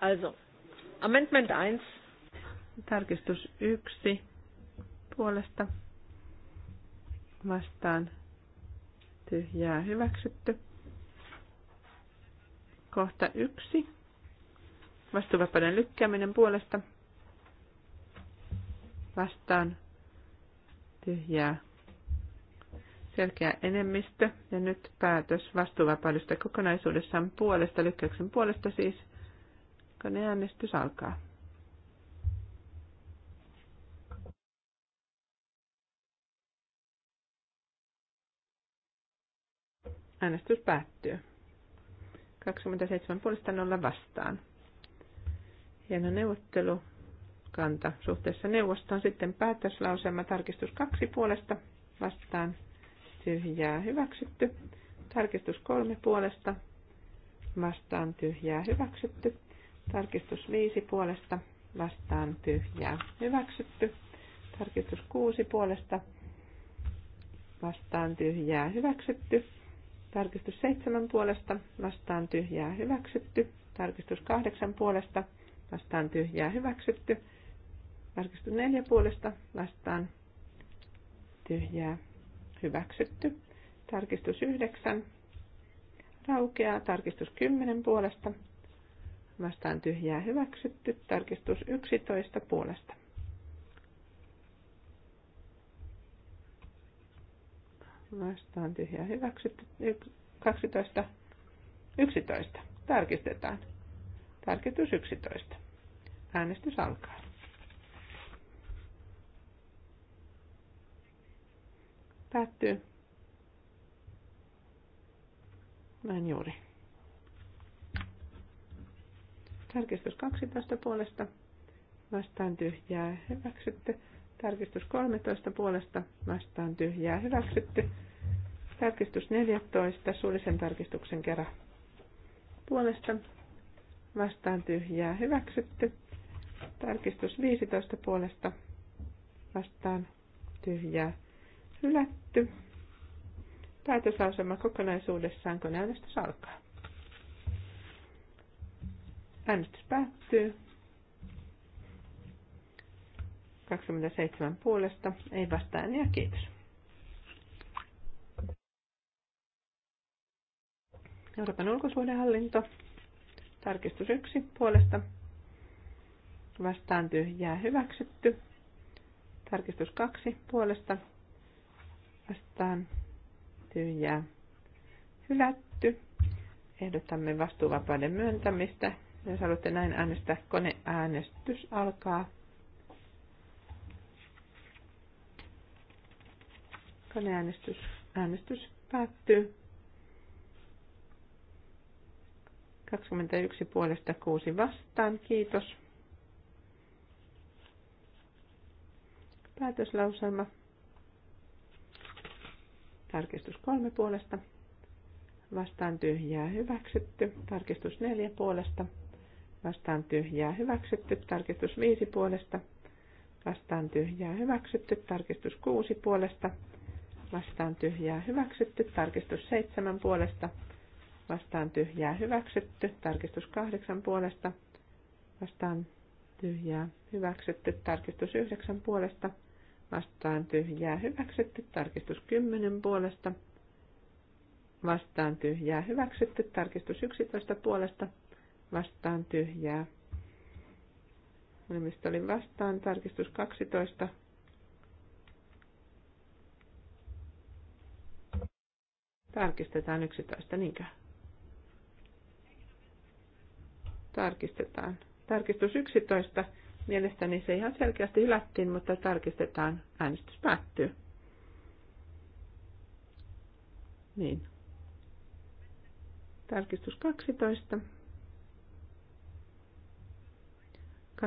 Also, Amendment 1. Tarkistus 1 puolesta vastaan tyhjää hyväksytty. Kohta 1. Vastuuvapauden lykkääminen puolesta vastaan tyhjää selkeä enemmistö ja nyt päätös vastuuvapaudesta kokonaisuudessaan puolesta, lykkäyksen puolesta siis äänestys alkaa. Äänestys päättyy. 27 puolesta 0 vastaan. Hieno neuvottelu. Kanta suhteessa neuvostoon. Sitten päätöslauselma tarkistus kaksi puolesta vastaan. Tyhjää hyväksytty. Tarkistus kolme puolesta vastaan tyhjää hyväksytty. Tarkistus 5 puolesta vastaan tyhjää. Hyväksytty. Tarkistus 6 puolesta vastaan tyhjää. Hyväksytty. Tarkistus 7 puolesta vastaan tyhjää. Hyväksytty. Tarkistus 8 puolesta vastaan tyhjää. Hyväksytty. Tarkistus 4 puolesta vastaan tyhjää. Hyväksytty. Tarkistus 9 raukeaa. Tarkistus 10 puolesta vastaan tyhjää hyväksytty. Tarkistus 11 puolesta. Vastaan tyhjää hyväksytty. 12. 11. Tarkistetaan. Tarkistus 11. Äänestys alkaa. Päättyy. Näin juuri. Tarkistus 12 puolesta vastaan tyhjää hyväksytty. Tarkistus 13 puolesta vastaan tyhjää hyväksytty. Tarkistus 14 suullisen tarkistuksen kerran puolesta vastaan tyhjää hyväksytty. Tarkistus 15 puolesta vastaan tyhjää hylätty. Päätöslausema kokonaisuudessaan, kun äänestys alkaa. Äänestys päättyy. 27 puolesta, ei vastaan ja kiitos. Euroopan ulkosuhdehallinto, tarkistus 1 puolesta, vastaan tyhjää hyväksytty. Tarkistus 2 puolesta, vastaan tyhjää hylätty. Ehdotamme vastuuvapauden myöntämistä jos haluatte näin äänestää, koneäänestys alkaa. Koneäänestys äänestys päättyy. 21 puolesta 6 vastaan. Kiitos. Päätöslauselma. Tarkistus 3 puolesta. Vastaan tyhjää hyväksytty. Tarkistus 4 puolesta vastaan tyhjää hyväksytty, tarkistus 5 puolesta, vastaan tyhjää hyväksytty, tarkistus 6 puolesta, vastaan tyhjää hyväksytty, tarkistus 7 puolesta, vastaan tyhjää hyväksytty, tarkistus 8 puolesta, vastaan tyhjää hyväksytty, tarkistus 9 puolesta, vastaan tyhjää hyväksytty, tarkistus 10 puolesta, vastaan tyhjää hyväksytty, tarkistus 11 puolesta, vastaan tyhjää. Enemmistö oli vastaan. Tarkistus 12. Tarkistetaan 11, niinkö? Tarkistetaan. Tarkistus 11. Mielestäni se ihan selkeästi hylättiin, mutta tarkistetaan. Äänestys päättyy. Niin. Tarkistus 12.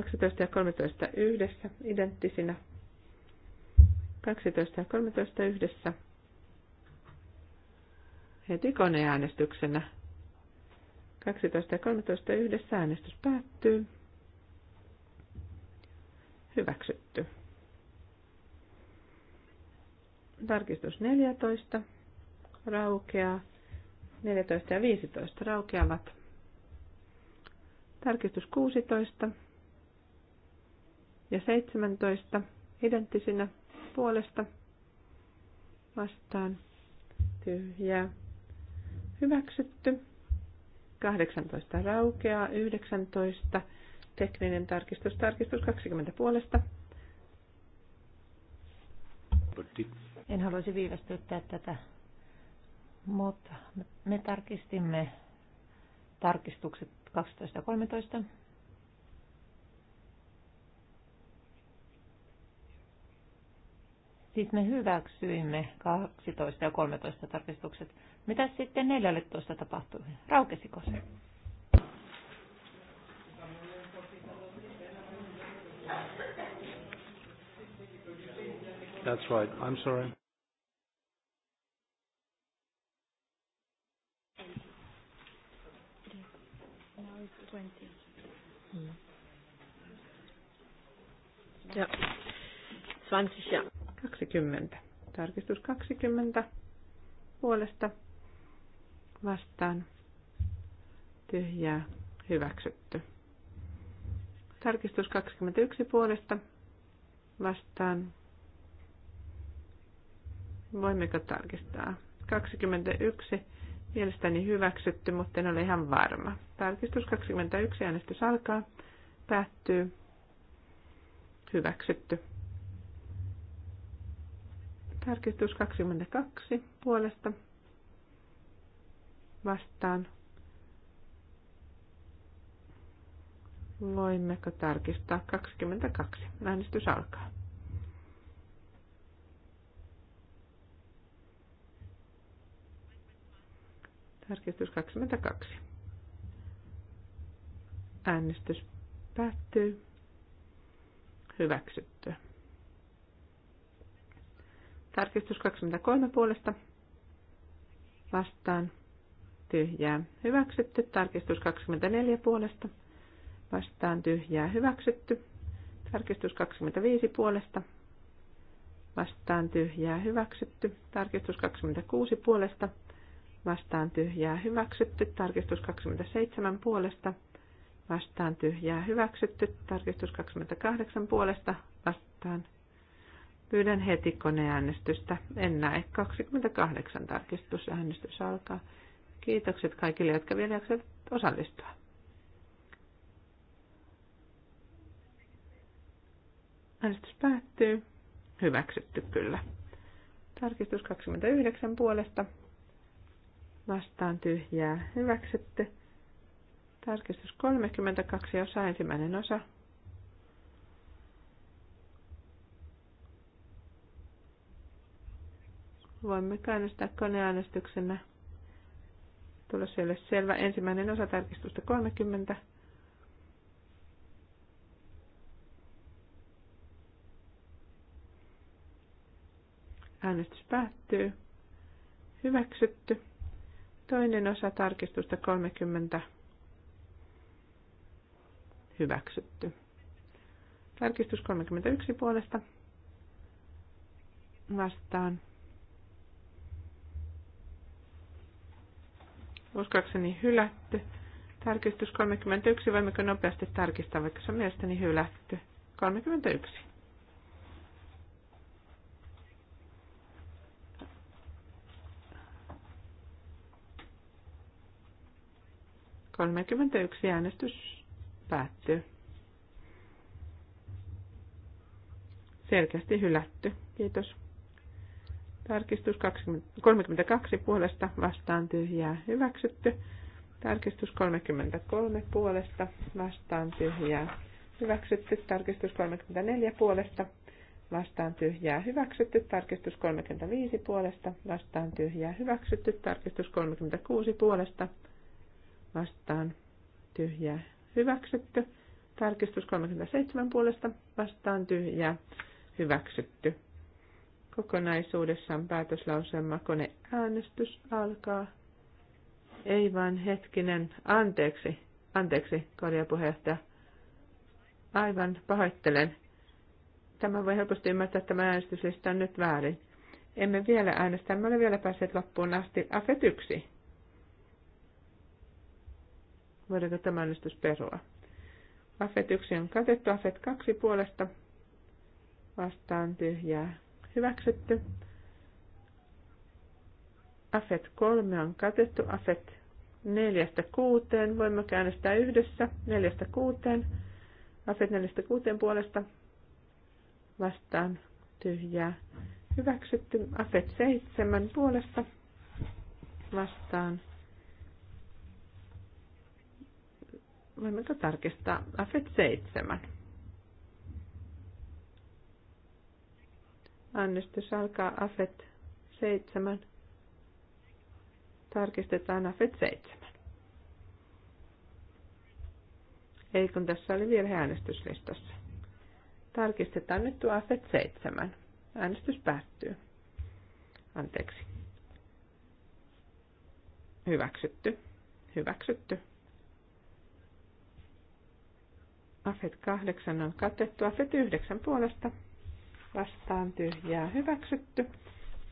12 ja 13 yhdessä identtisinä. 12 ja 13 yhdessä heti koneäänestyksenä. 12 ja 13 yhdessä äänestys päättyy. Hyväksytty. Tarkistus 14 raukeaa. 14 ja 15 raukeavat. Tarkistus 16 ja 17 identtisinä puolesta vastaan tyhjää hyväksytty. 18 raukeaa, 19 tekninen tarkistus, tarkistus 20 puolesta. En haluaisi viivästyttää tätä, mutta me tarkistimme tarkistukset 12 ja 13 Siis me hyväksyimme 12 ja 13 tarkistukset. Mitä sitten 14 tapahtui? Raukesiko se? That's right. I'm sorry. Now 20. Mm. Ja. 20 Jahre. 20. Tarkistus 20 puolesta vastaan tyhjää hyväksytty. Tarkistus 21 puolesta vastaan. Voimmeko tarkistaa? 21 mielestäni hyväksytty, mutta en ole ihan varma. Tarkistus 21 äänestys alkaa, päättyy, hyväksytty. Tarkistus 22 puolesta vastaan. Voimmeko tarkistaa 22? Äänestys alkaa. Tarkistus 22. Äänestys päättyy. Hyväksytty. Tarkistus 23 puolesta vastaan tyhjää hyväksytty. Tarkistus 24 puolesta vastaan tyhjää hyväksytty. Tarkistus 25 puolesta vastaan tyhjää hyväksytty. Tarkistus 26 puolesta vastaan tyhjää hyväksytty. Tarkistus 27 puolesta vastaan tyhjää hyväksytty. Tarkistus 28 puolesta vastaan Pyydän heti koneäänestystä. En näe. 28 tarkistusäänestys alkaa. Kiitokset kaikille, jotka vielä jaksat osallistua. Äänestys päättyy. Hyväksytty kyllä. Tarkistus 29 puolesta. Vastaan tyhjää. Hyväksytty. Tarkistus 32 osa ensimmäinen osa Voimme käynnistää koneäänestyksenä. Tulos ei ole selvä. Ensimmäinen osa tarkistusta 30. Äänestys päättyy. Hyväksytty. Toinen osa tarkistusta 30. Hyväksytty. Tarkistus 31 puolesta. Vastaan. uskoakseni hylätty. Tarkistus 31, voimmeko nopeasti tarkistaa, vaikka se on mielestäni hylätty. 31. Kolmekymmentäyksi äänestys päättyy. Selkeästi hylätty. Kiitos. Tarkistus 20, 32 puolesta vastaan tyhjää hyväksytty. Tarkistus 33 puolesta vastaan tyhjää hyväksytty. Tarkistus 34 puolesta vastaan tyhjää hyväksytty. Tarkistus 35 puolesta vastaan tyhjää hyväksytty. Tarkistus 36 puolesta vastaan tyhjää hyväksytty. Tarkistus 37 puolesta vastaan tyhjää hyväksytty. Kokonaisuudessaan päätöslauselma koneäänestys alkaa. Ei vaan hetkinen, anteeksi, anteeksi, korjapuheenjohtaja. Aivan pahoittelen. Tämä voi helposti ymmärtää, että tämä äänestyslista on nyt väärin. Emme vielä äänestä, emme ole vielä päässeet loppuun asti. Afet 1. Voidaanko tämä äänestys perua? Afet 1 on katettu, Afet 2 puolesta vastaan tyhjää hyväksytty. Afet 3 on katettu, Afet 4 kuuteen, voimme käännöstää yhdessä, 4 kuuteen, Afet 4 kuuteen puolesta vastaan tyhjää, hyväksytty, Afet 7 puolesta vastaan. Voimmeko tarkistaa Afet 7? Äänestys alkaa AFET 7. Tarkistetaan AFET 7. Ei kun tässä oli virhe äänestyslistassa. Tarkistetaan nyt tuo AFET 7. Äänestys päättyy. Anteeksi. Hyväksytty. Hyväksytty. AFET 8 on katettu. AFET 9 puolesta vastaan tyhjää hyväksytty.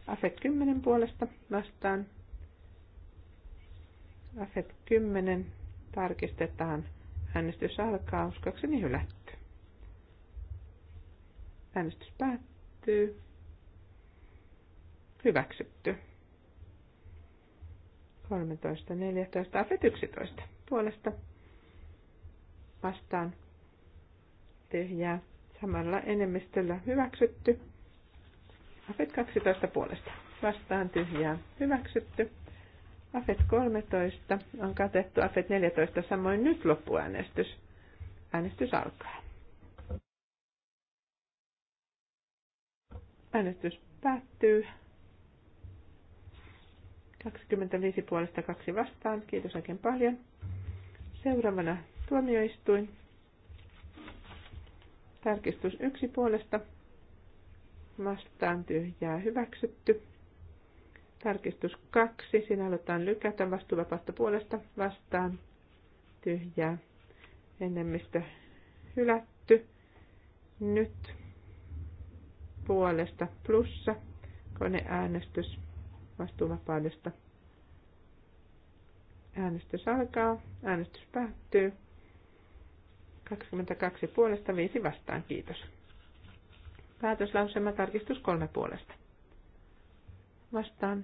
Afet 10 puolesta vastaan. Afet 10 tarkistetaan. Äänestys alkaa uskoakseni hylätty. Äänestys päättyy. Hyväksytty. 13, 14, Afet 11 puolesta vastaan tyhjää samalla enemmistöllä hyväksytty. Afet 12 puolesta vastaan tyhjää hyväksytty. Afet 13 on katettu, Afet 14 samoin nyt loppuäänestys. Äänestys alkaa. Äänestys päättyy. 25 puolesta kaksi vastaan. Kiitos oikein paljon. Seuraavana tuomioistuin. Tarkistus yksi puolesta vastaan tyhjää hyväksytty. Tarkistus kaksi, siinä aletaan lykätä vastuuvapaasta puolesta vastaan tyhjää enemmistö hylätty. Nyt puolesta plussa koneäänestys vastuuvapaudesta. Äänestys alkaa, äänestys päättyy. 22 puolesta, 5 vastaan. Kiitos. Päätöslausema tarkistus 3 puolesta. Vastaan.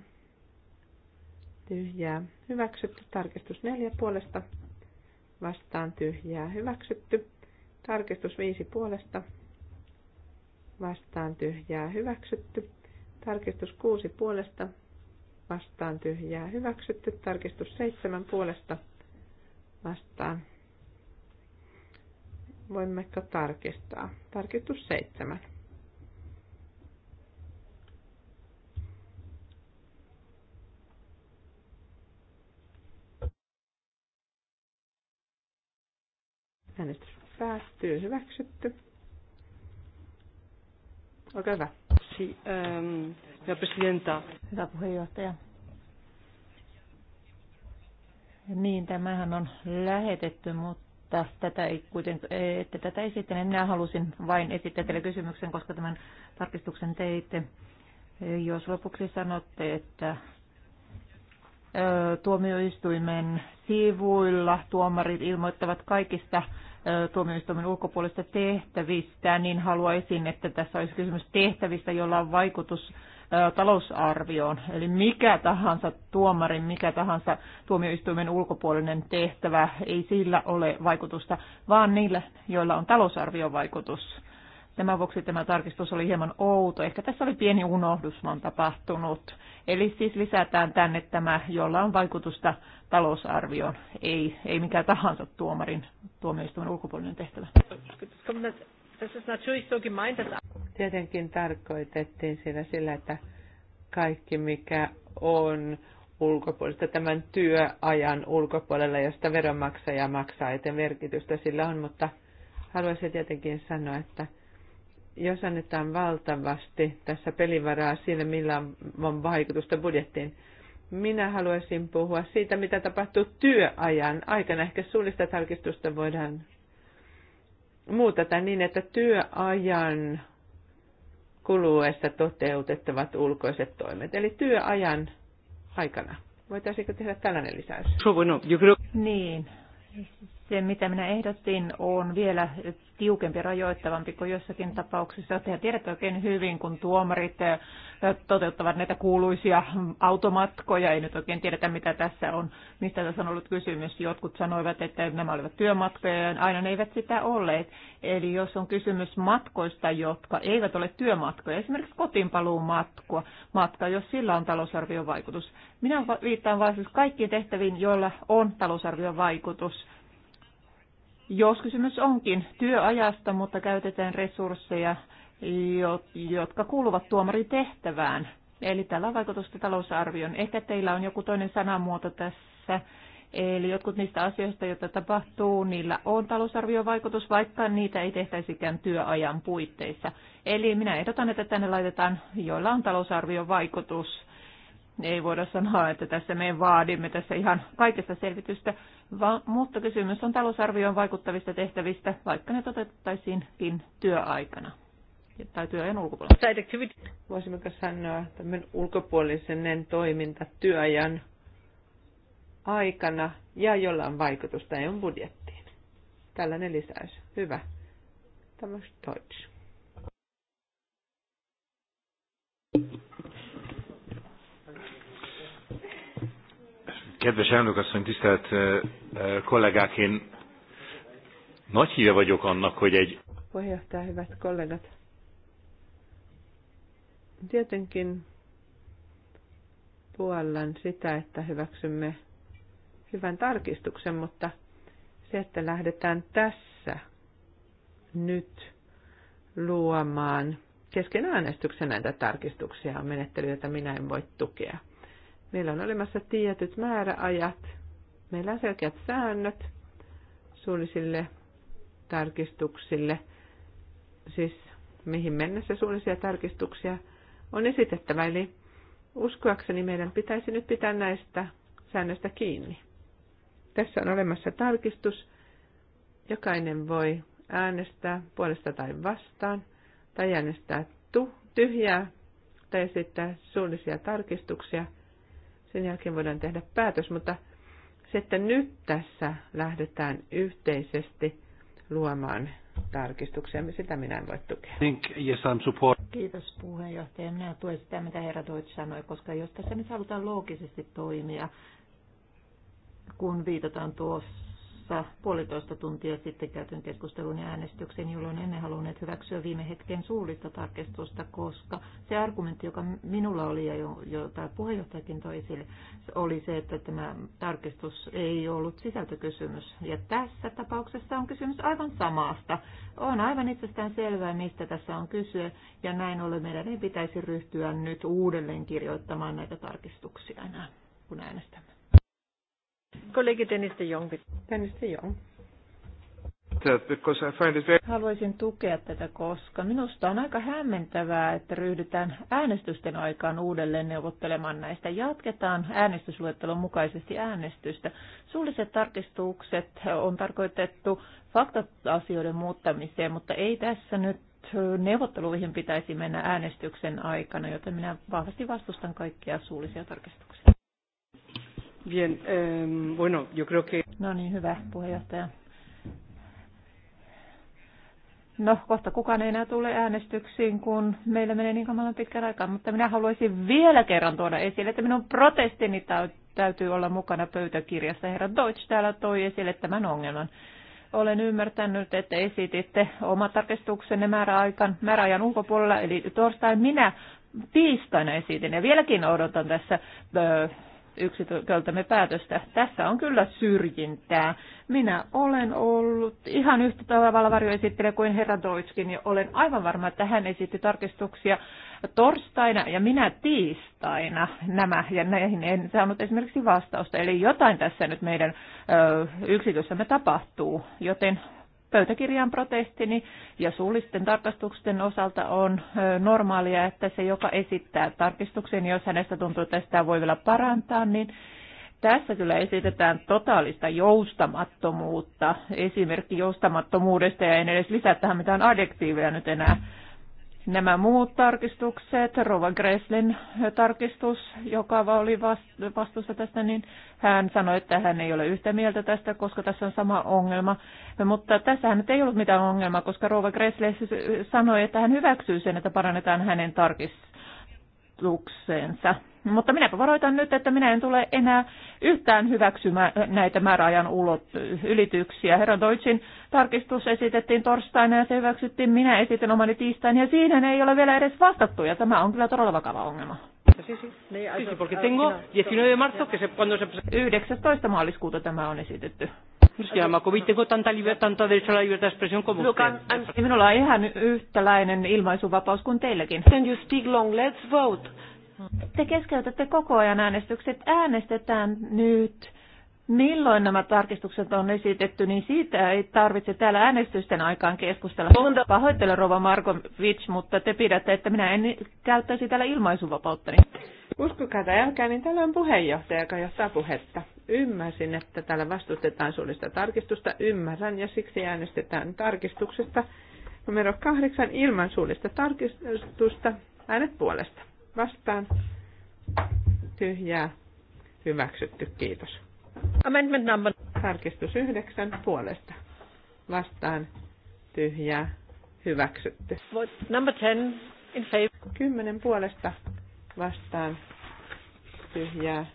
Tyhjää. Hyväksytty. Tarkistus 4 puolesta. Vastaan. Tyhjää. Hyväksytty. Tarkistus 5 puolesta. Vastaan. Tyhjää. Hyväksytty. Tarkistus 6 puolesta. Vastaan. Tyhjää. Hyväksytty. Tarkistus 7 puolesta. Vastaan Voimme tarkistaa? Tarkistus seitsemän. Äänestys päättyy. Hyväksytty. Olkaa hyvä. Si, ähm, ja presidenta. Hyvä puheenjohtaja. Niin, tämähän on lähetetty, mutta mutta tätä ei kuitenkaan, että tätä ei sitten enää halusin vain esittää teille kysymyksen, koska tämän tarkistuksen teitte. Jos lopuksi sanotte, että tuomioistuimen sivuilla tuomarit ilmoittavat kaikista tuomioistuimen ulkopuolista tehtävistä, niin haluaisin, että tässä olisi kysymys tehtävistä, jolla on vaikutus talousarvioon. Eli mikä tahansa tuomarin, mikä tahansa tuomioistuimen ulkopuolinen tehtävä, ei sillä ole vaikutusta, vaan niillä, joilla on talousarvion vaikutus. Tämän vuoksi tämä tarkistus oli hieman outo. Ehkä tässä oli pieni unohdus on tapahtunut. Eli siis lisätään tänne tämä, jolla on vaikutusta talousarvioon. Ei, ei mikään tahansa tuomarin tuomioistuimen ulkopuolinen tehtävä. Tietenkin tarkoitettiin siinä sillä, että kaikki mikä on ulkopuolista, tämän työajan ulkopuolella, josta veronmaksaja maksaa, joten merkitystä sillä on, mutta haluaisin tietenkin sanoa, että jos annetaan valtavasti tässä pelivaraa sille, millä on vaikutusta budjettiin. Minä haluaisin puhua siitä, mitä tapahtuu työajan aikana. Ehkä suunnista tarkistusta voidaan muutata niin, että työajan kuluessa toteutettavat ulkoiset toimet, eli työajan aikana. Voitaisiinko tehdä tällainen lisäys? Niin, se, mitä minä ehdotin, on vielä tiukempi, rajoittavampi kuin jossakin tapauksissa. Tehän tiedätte oikein hyvin, kun tuomarit toteuttavat näitä kuuluisia automatkoja. Ei nyt oikein tiedetä, mitä tässä on, mistä tässä on ollut kysymys. Jotkut sanoivat, että nämä olivat työmatkoja ja aina ne eivät sitä olleet. Eli jos on kysymys matkoista, jotka eivät ole työmatkoja, esimerkiksi kotiinpaluun matkua, matka, jos sillä on talousarvion vaikutus. Minä viittaan vain siis kaikkiin tehtäviin, joilla on talousarvion vaikutus jos kysymys onkin työajasta, mutta käytetään resursseja, jotka kuuluvat tuomarin tehtävään. Eli tällä on vaikutusta talousarvion. Ehkä teillä on joku toinen sanamuoto tässä. Eli jotkut niistä asioista, joita tapahtuu, niillä on talousarviovaikutus, vaikka niitä ei tehtäisikään työajan puitteissa. Eli minä ehdotan, että tänne laitetaan, joilla on talousarviovaikutus. Ei voida sanoa, että tässä me vaadimme tässä ihan kaikesta selvitystä, va- mutta kysymys on talousarvioon vaikuttavista tehtävistä, vaikka ne toteutettaisiinkin työaikana tai työajan ulkopuolella. Voisimmeko sanoa tämän ulkopuolisen toiminta työajan aikana ja jolla on vaikutusta eu budjettiin. Tällainen lisäys. Hyvä. Tämä Deutsch. Kedves asszony, tisztelt kollégák, én nagy híve vagyok annak, hogy egy... Puheenjohtaja, hyvät kollegat. Tietenkin puollan sitä, että hyväksymme hyvän tarkistuksen, mutta se, että lähdetään tässä nyt luomaan kesken äänestyksen näitä tarkistuksia on menettely, jota minä en voi tukea. Meillä on olemassa tietyt määräajat. Meillä on selkeät säännöt suunnisille tarkistuksille. Siis mihin mennessä suunnisia tarkistuksia on esitettävä. Eli uskoakseni meidän pitäisi nyt pitää näistä säännöistä kiinni. Tässä on olemassa tarkistus. Jokainen voi äänestää puolesta tai vastaan, tai äänestää tyhjää, tai esittää suullisia tarkistuksia – sen jälkeen voidaan tehdä päätös, mutta se, että nyt tässä lähdetään yhteisesti luomaan tarkistuksia, niin sitä minä en voi tukea. Kiitos puheenjohtaja. Minä tuen sitä, mitä herra Toit sanoi, koska jos tässä nyt halutaan loogisesti toimia, kun viitataan tuossa tuossa puolitoista tuntia sitten käytyn keskustelun ja äänestyksen, jolloin emme halunneet hyväksyä viime hetken suullista tarkistusta, koska se argumentti, joka minulla oli ja jota puheenjohtajakin toi esille, oli se, että tämä tarkistus ei ollut sisältökysymys. Ja tässä tapauksessa on kysymys aivan samasta. On aivan itsestään selvää, mistä tässä on kysyä, ja näin ollen meidän ei pitäisi ryhtyä nyt uudelleen kirjoittamaan näitä tarkistuksia enää, kun äänestämme. Kollegi Dennis de Jong. Dennis de Jong. Haluaisin tukea tätä, koska minusta on aika hämmentävää, että ryhdytään äänestysten aikaan uudelleen neuvottelemaan näistä. Jatketaan äänestysluettelon mukaisesti äänestystä. Suulliset tarkistukset on tarkoitettu fakta muuttamiseen, mutta ei tässä nyt neuvotteluihin pitäisi mennä äänestyksen aikana, joten minä vahvasti vastustan kaikkia suullisia tarkistuksia. Bien, eh, bueno, yo creo que... No niin, hyvä puheenjohtaja. No, kohta kukaan ei enää tule äänestyksiin, kun meillä menee niin kamalan pitkän aikaa, mutta minä haluaisin vielä kerran tuoda esille, että minun protestini täytyy olla mukana pöytäkirjassa. Herra Deutsch täällä toi esille tämän ongelman. Olen ymmärtänyt, että esititte omat tarkistuksenne määräaikan, määräajan ulkopuolella, eli torstai minä tiistaina esitin, ja vieläkin odotan tässä yksiköltämme päätöstä. Tässä on kyllä syrjintää. Minä olen ollut ihan yhtä tavalla varjoesittelijä kuin herra Deutschkin ja olen aivan varma, että hän esitti tarkistuksia torstaina ja minä tiistaina nämä ja näihin en saanut esimerkiksi vastausta. Eli jotain tässä nyt meidän ö, yksikössämme tapahtuu, joten pöytäkirjan protestini ja suullisten tarkastusten osalta on normaalia, että se, joka esittää tarkistuksen, jos hänestä tuntuu, että sitä voi vielä parantaa, niin tässä kyllä esitetään totaalista joustamattomuutta. Esimerkki joustamattomuudesta ja en edes lisää tähän mitään adjektiiveja nyt enää Nämä muut tarkistukset, Rova Greslin tarkistus, joka oli vastuussa tästä, niin hän sanoi, että hän ei ole yhtä mieltä tästä, koska tässä on sama ongelma. Mutta tässä nyt ei ollut mitään ongelmaa, koska Rova Gresle sanoi, että hän hyväksyy sen, että parannetaan hänen tarkistukseensa. Mutta minäpä varoitan nyt, että minä en tule enää yhtään hyväksymään äh, näitä määräajan ulot, ylityksiä. Herra Deutschin tarkistus esitettiin torstaina ja se hyväksyttiin. Minä esitin omani tiistaina ja siihen ei ole vielä edes vastattu ja tämä on kyllä todella vakava ongelma. 19. maaliskuuta tämä on esitetty. Minulla on ihan yhtäläinen ilmaisuvapaus kuin teilläkin. Can you speak long? Let's vote. Te keskeytätte koko ajan äänestykset. Äänestetään nyt. Milloin nämä tarkistukset on esitetty, niin siitä ei tarvitse täällä äänestysten aikaan keskustella. Pahoittelen Rova Markovic, mutta te pidätte, että minä en käyttäisi täällä ilmaisuvapauttani. Niin- Uskokaa tai älkää, niin täällä on puheenjohtaja, joka johtaa puhetta. Ymmärsin, että täällä vastustetaan suullista tarkistusta. Ymmärrän ja siksi äänestetään tarkistuksesta numero kahdeksan ilman suullista tarkistusta. Äänet puolesta vastaan tyhjää hyväksytty. Kiitos. Amendment number. Tarkistus yhdeksän puolesta vastaan tyhjää hyväksytty. Number 10 in favor. Kymmenen puolesta vastaan tyhjää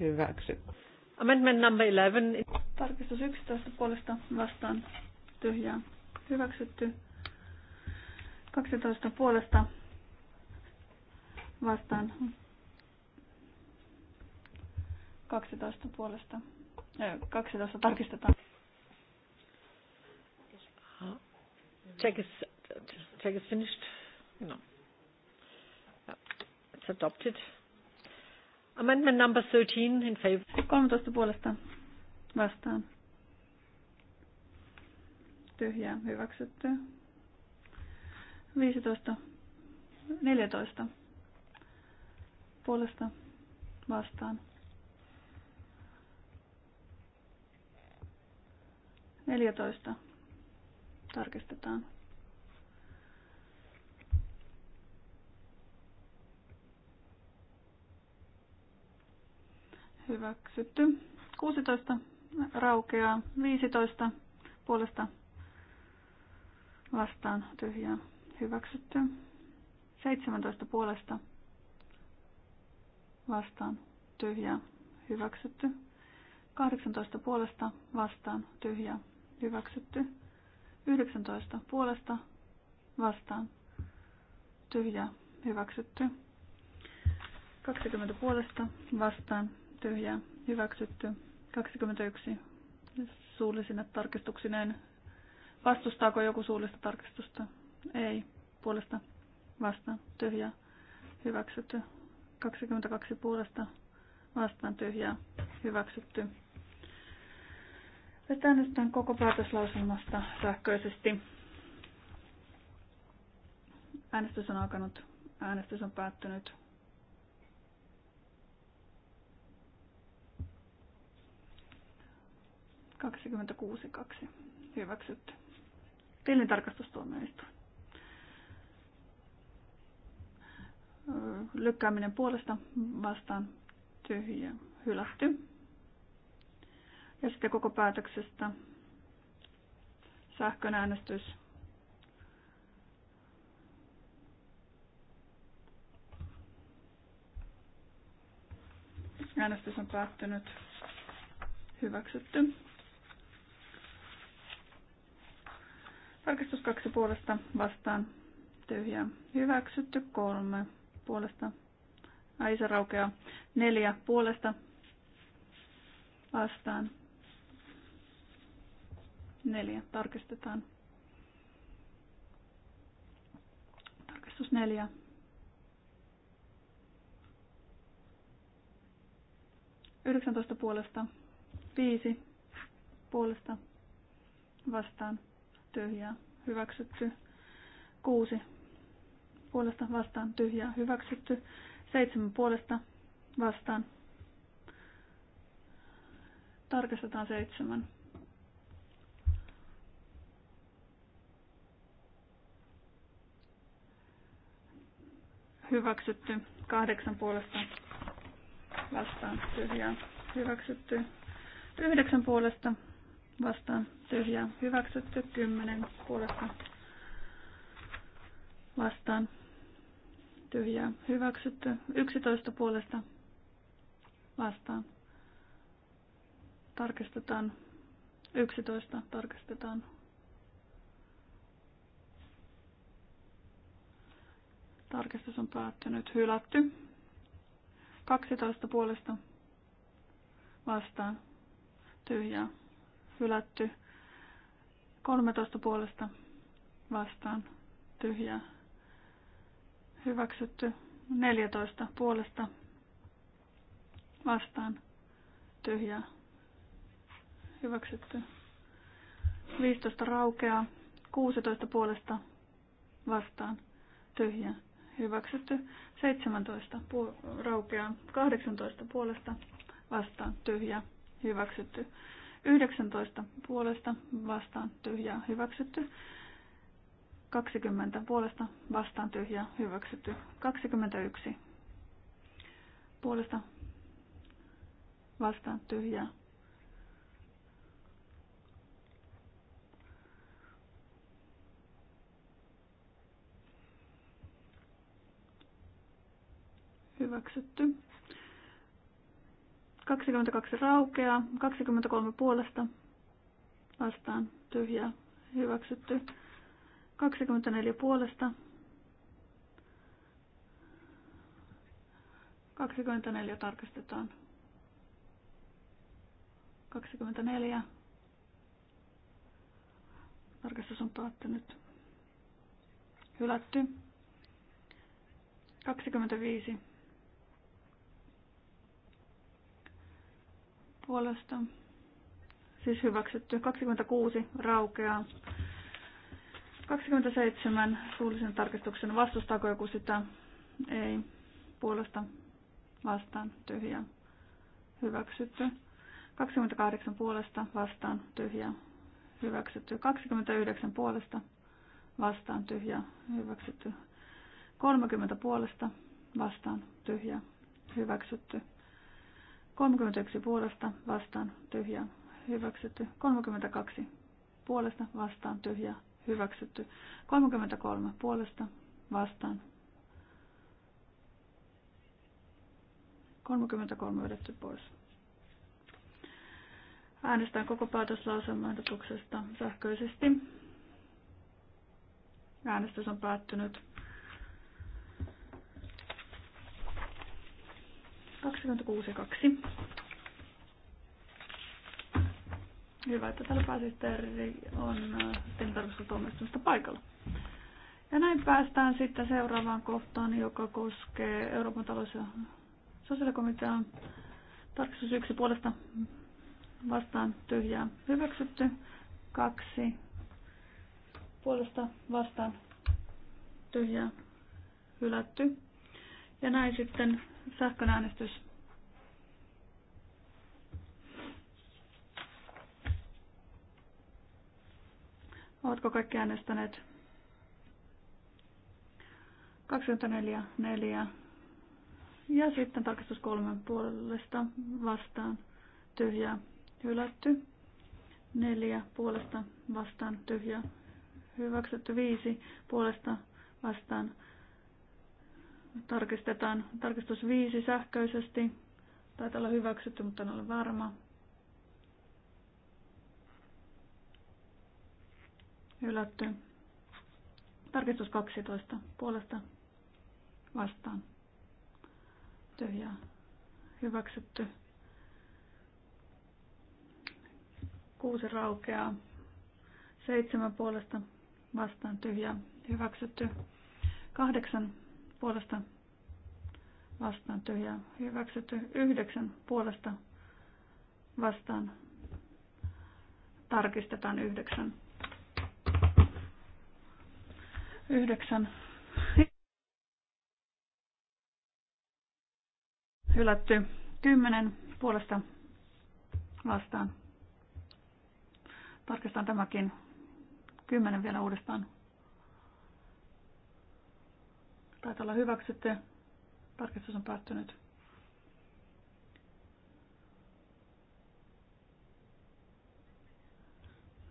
hyväksytty. Amendment number 11. Tarkistus 11 puolesta vastaan tyhjää hyväksytty. 12 puolesta vastaan 12 puolesta. 12 tarkistetaan. Check is, finished. No. It's adopted. Amendment number 13 in favor. 13 puolesta vastaan. Tyhjää hyväksytty. 15. 14 puolesta vastaan. Neljätoista. Tarkistetaan. Hyväksytty. 16 raukeaa. 15 puolesta vastaan tyhjää. Hyväksytty. 17 puolesta vastaan tyhjää hyväksytty. 18 puolesta vastaan tyhjää hyväksytty. 19 puolesta vastaan tyhjää hyväksytty. 20 puolesta vastaan tyhjää hyväksytty. 21 suullisine tarkistuksineen. Vastustaako joku suullista tarkistusta? Ei. Puolesta vastaan tyhjää hyväksytty. 22 puolesta vastaan tyhjää hyväksytty. nyt tämän koko päätöslauselmasta sähköisesti. Äänestys on alkanut. Äänestys on päättynyt. Kaksikymmentäkuusi kaksi. Hyväksytty. Tilintarkastustuomioistuin. lykkääminen puolesta vastaan tyhjä hylätty. Ja sitten koko päätöksestä sähkön äänestys. Äänestys on päättynyt. Hyväksytty. Tarkistus kaksi puolesta vastaan tyhjä Hyväksytty kolme puolesta. aisa raukeaa. Neljä puolesta vastaan. Neljä. Tarkistetaan. Tarkistus neljä. Yhdeksäntoista puolesta. Viisi puolesta vastaan. Tyhjää. Hyväksytty. Kuusi puolesta vastaan tyhjää hyväksytty. seitsemän puolesta vastaan. Tarkastetaan seitsemän Hyväksytty. kahdeksan puolesta vastaan tyhjää hyväksytty. yhdeksän puolesta vastaan tyhjää hyväksytty. kymmenen puolesta vastaan tyhjää hyväksytty. 11 puolesta vastaan. Tarkistetaan. 11 tarkistetaan. Tarkistus on päättynyt. Hylätty. 12 puolesta vastaan. Tyhjää. Hylätty. 13 puolesta vastaan. Tyhjää Hyväksytty 14 puolesta vastaan tyhjää. Hyväksytty 15 raukeaa 16 puolesta vastaan tyhjää. Hyväksytty 17 puol- raukeaa 18 puolesta vastaan tyhjää. Hyväksytty 19 puolesta vastaan tyhjää. Hyväksytty 20 puolesta vastaan tyhjä hyväksytty. 21 puolesta vastaan tyhjä hyväksytty. 22 raukeaa, 23 puolesta vastaan tyhjä hyväksytty. 24 puolesta. 24 tarkastetaan. 24. Tarkastus on päättynyt. Hylätty. 25. Puolesta. Siis hyväksytty. 26 raukeaa. 27 suullisen tarkistuksen. Vastustaako joku sitä? Ei. Puolesta vastaan tyhjää. Hyväksytty. 28 puolesta vastaan tyhjää. Hyväksytty. 29 puolesta vastaan tyhjää. Hyväksytty. 30 puolesta vastaan tyhjää. Hyväksytty. 31 puolesta vastaan tyhjää. Hyväksytty. 32 puolesta vastaan tyhjää Hyväksytty. 33 puolesta vastaan. 33 vedetty pois. Äänestän koko päätöslauselmaehdotuksesta sähköisesti. Äänestys on päättynyt. 26.2. Hyvä, että täällä pääsihteeri on äh, tilintarkastustuomioistuimesta paikalla. Ja näin päästään sitten seuraavaan kohtaan, joka koskee Euroopan talous- ja sosiaalikomitean tarkistus yksi puolesta vastaan tyhjää hyväksytty, kaksi puolesta vastaan tyhjää hylätty. Ja näin sitten sähkön Oletko kaikki äänestäneet? 24, 4. Ja sitten tarkistus kolmen puolesta vastaan tyhjä hylätty. Neljä puolesta vastaan tyhjä hyväksytty. Viisi puolesta vastaan tarkistetaan. Tarkistus viisi sähköisesti. Taitaa olla hyväksytty, mutta en ole varma. Hylätty. Tarkistus 12. Puolesta vastaan. Tyhjää. Hyväksytty. Kuusi raukeaa. Seitsemän puolesta vastaan tyhjää. Hyväksytty. Kahdeksan puolesta vastaan tyhjää. Hyväksytty. Yhdeksän puolesta vastaan. Tarkistetaan yhdeksän. Yhdeksän. Hylätty. Kymmenen puolesta vastaan. Tarkistan tämäkin. Kymmenen vielä uudestaan. Taitaa olla hyväksytty. Tarkistus on päättynyt.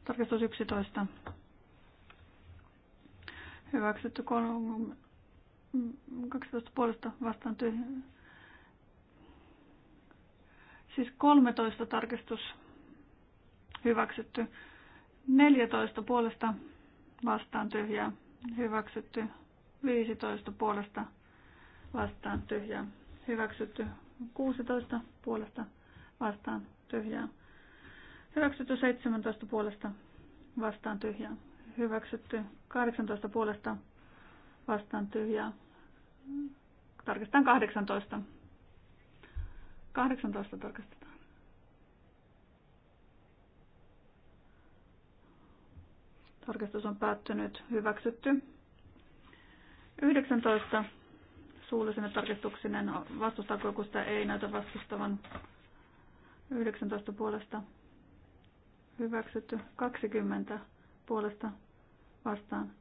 Tarkistus 11. Hyväksytty 3, 12 puolesta vastaan tyhjä. Siis 13 tarkistus hyväksytty. 14 puolesta vastaan tyhjää hyväksytty. 15 puolesta vastaan tyhjää hyväksytty. 16 puolesta vastaan tyhjää hyväksytty. 17 puolesta vastaan tyhjää hyväksytty 18 puolesta vastaan tyhjää. Tarkistetaan 18. 18 tarkistetaan. Tarkistus on päättynyt, hyväksytty. 19 suullisine tarkistuksinen no, vastustaako joku sitä ei näytä vastustavan. 19 puolesta hyväksytty. 20 puolesta vastaan.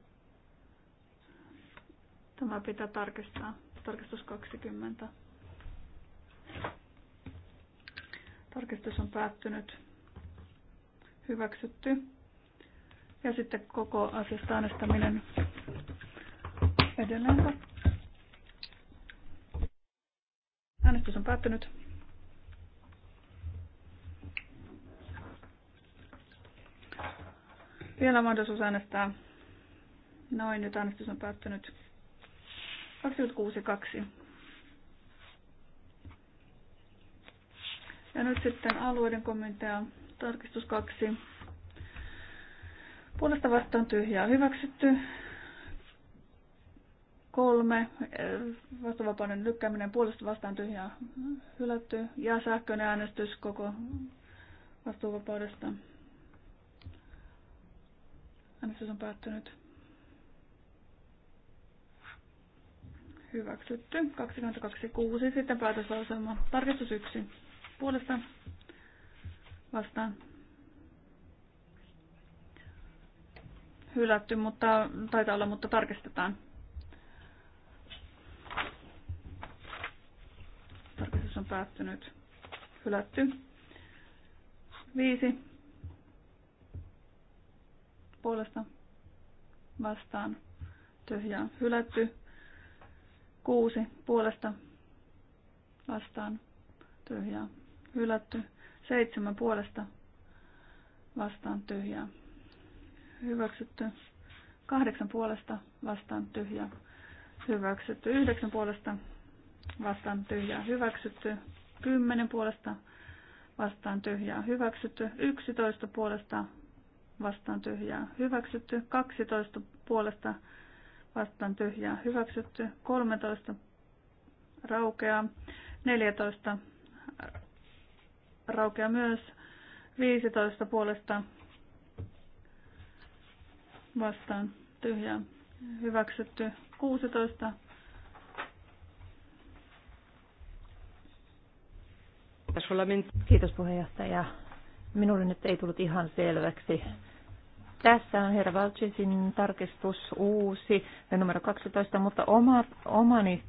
Tämä pitää tarkistaa. Tarkistus 20. Tarkistus on päättynyt. Hyväksytty. Ja sitten koko asiasta äänestäminen edelleen. Äänestys on päättynyt. Vielä mahdollisuus äänestää. Noin, nyt äänestys on päättynyt. 26.2. Ja nyt sitten alueiden kommentteja. tarkistus 2. Puolesta vastaan tyhjää hyväksytty. Kolme, eh, vastavapauden lykkääminen puolesta vastaan tyhjää hylätty. Ja sähköinen äänestys koko vastuuvapaudesta. Äänestys on päättynyt. Hyväksytty. 2026. Sitten päätöslauselma. Tarkistus 1. Puolesta vastaan. Hylätty, mutta taitaa olla, mutta tarkistetaan. Tarkistus on päättynyt. Hylätty. 5 puolesta vastaan tyhjää hylätty. Kuusi puolesta vastaan tyhjää hylätty. Seitsemän puolesta vastaan tyhjää hyväksytty. Kahdeksan puolesta vastaan tyhjää hyväksytty. Yhdeksän puolesta vastaan tyhjää hyväksytty. Kymmenen puolesta vastaan tyhjää hyväksytty. Yksitoista puolesta vastaan tyhjää hyväksytty, 12 puolesta vastaan tyhjää hyväksytty, 13 raukeaa, 14 raukeaa myös, 15 puolesta vastaan tyhjää hyväksytty, 16 Kiitos puheenjohtaja. Minulle nyt ei tullut ihan selväksi tässä on herra Valtsisin tarkistus uusi numero 12, mutta oma, omani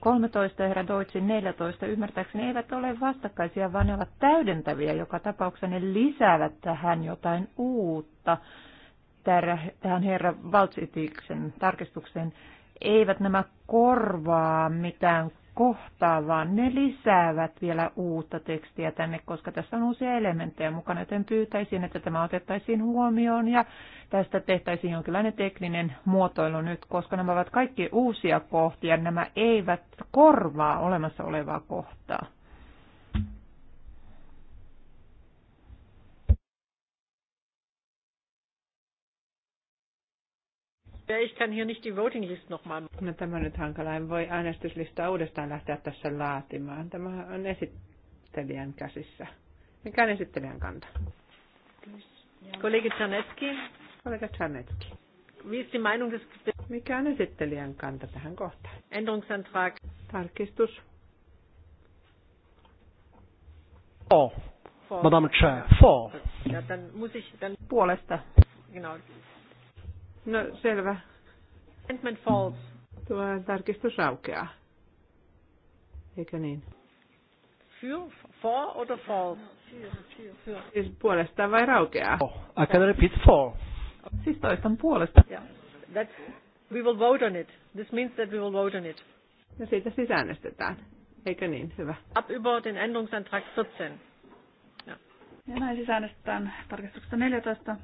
13 ja herra Deutschin 14 ymmärtääkseni eivät ole vastakkaisia, vaan ne ovat täydentäviä, joka tapauksessa ne lisäävät tähän jotain uutta tähän herra Valtsitiksen tarkistukseen. Eivät nämä korvaa mitään kohtaa, vaan ne lisäävät vielä uutta tekstiä tänne, koska tässä on uusia elementtejä mukana, joten pyytäisin, että tämä otettaisiin huomioon ja tästä tehtäisiin jonkinlainen tekninen muotoilu nyt, koska nämä ovat kaikki uusia kohtia, nämä eivät korvaa olemassa olevaa kohtaa. Ja ich kann hier nicht die voting list nochmal. No tämä on nyt hankala. En voi äänestyslistaa uudestaan lähteä tässä laatimaan. Tämä on esittelijän käsissä. Mikä on esittelijän kanta? Kollegi Czarnecki. Kollega Czarnecki. Wie ist die Meinung des Mikä on esittelijän kanta tähän kohtaan? Änderungsantrag. Tarkistus. Oh. Madame Chair, for. Ja, dann muss ich dann puolesta. Genau. No selvä. Amendment falls. Tuo tarkistus aukeaa. Eikö niin? Für, for oder false? Siis puolestaan vai raukeaa? Oh, I can repeat for. Siis toistan puolesta. Yeah. That's, we will vote on it. This means that we will vote on it. Ja siitä siis äänestetään. Eikö niin? Hyvä. Ab über den Änderungsantrag 14. Ja. ja näin siis äänestetään tarkistuksesta 14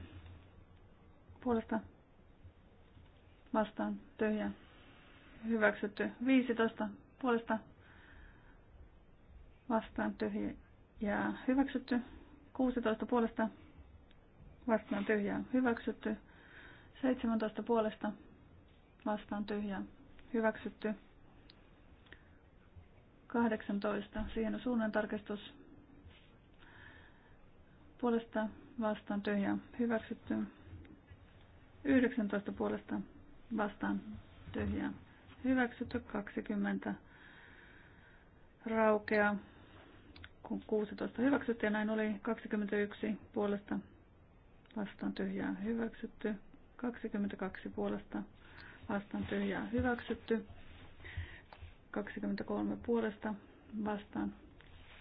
puolesta vastaan tyhjä hyväksytty 15 puolesta vastaan Ja hyväksytty 16 puolesta vastaan tyhjä hyväksytty 17 puolesta vastaan tyhjä hyväksytty 18 siihen on suunnan tarkistus puolesta vastaan tyhjä hyväksytty 19 puolesta vastaan tyhjää hyväksytty 20 raukea, kun 16 hyväksytty ja näin oli 21 puolesta vastaan tyhjää hyväksytty, 22 puolesta vastaan tyhjää hyväksytty, 23 puolesta vastaan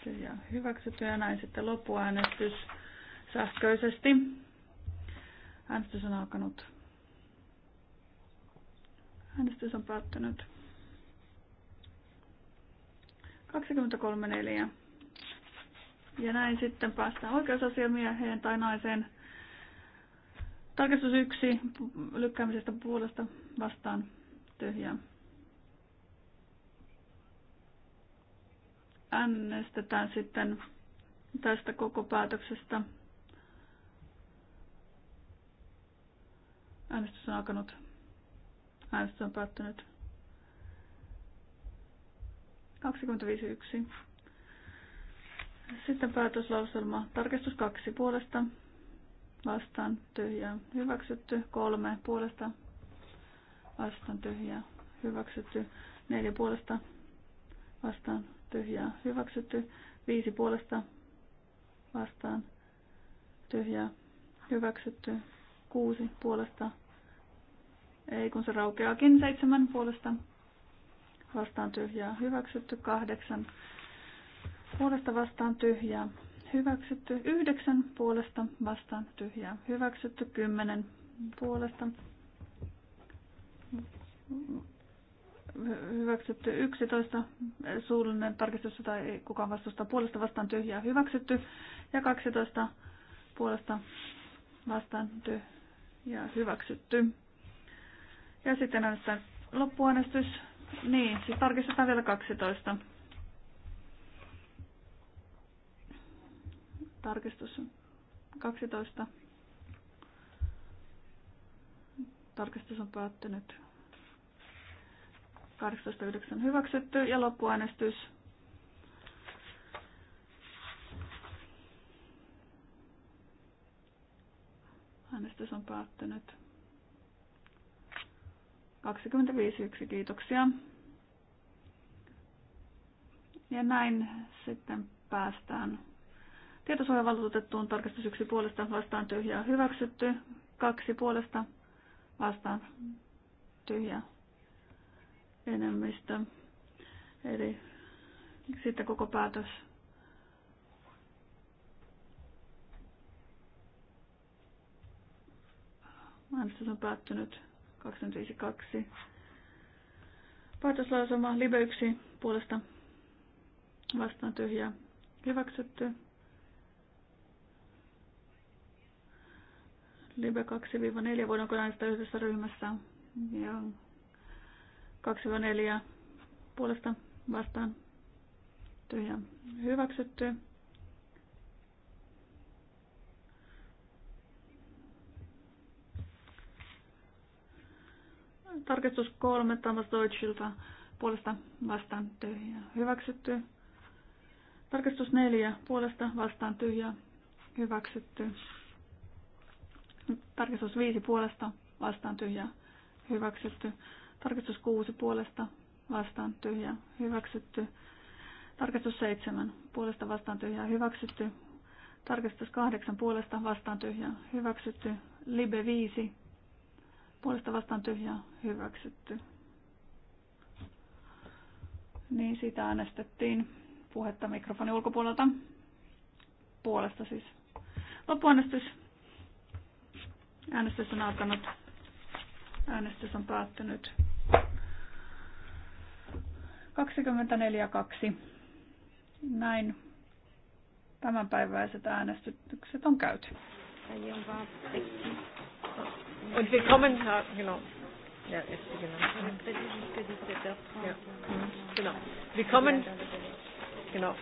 tyhjää hyväksytty ja näin sitten loppuäänestys sähköisesti. Äänestys on alkanut Äänestys on päättynyt. 23.4. Ja näin sitten päästään oikeusasiamieheen tai naiseen. Tarkastus 1 lykkäämisestä puolesta vastaan tyhjää. Äänestetään sitten tästä koko päätöksestä. Äänestys on alkanut. Äänestys on päättynyt. 25.1. Sitten päätöslauselma. Tarkistus 2 puolesta. Vastaan tyhjää. Hyväksytty. 3 puolesta. Vastaan tyhjää. Hyväksytty. 4 puolesta. Vastaan tyhjää. Hyväksytty. 5 puolesta. Vastaan tyhjää. Hyväksytty. 6 puolesta. Ei kun se raukeakin seitsemän puolesta vastaan tyhjää hyväksytty, kahdeksan puolesta vastaan tyhjää hyväksytty, yhdeksän puolesta vastaan tyhjää hyväksytty, kymmenen puolesta hyväksytty 11, suullinen tarkistus, jota ei kukaan vastusta, puolesta vastaan tyhjää hyväksytty, ja 12 puolesta vastaan tyhjää hyväksytty. Ja sitten äänestän loppuäänestys. Niin, siis tarkistetaan vielä 12. Tarkistus 12. Tarkistus on päättynyt. 18.9. hyväksytty ja loppuäänestys äänestys on päättynyt. 25.1. Kiitoksia. Ja näin sitten päästään tietosuojavaltuutettuun tarkastus yksi puolesta vastaan tyhjää hyväksytty, kaksi puolesta vastaan tyhjä enemmistö. Eli sitten koko päätös äänestys on päättynyt 252. Päätöslausuma Libe 1 puolesta vastaan tyhjä hyväksytty. Libe 2-4, voidaanko äänestää yhdessä ryhmässä? Ja 2-4 puolesta vastaan tyhjä hyväksytty. Tarkistus kolme Thomas Deutschilta puolesta vastaan tyhjä hyväksytty. Tarkistus neljä puolesta vastaan tyhjä hyväksytty. Tarkistus viisi puolesta vastaan tyhjä hyväksytty. Tarkistus kuusi puolesta vastaan tyhjä hyväksytty. Tarkistus seitsemän puolesta vastaan tyhjä hyväksytty. Tarkistus kahdeksan puolesta vastaan tyhjä hyväksytty. Libe 5 Puolesta vastaan tyhjä hyväksytty. Niin siitä äänestettiin puhetta mikrofonin ulkopuolelta. Puolesta siis. Loppuäänestys. Äänestys on alkanut. Äänestys on päättynyt. 24.2. Näin tämänpäiväiset äänestykset on käyty. Aion vaan Und wir kommen, ja, genau. Ja, ist die genau. Ja. Genau. Wir kommen, genau.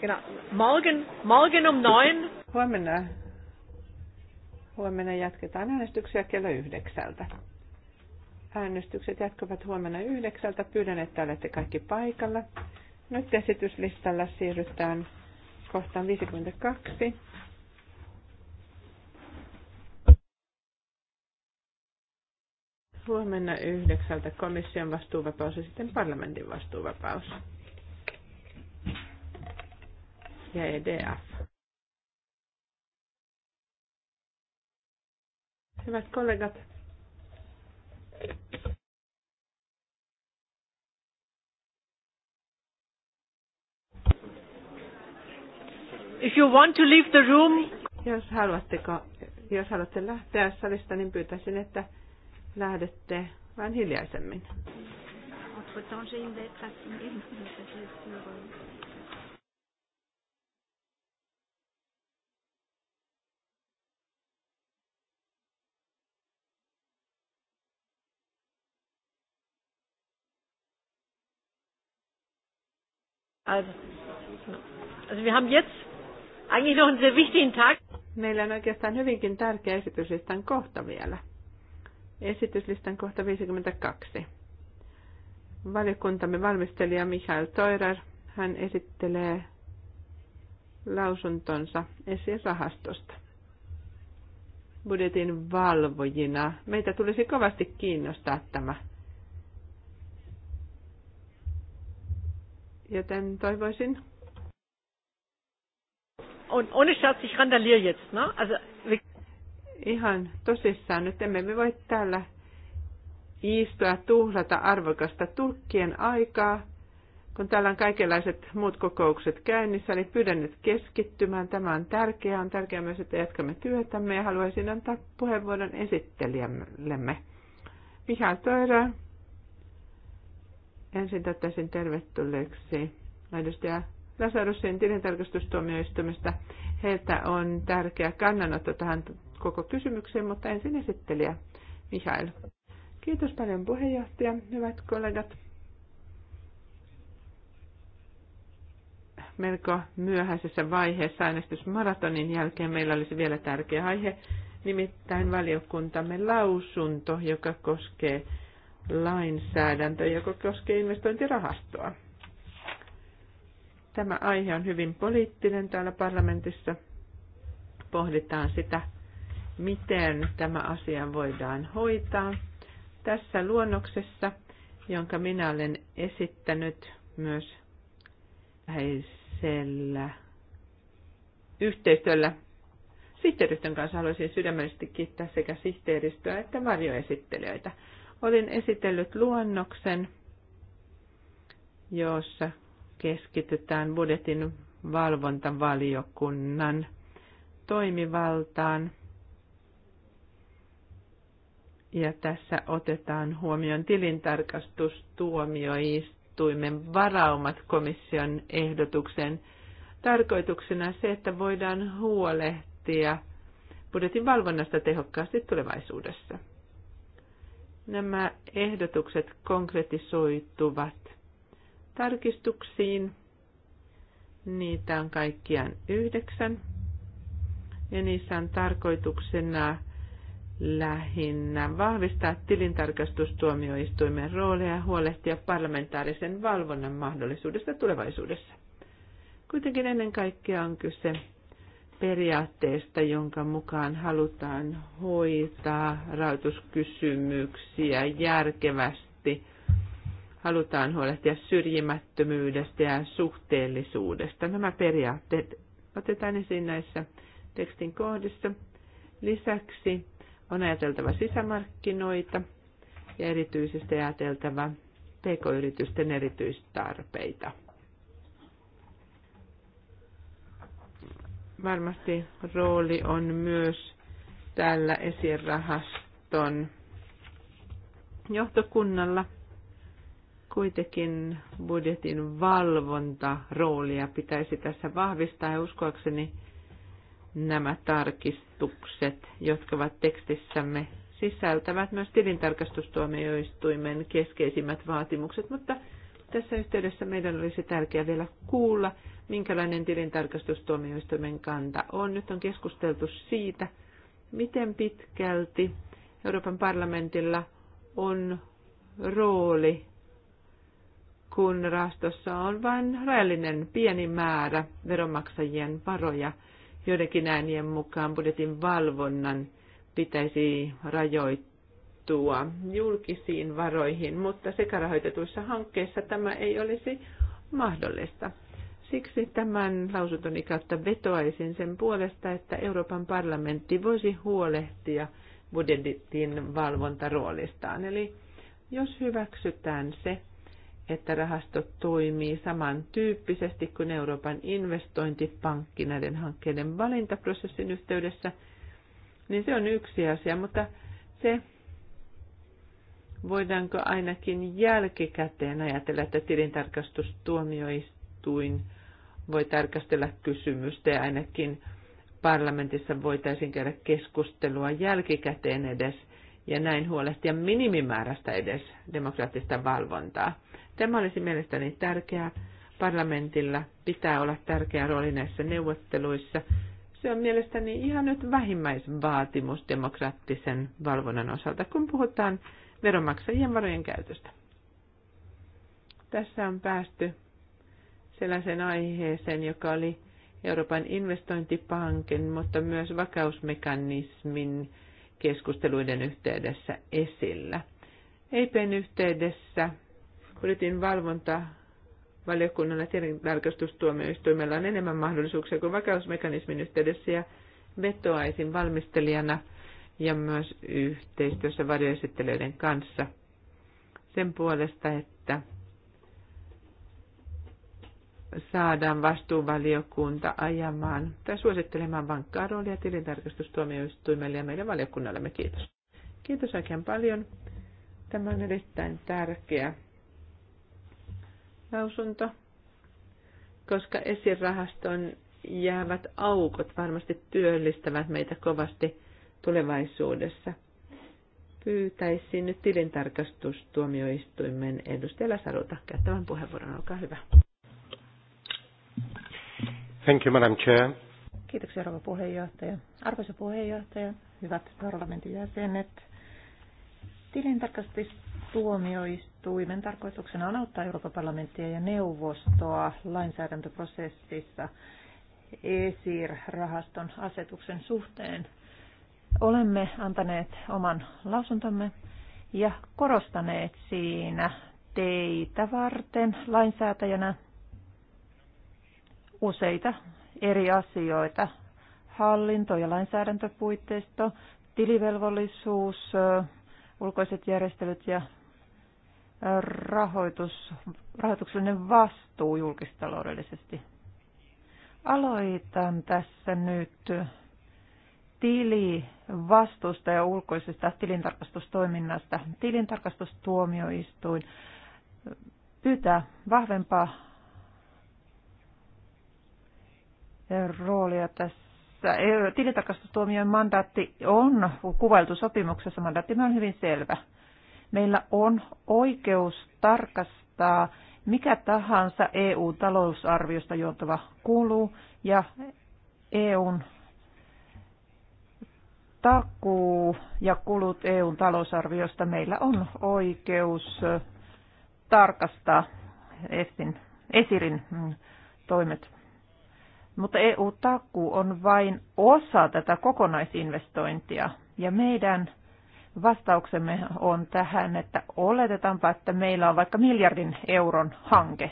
Genau. Morgen, morgen um neun. Huomenna. Huomenna jatketaan äänestyksiä kello yhdeksältä. Äänestykset jatkuvat huomenna yhdeksältä. Pyydän, että olette kaikki paikalla. Nyt esityslistalla siirrytään kohtaan 52. Huomenna yhdeksältä komission vastuuvapaus ja sitten parlamentin vastuuvapaus. Ja EDF. Hyvät kollegat, If you want to leave the room, jos haluatteko, jos haluatte lähteä salista, niin pyytäisin, että lähdette vähän hiljaisemmin. Euh, also, also wir haben jetzt eigentlich noch einen sehr wichtigen Tag. Meillä on oikeastaan hyvinkin tärkeä esityslistan kohta vielä. Esityslistan kohta 52. Valiokuntamme valmistelija Michael Toirer, hän esittelee lausuntonsa esirahastosta. Budjetin valvojina. Meitä tulisi kovasti kiinnostaa tämä. Joten toivoisin. Und ohne Scherz, ich randaliere jetzt, ne? Also ihan tosissaan nyt emme me voi täällä istua tuhlata arvokasta tulkkien aikaa. Kun täällä on kaikenlaiset muut kokoukset käynnissä, niin pyydän nyt keskittymään. Tämä on tärkeää. On tärkeää myös, että jatkamme työtämme ja haluaisin antaa puheenvuoron esittelijämme. Mihail Toira, ensin tätäisin tervetulleeksi edustaja Lasarusin tilintarkastustuomioistumista. Heiltä on tärkeä kannanotto tähän koko kysymykseen, mutta ensin esittelijä Mihail. Kiitos paljon puheenjohtaja, hyvät kollegat. Melko myöhäisessä vaiheessa äänestysmaratonin jälkeen meillä olisi vielä tärkeä aihe, nimittäin valiokuntamme lausunto, joka koskee lainsäädäntöä, joka koskee investointirahastoa. Tämä aihe on hyvin poliittinen täällä parlamentissa. Pohditaan sitä, miten tämä asia voidaan hoitaa. Tässä luonnoksessa, jonka minä olen esittänyt myös läheisellä yhteistyöllä sihteeristön kanssa, haluaisin sydämellisesti kiittää sekä sihteeristöä että varjoesittelijöitä. Olin esitellyt luonnoksen, jossa keskitytään budjetin valvontavaliokunnan toimivaltaan – ja tässä otetaan huomioon tilintarkastustuomioistuimen varaumat komission ehdotuksen tarkoituksena se, että voidaan huolehtia budjetin valvonnasta tehokkaasti tulevaisuudessa. Nämä ehdotukset konkretisoituvat tarkistuksiin. Niitä on kaikkiaan yhdeksän. Ja niissä on tarkoituksena lähinnä vahvistaa tilintarkastustuomioistuimen roolia ja huolehtia parlamentaarisen valvonnan mahdollisuudesta tulevaisuudessa. Kuitenkin ennen kaikkea on kyse periaatteesta, jonka mukaan halutaan hoitaa rahoituskysymyksiä järkevästi. Halutaan huolehtia syrjimättömyydestä ja suhteellisuudesta. Nämä periaatteet otetaan esiin näissä tekstin kohdissa. Lisäksi on ajateltava sisämarkkinoita ja erityisesti ajateltava pk-yritysten erityistarpeita. Varmasti rooli on myös tällä esirahaston johtokunnalla kuitenkin budjetin valvontaroolia pitäisi tässä vahvistaa ja uskoakseni nämä tarkistukset, jotka ovat tekstissämme, sisältävät myös tilintarkastustuomioistuimen keskeisimmät vaatimukset, mutta tässä yhteydessä meidän olisi tärkeää vielä kuulla, minkälainen tilintarkastustuomioistuimen kanta on. Nyt on keskusteltu siitä, miten pitkälti Euroopan parlamentilla on rooli, kun rahastossa on vain rajallinen pieni määrä veronmaksajien varoja – Joidenkin äänien mukaan budjetin valvonnan pitäisi rajoittua julkisiin varoihin, mutta sekarahoitetuissa hankkeissa tämä ei olisi mahdollista. Siksi tämän lausuntoni kautta vetoaisin sen puolesta, että Euroopan parlamentti voisi huolehtia budjetin valvontaroolistaan. Eli jos hyväksytään se, että rahasto toimii samantyyppisesti kuin Euroopan investointipankki näiden hankkeiden valintaprosessin yhteydessä, niin se on yksi asia, mutta se voidaanko ainakin jälkikäteen ajatella, että tilintarkastustuomioistuin voi tarkastella kysymystä ja ainakin parlamentissa voitaisiin käydä keskustelua jälkikäteen edes ja näin huolehtia minimimäärästä edes demokraattista valvontaa. Tämä olisi mielestäni tärkeää. Parlamentilla pitää olla tärkeä rooli näissä neuvotteluissa. Se on mielestäni ihan nyt vähimmäisvaatimus demokraattisen valvonnan osalta, kun puhutaan veronmaksajien varojen käytöstä. Tässä on päästy sellaisen aiheeseen, joka oli Euroopan investointipankin, mutta myös vakausmekanismin keskusteluiden yhteydessä esillä. EIPn yhteydessä budjetin valvonta valiokunnalla tilintarkastustuomioistuimella on enemmän mahdollisuuksia kuin vakausmekanismin yhteydessä ja vetoaisin valmistelijana ja myös yhteistyössä varjoesittelijöiden kanssa sen puolesta, että saadaan vastuuvaliokunta ajamaan tai suosittelemaan vankkaa roolia tilintarkastustuomioistuimelle ja meidän valiokunnallemme. Kiitos. Kiitos oikein paljon. Tämä on erittäin tärkeä lausunto, koska esirahaston jäävät aukot varmasti työllistävät meitä kovasti tulevaisuudessa. Pyytäisin nyt tilintarkastustuomioistuimen edustajalla Sarulta käyttävän puheenvuoron. Olkaa hyvä. Thank you, Madam Chair. Kiitoksia, rouva puheenjohtaja. Arvoisa puheenjohtaja, hyvät parlamentin jäsenet, tilintarkastustuomioistuimen Tuimen tarkoituksena on auttaa Euroopan parlamenttia ja neuvostoa lainsäädäntöprosessissa ESIR-rahaston asetuksen suhteen. Olemme antaneet oman lausuntomme ja korostaneet siinä teitä varten lainsäätäjänä useita eri asioita. Hallinto- ja lainsäädäntöpuitteisto, tilivelvollisuus, ulkoiset järjestelyt ja rahoitus, rahoituksellinen vastuu julkistaloudellisesti. Aloitan tässä nyt tili vastuusta ja ulkoisesta tilintarkastustoiminnasta. Tilintarkastustuomioistuin pyytää vahvempaa roolia tässä tilintarkastustuomion mandaatti on kuvailtu sopimuksessa. Mandaatti on hyvin selvä meillä on oikeus tarkastaa mikä tahansa EU-talousarviosta johtava kulu ja EUn takuu ja kulut EUn talousarviosta meillä on oikeus tarkastaa ESIN, ESIRin toimet. Mutta EU-takuu on vain osa tätä kokonaisinvestointia ja meidän vastauksemme on tähän, että oletetaanpa, että meillä on vaikka miljardin euron hanke.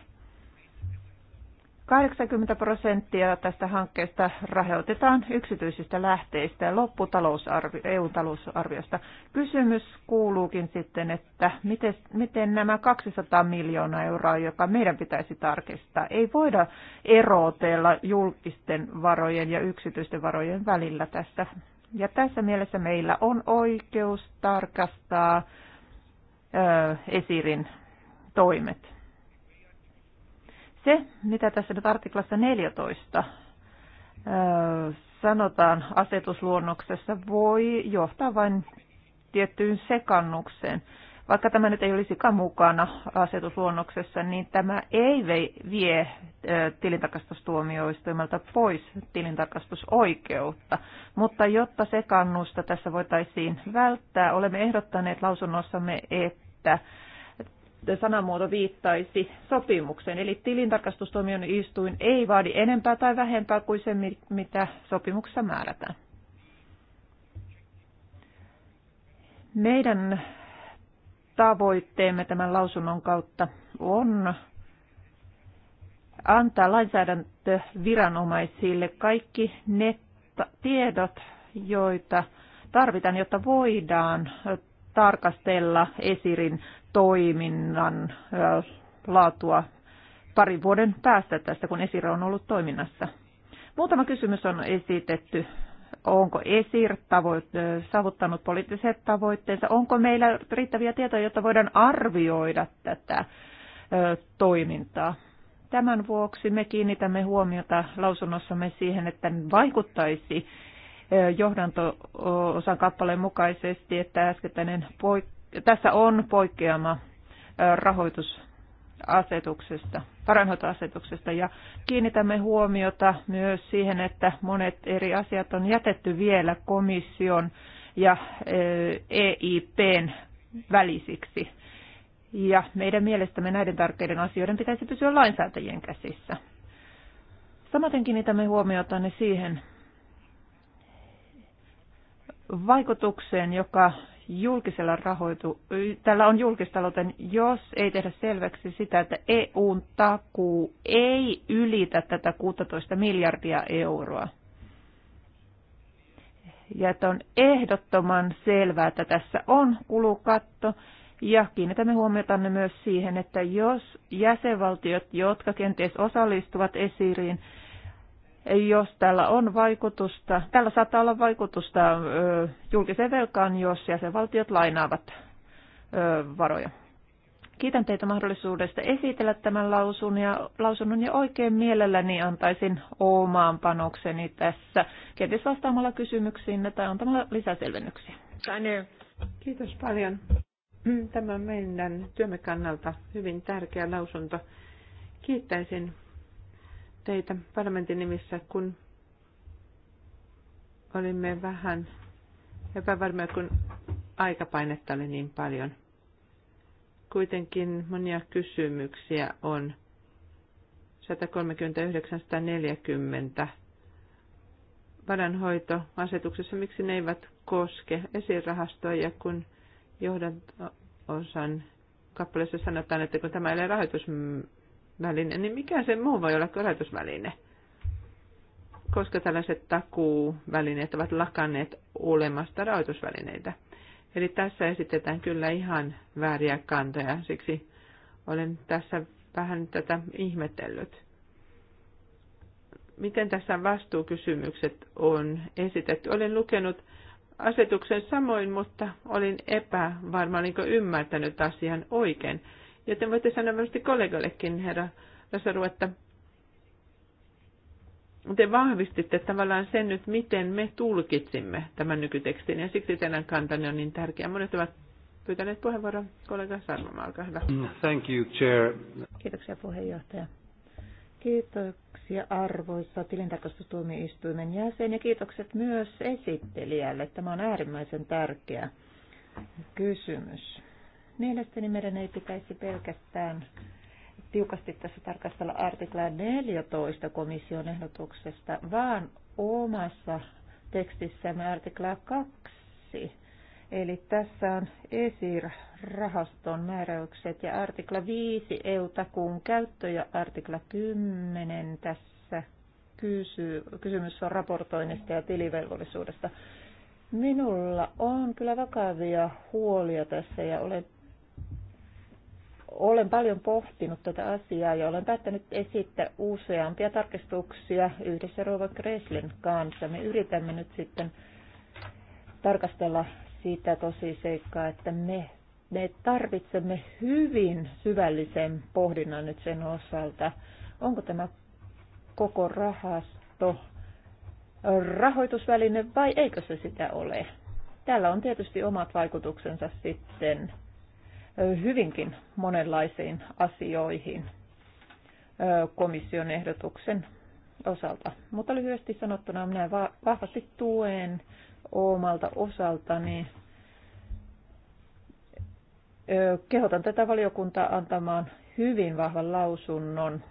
80 prosenttia tästä hankkeesta rahoitetaan yksityisistä lähteistä ja lopputalousarvio, EU-talousarviosta. Kysymys kuuluukin sitten, että miten, miten nämä 200 miljoonaa euroa, joka meidän pitäisi tarkistaa, ei voida erotella julkisten varojen ja yksityisten varojen välillä tässä ja tässä mielessä meillä on oikeus tarkastaa ö, esirin toimet. Se, mitä tässä nyt artiklassa 14 ö, sanotaan asetusluonnoksessa, voi johtaa vain tiettyyn sekannukseen. Vaikka tämä nyt ei olisikaan mukana asetusluonnoksessa, niin tämä ei vie tilintarkastustuomioistuimelta pois tilintarkastusoikeutta. Mutta jotta sekannusta tässä voitaisiin välttää, olemme ehdottaneet lausunnossamme, että sanamuoto viittaisi sopimukseen. Eli tilintarkastustuomioistuin ei vaadi enempää tai vähempää kuin se, mitä sopimuksessa määrätään. Meidän tavoitteemme tämän lausunnon kautta on antaa lainsäädäntöviranomaisille kaikki ne tiedot, joita tarvitaan, jotta voidaan tarkastella esirin toiminnan laatua parin vuoden päästä tästä, kun esiro on ollut toiminnassa. Muutama kysymys on esitetty onko ESIR saavuttanut poliittiset tavoitteensa, onko meillä riittäviä tietoja, jotta voidaan arvioida tätä toimintaa. Tämän vuoksi me kiinnitämme huomiota lausunnossamme siihen, että vaikuttaisi johdanto-osan kappaleen mukaisesti, että äskettäinen poik- tässä on poikkeama rahoitusasetuksesta varainhoitoasetuksesta ja kiinnitämme huomiota myös siihen, että monet eri asiat on jätetty vielä komission ja EIPn välisiksi. Ja meidän mielestämme näiden tärkeiden asioiden pitäisi pysyä lainsäätäjien käsissä. Samaten kiinnitämme huomiota siihen vaikutukseen, joka julkisella rahoitu, tällä on julkistalouten, jos ei tehdä selväksi sitä, että EUn takuu ei ylitä tätä 16 miljardia euroa. Ja että on ehdottoman selvää, että tässä on kulukatto. Ja kiinnitämme huomiota myös siihen, että jos jäsenvaltiot, jotka kenties osallistuvat esiriin, jos tällä on vaikutusta, tällä saattaa olla vaikutusta julkiseen velkaan, jos jäsenvaltiot lainaavat varoja. Kiitän teitä mahdollisuudesta esitellä tämän lausun ja, lausunnon ja oikein mielelläni antaisin omaan panokseni tässä, kenties vastaamalla kysymyksiin tai antamalla lisäselvennyksiä. Kiitos paljon. Tämä on meidän työmme kannalta hyvin tärkeä lausunto. Kiittäisin teitä parlamentin nimissä, kun olimme vähän epävarmoja, kun aikapainetta oli niin paljon. Kuitenkin monia kysymyksiä on. 139-140 varanhoitoasetuksessa, miksi ne eivät koske esirahastoja, kun johdan osan kappaleessa sanotaan, että kun tämä ei ole rahoitus väline, niin mikä se muu voi olla kuin Koska tällaiset takuuvälineet ovat lakanneet olemasta rahoitusvälineitä. Eli tässä esitetään kyllä ihan vääriä kantoja, siksi olen tässä vähän tätä ihmetellyt. Miten tässä vastuukysymykset on esitetty? Olen lukenut asetuksen samoin, mutta olin epävarma, olinko ymmärtänyt asian oikein. Joten voitte sanoa varmasti kollegoillekin, herra Lasaru, että te vahvistitte tavallaan sen nyt, miten me tulkitsimme tämän nykytekstin, ja siksi teidän kantanne on niin tärkeä. Monet ovat pyytäneet puheenvuoron. Kollega Sarvama, olkaa hyvä. Mm, thank you, Chair. Kiitoksia puheenjohtaja. Kiitoksia arvoissa tilintarkastustuomioistuimen jäsen ja kiitokset myös esittelijälle. Tämä on äärimmäisen tärkeä kysymys. Mielestäni meidän ei pitäisi pelkästään tiukasti tässä tarkastella artiklaa 14 komission ehdotuksesta, vaan omassa tekstissämme artiklaa 2. Eli tässä on ESIR-rahaston määräykset ja artikla 5 EU-takuun käyttö ja artikla 10 tässä kysy, kysymys on raportoinnista ja tilivelvollisuudesta. Minulla on kyllä vakavia huolia tässä ja olen olen paljon pohtinut tätä asiaa ja olen päättänyt esittää useampia tarkistuksia yhdessä Rova Kreslin kanssa. Me yritämme nyt sitten tarkastella sitä tosiseikkaa, että me, me tarvitsemme hyvin syvällisen pohdinnan nyt sen osalta, onko tämä koko rahasto rahoitusväline vai eikö se sitä ole. Tällä on tietysti omat vaikutuksensa sitten hyvinkin monenlaisiin asioihin komission ehdotuksen osalta. Mutta lyhyesti sanottuna minä vahvasti tuen omalta osaltani. Kehotan tätä valiokuntaa antamaan hyvin vahvan lausunnon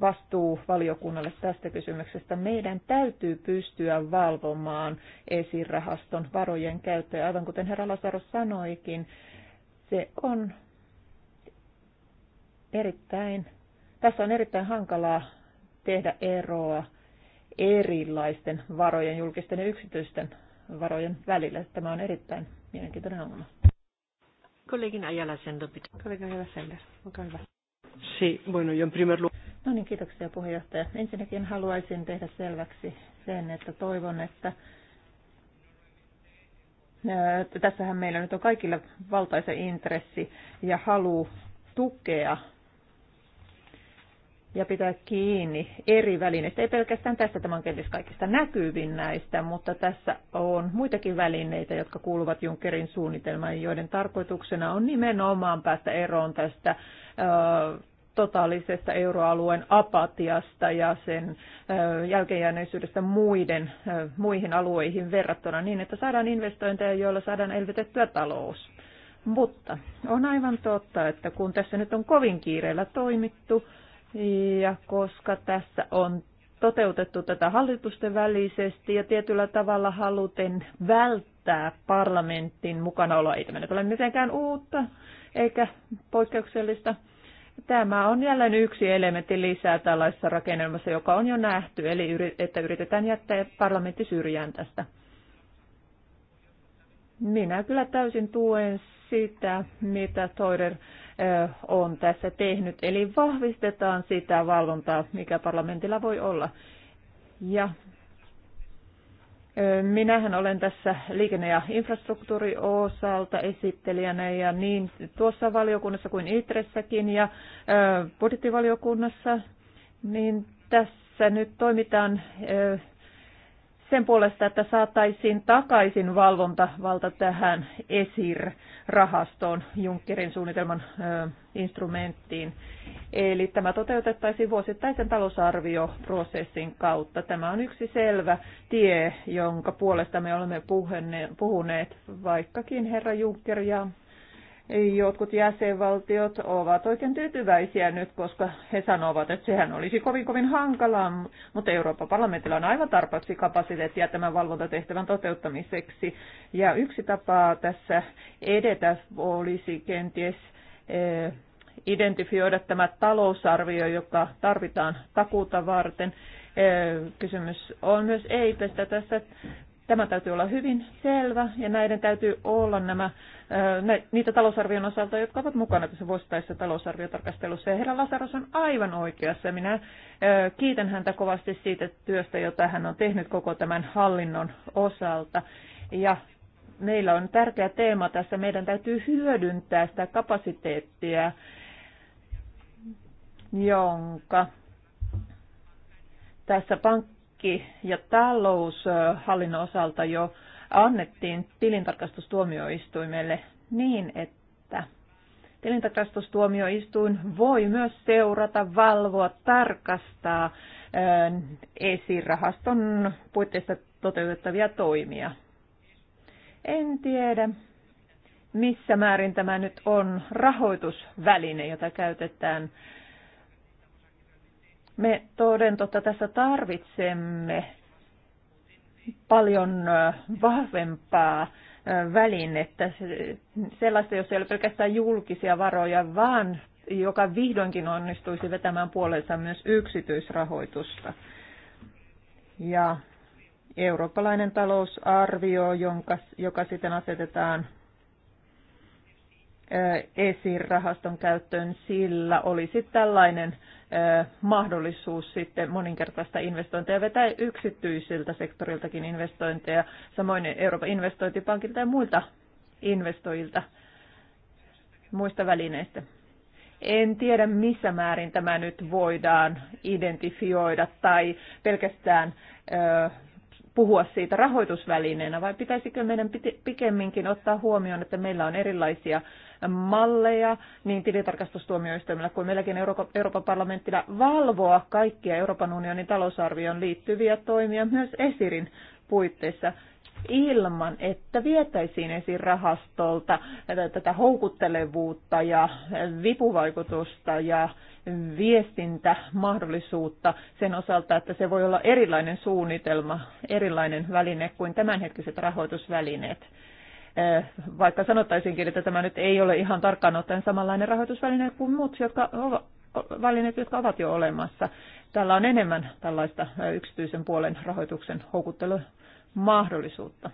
vastuu valiokunnalle tästä kysymyksestä. Meidän täytyy pystyä valvomaan esirahaston varojen käyttöä. Aivan kuten herra Lasaro sanoikin, se on erittäin, tässä on erittäin hankalaa tehdä eroa erilaisten varojen, julkisten ja yksityisten varojen välillä. Tämä on erittäin mielenkiintoinen ongelma. Kollegin Ajala Sender. Kollegin Ajala Sender, olkaa hyvä. Si, bueno, yo en primer lugar... No niin, kiitoksia puheenjohtaja. Ensinnäkin haluaisin tehdä selväksi sen, että toivon, että Tässähän meillä nyt on kaikilla valtaisa intressi ja halu tukea ja pitää kiinni eri välineistä. Ei pelkästään tästä, tämä on kenties kaikista näkyvin näistä, mutta tässä on muitakin välineitä, jotka kuuluvat Junckerin suunnitelmaan, joiden tarkoituksena on nimenomaan päästä eroon tästä ö, totaalisesta euroalueen apatiasta ja sen jälkeenjääneisyydestä muiden, muihin alueihin verrattuna niin, että saadaan investointeja, joilla saadaan elvytettyä talous. Mutta on aivan totta, että kun tässä nyt on kovin kiireellä toimittu ja koska tässä on toteutettu tätä hallitusten välisesti ja tietyllä tavalla haluten välttää parlamentin mukanaoloa. Ei tämä nyt ole mitenkään uutta eikä poikkeuksellista Tämä on jälleen yksi elementti lisää tällaisessa rakennelmassa, joka on jo nähty, eli että yritetään jättää parlamentti syrjään tästä. Minä kyllä täysin tuen sitä, mitä Toider on tässä tehnyt, eli vahvistetaan sitä valvontaa, mikä parlamentilla voi olla. Ja Minähän olen tässä liikenne- ja infrastruktuuriosalta esittelijänä ja niin tuossa valiokunnassa kuin ITREssäkin ja budjettivaliokunnassa, niin tässä nyt toimitaan sen puolesta, että saataisiin takaisin valvontavalta tähän ESIR-rahastoon, Junckerin suunnitelman ö, instrumenttiin. Eli tämä toteutettaisiin vuosittaisen talousarvioprosessin kautta. Tämä on yksi selvä tie, jonka puolesta me olemme puhuneet, vaikkakin herra Juncker ja Jotkut jäsenvaltiot ovat oikein tyytyväisiä nyt, koska he sanovat, että sehän olisi kovin kovin hankalaa, mutta Euroopan parlamentilla on aivan tarpeeksi kapasiteettia tämän valvontatehtävän toteuttamiseksi. Ja yksi tapa tässä edetä olisi kenties eh, identifioida tämä talousarvio, joka tarvitaan takuuta varten. Eh, kysymys on myös EIPestä tässä Tämä täytyy olla hyvin selvä ja näiden täytyy olla nämä, niitä talousarvion osalta, jotka ovat mukana tässä vuosittaisessa talousarviotarkastelussa. Ja herra Lasaros on aivan oikeassa. Minä kiitän häntä kovasti siitä työstä, jota hän on tehnyt koko tämän hallinnon osalta. Ja meillä on tärkeä teema tässä. Meidän täytyy hyödyntää sitä kapasiteettia, jonka tässä pank- tuki ja taloushallinnon osalta jo annettiin tilintarkastustuomioistuimelle niin, että tilintarkastustuomioistuin voi myös seurata, valvoa, tarkastaa eh, esirahaston puitteista toteutettavia toimia. En tiedä, missä määrin tämä nyt on rahoitusväline, jota käytetään me toden totta tässä tarvitsemme paljon vahvempaa välinettä, sellaista, jos ei ole pelkästään julkisia varoja, vaan joka vihdoinkin onnistuisi vetämään puolensa myös yksityisrahoitusta. Ja eurooppalainen talousarvio, jonka, joka sitten asetetaan esirahaston käyttöön, sillä olisi tällainen mahdollisuus sitten moninkertaista investointeja vetää yksityisiltä sektoriltakin investointeja, samoin Euroopan investointipankilta ja muilta investoijilta muista välineistä. En tiedä, missä määrin tämä nyt voidaan identifioida tai pelkästään puhua siitä rahoitusvälineenä, vai pitäisikö meidän pikemminkin ottaa huomioon, että meillä on erilaisia malleja niin tilitarkastustuomioistuimella kuin meilläkin Euroopan parlamentilla valvoa kaikkia Euroopan unionin talousarvioon liittyviä toimia myös esirin puitteissa ilman, että vietäisiin esiin rahastolta tätä houkuttelevuutta ja vipuvaikutusta ja viestintämahdollisuutta sen osalta, että se voi olla erilainen suunnitelma, erilainen väline kuin tämänhetkiset rahoitusvälineet vaikka sanottaisinkin, että tämä nyt ei ole ihan tarkkaan ottaen samanlainen rahoitusväline kuin muut, jotka ovat, välineet, jotka ovat jo olemassa. Tällä on enemmän tällaista yksityisen puolen rahoituksen houkuttelua mahdollisuutta.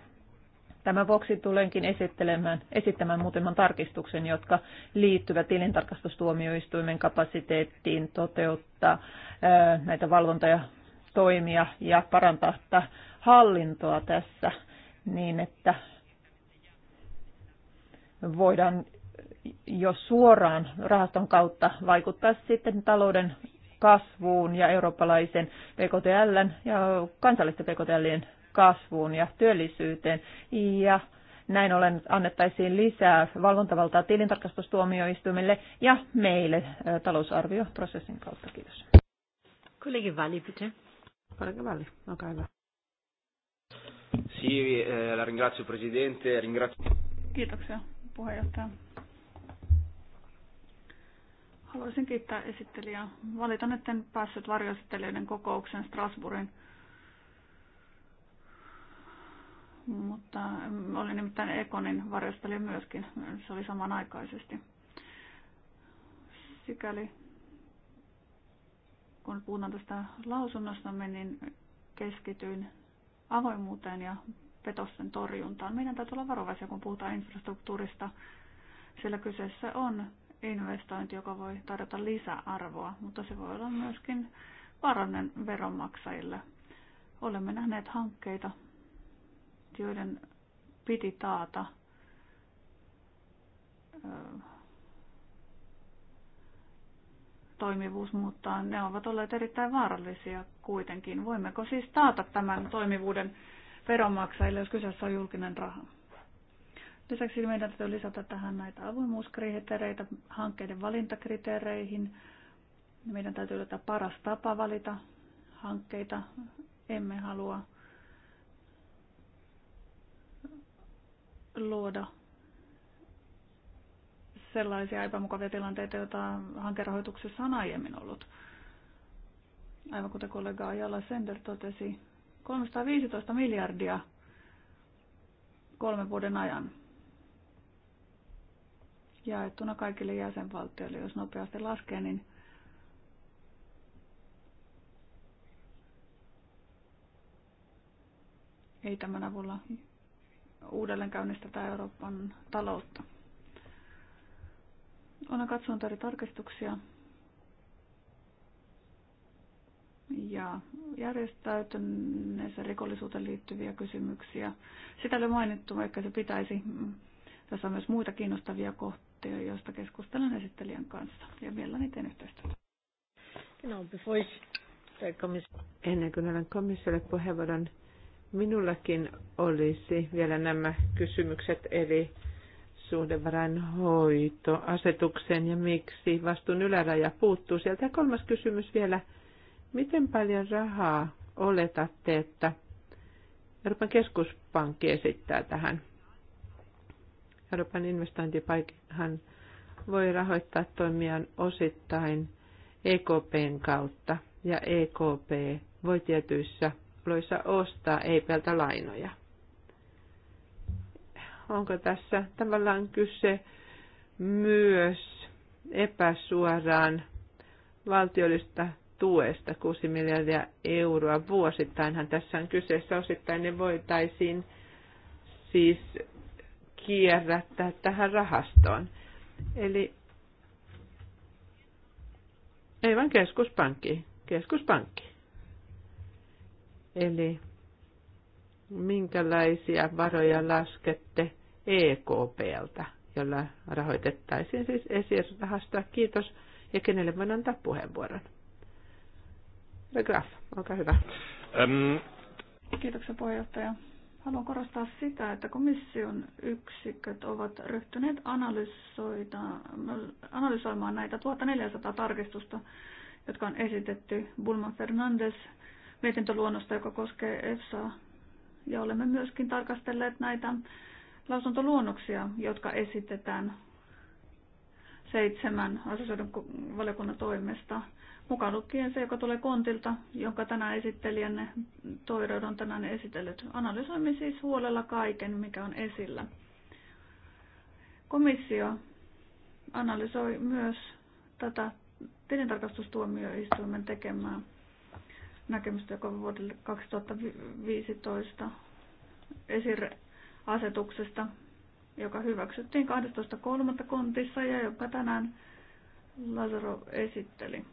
Tämän vuoksi tulenkin esittelemään, esittämään muutaman tarkistuksen, jotka liittyvät tilintarkastustuomioistuimen kapasiteettiin toteuttaa näitä valvontoja toimia ja parantaa hallintoa tässä niin, että voidaan jo suoraan rahaston kautta vaikuttaa sitten talouden kasvuun ja eurooppalaisen PKTL ja kansallisten PKTLien kasvuun ja työllisyyteen ja näin ollen annettaisiin lisää valvontavaltaa tilintarkastustuomioistuimille ja meille talousarvioprosessin kautta. Kiitos. Kollegi Valli, bitte. Kollegi Valli, olkaa hyvä. Eh, la ringrazio Presidente, ringrazio... Kiitoksia puheenjohtaja. Haluaisin kiittää esittelijää. Valitan, että en päässyt varjoesittelijöiden kokouksen Strasbourgin Mutta mm, olin nimittäin Ekonin varjostelija myöskin. Se oli samanaikaisesti. Sikäli kun puhutaan tästä lausunnosta, niin keskityin avoimuuteen ja petosten torjuntaan. Meidän täytyy olla varovaisia, kun puhutaan infrastruktuurista, sillä kyseessä on investointi, joka voi tarjota lisäarvoa, mutta se voi olla myöskin vaarallinen veronmaksajille. Olemme nähneet hankkeita, joiden piti taata toimivuus, mutta ne ovat olleet erittäin vaarallisia kuitenkin. Voimmeko siis taata tämän toimivuuden veronmaksajille, jos kyseessä on julkinen raha? Lisäksi meidän täytyy lisätä tähän näitä avoimuuskriteereitä hankkeiden valintakriteereihin. Meidän täytyy löytää paras tapa valita hankkeita. Emme halua luoda sellaisia epämukavia tilanteita, joita hankerahoituksessa on aiemmin ollut. Aivan kuten kollega Ajala Sender totesi, 315 miljardia kolmen vuoden ajan jaettuna kaikille jäsenvaltioille, jos nopeasti laskee, niin ei tämän avulla tai Euroopan taloutta. Olen katsonut eri tarkistuksia ja järjestäytyneeseen rikollisuuteen liittyviä kysymyksiä. Sitä oli mainittu, vaikka se pitäisi. Tässä on myös muita kiinnostavia kohtia, joista keskustelen esittelijän kanssa ja mielelläni teen yhteistyötä. No, Ennen kuin olen komissiolle puheenvuoron, Minullakin olisi vielä nämä kysymykset, eli suhdevarainhoito asetukseen ja miksi vastuun yläraja puuttuu sieltä. Ja kolmas kysymys vielä, miten paljon rahaa oletatte, että Euroopan keskuspankki esittää tähän? Euroopan investointipaikkahan voi rahoittaa toimijan osittain EKPn kautta ja EKP voi tietyissä kauploissa ostaa, ei pelta lainoja. Onko tässä tavallaan kyse myös epäsuoraan valtiollista tuesta 6 miljardia euroa vuosittainhan tässä on kyseessä osittain ne voitaisiin siis kierrättää tähän rahastoon. Eli ei vain keskuspankki, keskuspankki. Eli minkälaisia varoja laskette EKPltä, jolla rahoitettaisiin siis esirahastoa. Kiitos. Ja kenelle voin antaa puheenvuoron? Le Graf, olkaa hyvä. Um. Kiitoksia puheenjohtaja. Haluan korostaa sitä, että komission yksiköt ovat ryhtyneet analysoimaan näitä 1400 tarkistusta, jotka on esitetty Bulma Fernandes mietintöluonnosta, joka koskee EFSAa. Ja olemme myöskin tarkastelleet näitä lausuntoluonnoksia, jotka esitetään seitsemän asioiden valiokunnan toimesta, mukaan lukien se, joka tulee Kontilta, jonka tänään esittelijänne Toiroid on tänään esitellyt. Analysoimme siis huolella kaiken, mikä on esillä. Komissio analysoi myös tätä tilintarkastustuomioistuimen tekemää näkemystä, joka vuodelle 2015 esirasetuksesta, joka hyväksyttiin 12.3. kontissa ja joka tänään Lazaro esitteli.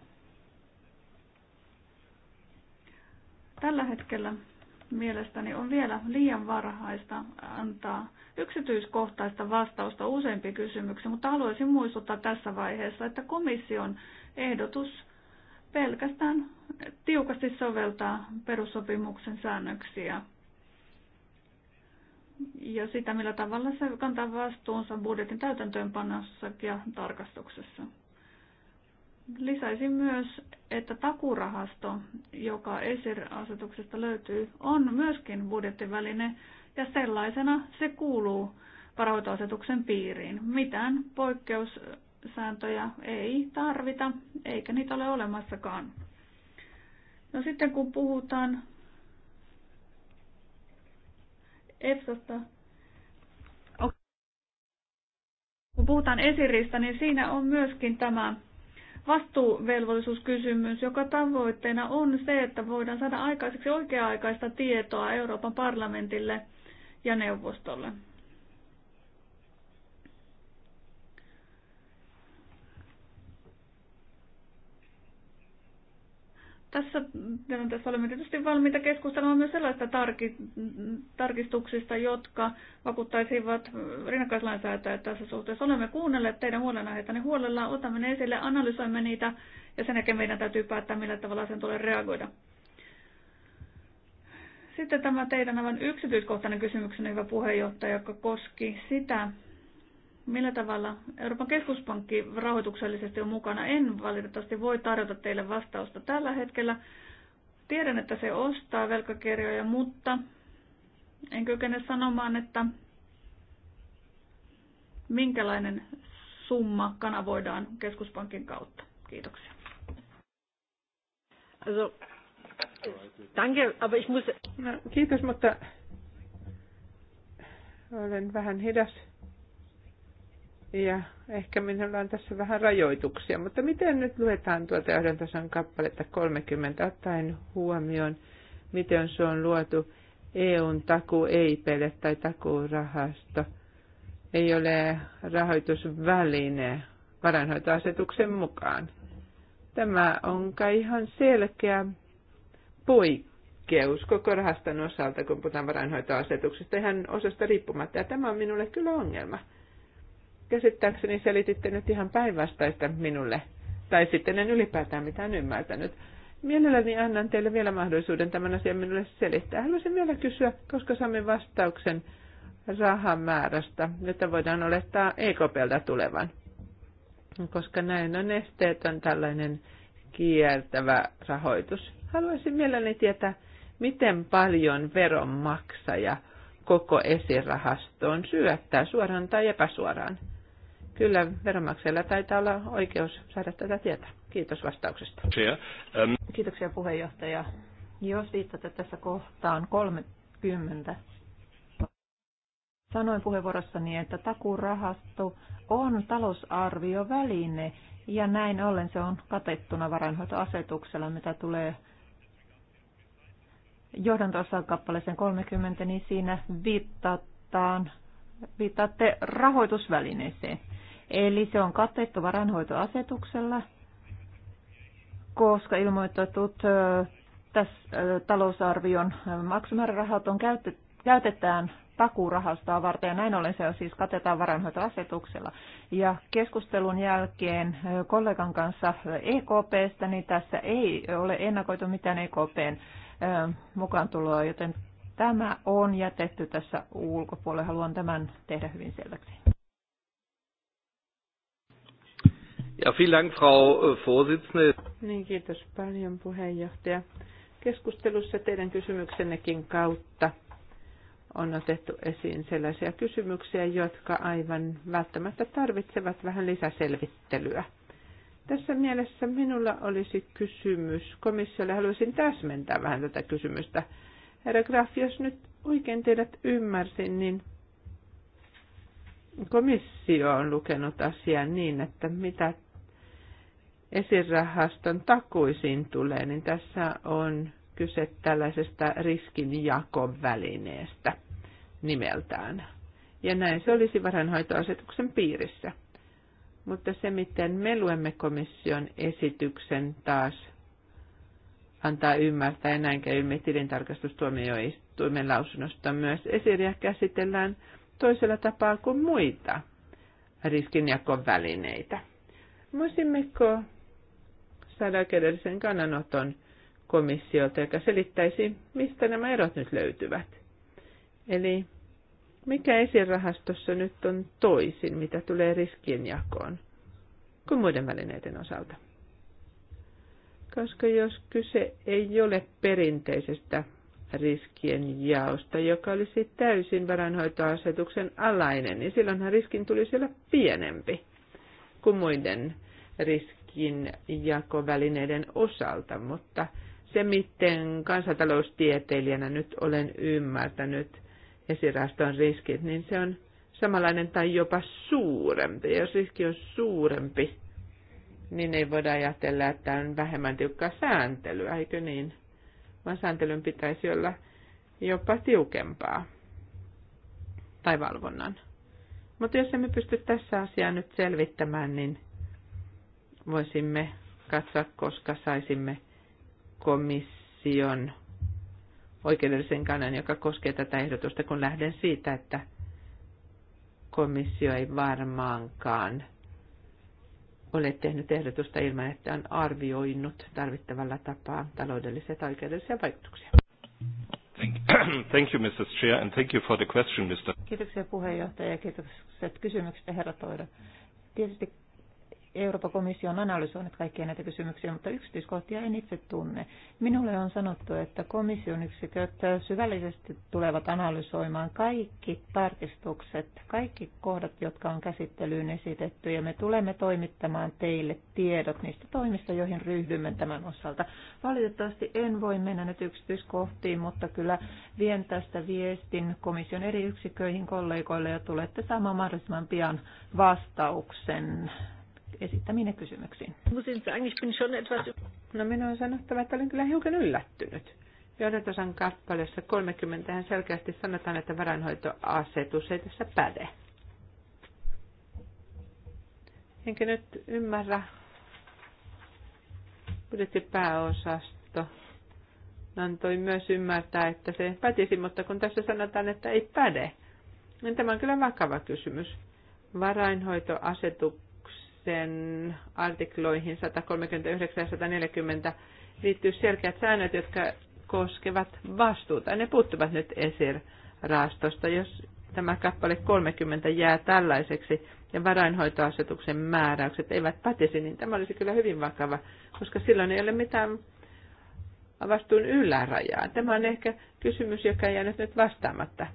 Tällä hetkellä mielestäni on vielä liian varhaista antaa yksityiskohtaista vastausta useimpiin kysymyksiin, mutta haluaisin muistuttaa tässä vaiheessa, että komission ehdotus pelkästään tiukasti soveltaa perussopimuksen säännöksiä ja sitä, millä tavalla se kantaa vastuunsa budjetin täytäntöönpanossa ja tarkastuksessa. Lisäisin myös, että takurahasto, joka ESIR-asetuksesta löytyy, on myöskin budjettiväline ja sellaisena se kuuluu varoitoasetuksen piiriin. Mitään poikkeussääntöjä ei tarvita, eikä niitä ole olemassakaan. No sitten kun puhutaan EFSasta, kun puhutaan esiristä, niin siinä on myöskin tämä vastuuvelvollisuuskysymys, joka tavoitteena on se, että voidaan saada aikaiseksi oikea-aikaista tietoa Euroopan parlamentille ja neuvostolle. Tässä tässä olemme tietysti valmiita keskustelemaan myös sellaista tarki, tarkistuksista, jotka vakuuttaisivat rinnakkaislainsäätäjät tässä suhteessa. Olemme kuunnelleet teidän niin huolellaan otamme ne esille, analysoimme niitä ja sen jälkeen meidän täytyy päättää, millä tavalla sen tulee reagoida. Sitten tämä teidän aivan yksityiskohtainen kysymyksenne, hyvä puheenjohtaja, joka koski sitä, millä tavalla Euroopan keskuspankki rahoituksellisesti on mukana. En valitettavasti voi tarjota teille vastausta tällä hetkellä. Tiedän, että se ostaa velkakirjoja, mutta en kykene sanomaan, että minkälainen summa kanavoidaan keskuspankin kautta. Kiitoksia. Also, danke, aber ich muss... No, kiitos, mutta olen vähän hidas ja ehkä minulla on tässä vähän rajoituksia, mutta miten nyt luetaan tuota tasan kappaletta 30 ottaen huomioon, miten se on luotu EUn takuu ei pele tai takuurahasto. Ei ole rahoitusväline varainhoitoasetuksen mukaan. Tämä on kai ihan selkeä poikkeus koko rahaston osalta, kun puhutaan varainhoitoasetuksesta ihan osasta riippumatta. Ja tämä on minulle kyllä ongelma Käsittääkseni selititte nyt ihan päinvastaista minulle, tai sitten en ylipäätään mitään ymmärtänyt. Mielelläni annan teille vielä mahdollisuuden tämän asian minulle selittää. Haluaisin vielä kysyä, koska saamme vastauksen rahamäärästä, jota voidaan olettaa EKPltä tulevan. Koska näin on esteetön tällainen kiertävä rahoitus. Haluaisin mielelläni tietää, miten paljon veronmaksaja koko esirahastoon syöttää suoraan tai epäsuoraan. Kyllä, veronmaksajalla taitaa olla oikeus saada tätä tietää. Kiitos vastauksesta. Um, Kiitoksia puheenjohtaja. Jos viittatte tässä kohtaan 30, sanoin puheenvuorossani, että takurahasto on talousarvioväline ja näin ollen se on katettuna varainhoitoasetuksella, mitä tulee johdantosan kappaleeseen 30, niin siinä viittataan, viittaatte rahoitusvälineeseen. Eli se on katettu varanhoitoasetuksella, koska ilmoitetut tässä talousarvion maksumäärärahat on käytetty käytetään takurahastoa varten ja näin ollen se on siis katetaan varainhoitoasetuksella. Ja keskustelun jälkeen kollegan kanssa EKPstä, niin tässä ei ole ennakoitu mitään EKPn mukaan tuloa, joten tämä on jätetty tässä ulkopuolelle. Haluan tämän tehdä hyvin selväksi. Ja, vielen Dank, Frau äh, Vorsitzende. Niin, kiitos paljon puheenjohtaja. Keskustelussa teidän kysymyksennekin kautta on otettu esiin sellaisia kysymyksiä, jotka aivan välttämättä tarvitsevat vähän lisäselvittelyä. Tässä mielessä minulla olisi kysymys komissiolle. Haluaisin täsmentää vähän tätä kysymystä. Herra Graf, jos nyt oikein teidät ymmärsin, niin komissio on lukenut asian niin, että mitä esirahaston takuisiin tulee, niin tässä on kyse tällaisesta riskinjakovälineestä nimeltään. Ja näin se olisi varainhoitoasetuksen piirissä. Mutta se, miten me luemme komission esityksen taas antaa ymmärtää, ja näin käy ilmi tilintarkastustuomioistuimen lausunnosta myös, esiriä käsitellään toisella tapaa kuin muita riskinjakovälineitä. Voisimmeko saada oikeudellisen kannanoton komissiolta, joka selittäisi, mistä nämä erot nyt löytyvät. Eli mikä esirahastossa nyt on toisin, mitä tulee riskienjakoon, kuin muiden välineiden osalta? Koska jos kyse ei ole perinteisestä riskien jaosta, joka olisi täysin varainhoitoasetuksen alainen, niin silloinhan riskin tulisi olla pienempi kuin muiden riskien muidenkin jakovälineiden osalta, mutta se, miten kansantaloustieteilijänä nyt olen ymmärtänyt esiraston riskit, niin se on samanlainen tai jopa suurempi. jos riski on suurempi, niin ei voida ajatella, että on vähemmän tiukkaa sääntelyä, eikö niin? Vaan sääntelyn pitäisi olla jopa tiukempaa tai valvonnan. Mutta jos emme pysty tässä asiaa nyt selvittämään, niin voisimme katsoa, koska saisimme komission oikeudellisen kannan, joka koskee tätä ehdotusta, kun lähden siitä, että komissio ei varmaankaan ole tehnyt ehdotusta ilman, että on arvioinut tarvittavalla tapaa taloudellisia tai oikeudellisia vaikutuksia. Thank you, Mrs. Chair, and thank you for the question, Mr. Kiitoksia puheenjohtaja ja kiitokset kysymyksestä, herra Toida. Tietysti Euroopan komissio on analysoinut kaikkia näitä kysymyksiä, mutta yksityiskohtia en itse tunne. Minulle on sanottu, että komission yksiköt syvällisesti tulevat analysoimaan kaikki tarkistukset, kaikki kohdat, jotka on käsittelyyn esitetty, ja me tulemme toimittamaan teille tiedot niistä toimista, joihin ryhdymme tämän osalta. Valitettavasti en voi mennä nyt yksityiskohtiin, mutta kyllä vien tästä viestin komission eri yksiköihin kollegoille, ja tulette saamaan mahdollisimman pian vastauksen esittäminen kysymyksiin. No minun on sanottava, että olen kyllä hiukan yllättynyt. Johdatosan kappaleessa 30 hän selkeästi sanotaan, että varainhoitoasetus ei tässä päde. Enkä nyt ymmärrä budjettipääosasto antoi no, myös ymmärtää, että se pätisi, mutta kun tässä sanotaan, että ei päde, niin tämä on kyllä vakava kysymys. Varainhoitoasetus asetuksen artikloihin 139 ja 140 liittyy selkeät säännöt, jotka koskevat vastuuta. Ne puuttuvat nyt ESIR-raastosta, jos tämä kappale 30 jää tällaiseksi ja varainhoitoasetuksen määräykset eivät pätisi, niin tämä olisi kyllä hyvin vakava, koska silloin ei ole mitään vastuun ylärajaa. Tämä on ehkä kysymys, joka ei jäänyt nyt vastaamatta.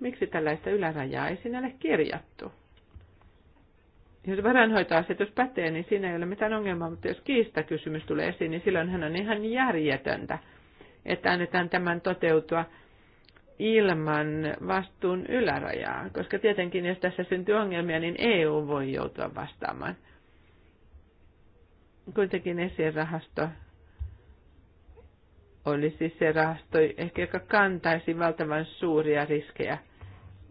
Miksi tällaista ylärajaa ei sinne ole kirjattu? jos varainhoitoasetus pätee, niin siinä ei ole mitään ongelmaa, mutta jos kiistakysymys tulee esiin, niin silloin hän on ihan järjetöntä, että annetaan tämän toteutua ilman vastuun ylärajaa, koska tietenkin jos tässä syntyy ongelmia, niin EU voi joutua vastaamaan. Kuitenkin esirahasto olisi siis se rahasto ehkä, joka kantaisi valtavan suuria riskejä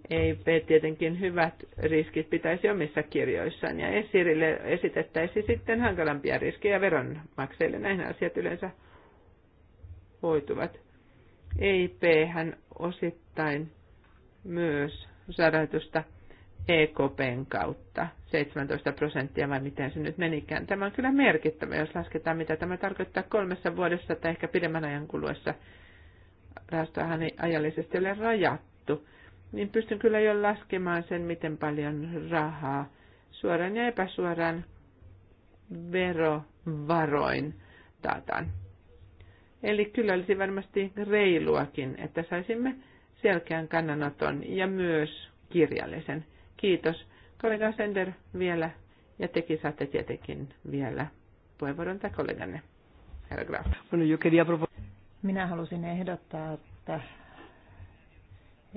ei tietenkin hyvät riskit pitäisi omissa kirjoissaan ja esirille esitettäisiin sitten hankalampia riskejä veronmaksajille. Näin asiat yleensä hoituvat. EIP hän osittain myös saraitusta EKPn kautta. 17 prosenttia vai miten se nyt menikään. Tämä on kyllä merkittävä, jos lasketaan mitä tämä tarkoittaa kolmessa vuodessa tai ehkä pidemmän ajan kuluessa. Rahastoahan ei ajallisesti ole rajattu niin pystyn kyllä jo laskemaan sen, miten paljon rahaa suoraan ja epäsuoraan verovaroin taataan. Eli kyllä olisi varmasti reiluakin, että saisimme selkeän kannanoton ja myös kirjallisen. Kiitos. Kollega Sender vielä ja tekin saatte tietenkin vielä puheenvuoron tai kolleganne. Herra Graf. Minä halusin ehdottaa, että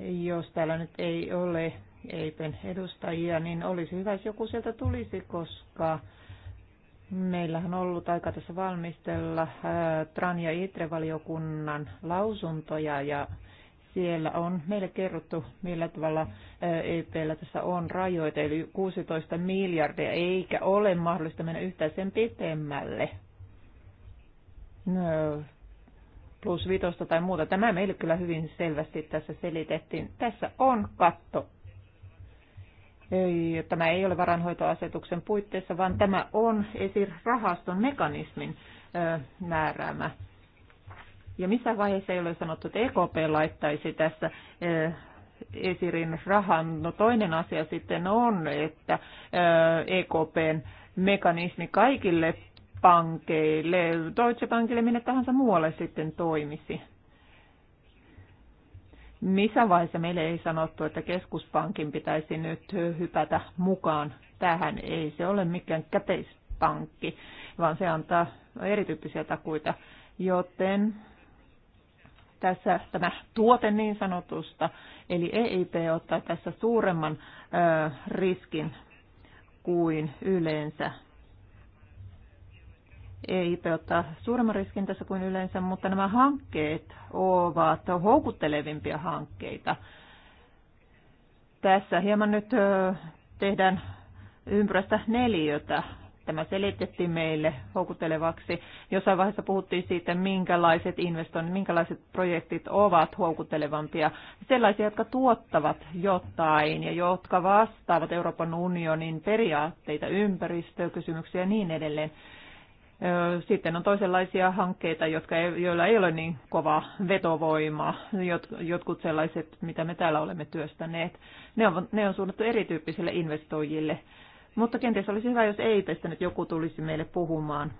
jos täällä nyt ei ole EIPen edustajia, niin olisi hyvä, jos joku sieltä tulisi, koska meillähän on ollut aika tässä valmistella TRAN ja ITRE-valiokunnan lausuntoja ja siellä on meille kerrottu, millä tavalla EPllä tässä on rajoite, eli 16 miljardia, eikä ole mahdollista mennä yhtään sen pitemmälle. No, plus vitosta tai muuta. Tämä meille kyllä hyvin selvästi tässä selitettiin. Tässä on katto. tämä ei ole varanhoitoasetuksen puitteissa, vaan tämä on esirahaston mekanismin määräämä. Ja missä vaiheessa ei ole sanottu, että EKP laittaisi tässä esirin rahan. No toinen asia sitten on, että EKPn mekanismi kaikille pankeille, Deutsche Bankille, minne tahansa muualle sitten toimisi. Missä vaiheessa meille ei sanottu, että keskuspankin pitäisi nyt hypätä mukaan tähän? Ei se ole mikään käteispankki, vaan se antaa erityyppisiä takuita, joten tässä tämä tuote niin sanotusta, eli EIP ottaa tässä suuremman ö, riskin kuin yleensä EIP ottaa suuremman riskin tässä kuin yleensä, mutta nämä hankkeet ovat houkuttelevimpia hankkeita. Tässä hieman nyt tehdään ympyrästä neliötä. Tämä selitettiin meille houkuttelevaksi. Jossain vaiheessa puhuttiin siitä, minkälaiset investoinnit, minkälaiset projektit ovat houkuttelevampia. Sellaisia, jotka tuottavat jotain ja jotka vastaavat Euroopan unionin periaatteita, ympäristökysymyksiä ja niin edelleen. Sitten on toisenlaisia hankkeita, jotka ei, joilla ei ole niin kova vetovoima, Jot, jotkut sellaiset, mitä me täällä olemme työstäneet. Ne on, ne on suunnattu erityyppisille investoijille. Mutta kenties olisi hyvä, jos tästä nyt joku tulisi meille puhumaan,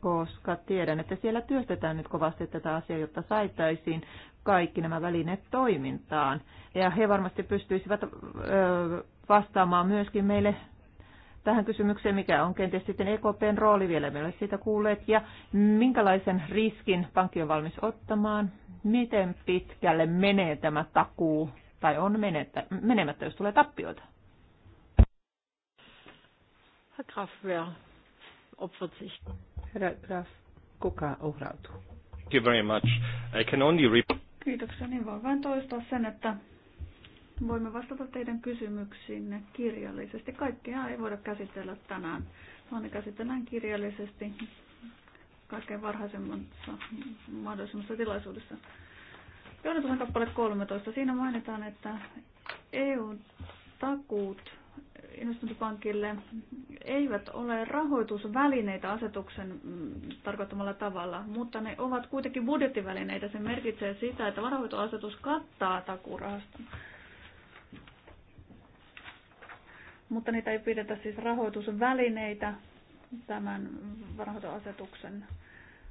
koska tiedän, että siellä työstetään nyt kovasti tätä asiaa, jotta saitaisiin kaikki nämä välineet toimintaan. Ja he varmasti pystyisivät vastaamaan myöskin meille tähän kysymykseen, mikä on kenties sitten EKPn rooli vielä, me siitä kuulleet, ja minkälaisen riskin pankki on valmis ottamaan, miten pitkälle menee tämä takuu, tai on menettä, menemättä, jos tulee tappioita. Herr opfert sich? Herra Graf, kuka uhrautuu? Thank you very much. I can only Kiitoksia, niin voin vain toistaa sen, että Voimme vastata teidän kysymyksiinne kirjallisesti. Kaikkea ei voida käsitellä tänään, vaan ne käsitellään kirjallisesti kaikkein varhaisemmassa mahdollisimmassa tilaisuudessa. Joonatusen kappale 13. Siinä mainitaan, että EU-takuut investointipankille eivät ole rahoitusvälineitä asetuksen mm, tarkoittamalla tavalla, mutta ne ovat kuitenkin budjettivälineitä. Se merkitsee sitä, että varahoitoasetus kattaa takuurahaston. mutta niitä ei pidetä siis rahoitusvälineitä tämän rahoitusasetuksen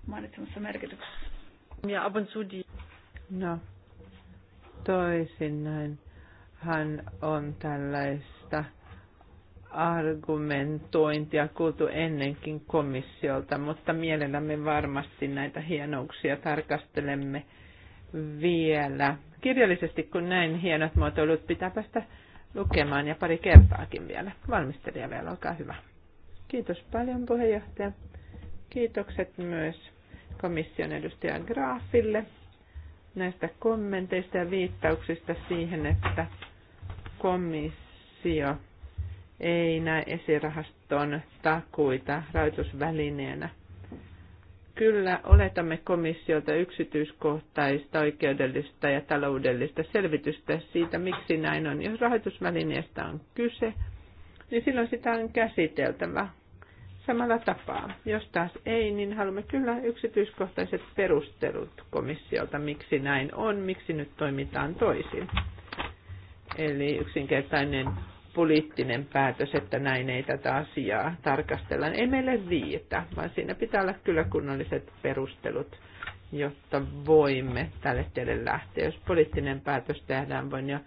mainitsemassa merkityksessä. Ja abun No, näin hän on tällaista argumentointia kuultu ennenkin komissiolta, mutta mielellämme varmasti näitä hienouksia tarkastelemme vielä kirjallisesti, kun näin hienot muotoilut pitää päästä lukemaan ja pari kertaakin vielä. Valmistelija vielä, olkaa hyvä. Kiitos paljon puheenjohtaja. Kiitokset myös komission edustaja Graafille näistä kommenteista ja viittauksista siihen, että komissio ei näe esirahaston takuita rahoitusvälineenä – kyllä oletamme komissiolta yksityiskohtaista oikeudellista ja taloudellista selvitystä siitä, miksi näin on. Jos rahoitusvälineestä on kyse, niin silloin sitä on käsiteltävä samalla tapaa. Jos taas ei, niin haluamme kyllä yksityiskohtaiset perustelut komissiolta, miksi näin on, miksi nyt toimitaan toisin. Eli yksinkertainen poliittinen päätös, että näin ei tätä asiaa tarkastella. Ei meille viitä, vaan siinä pitää olla kyllä kunnolliset perustelut, jotta voimme tälle tielle lähteä. Jos poliittinen päätös tehdään, voin jo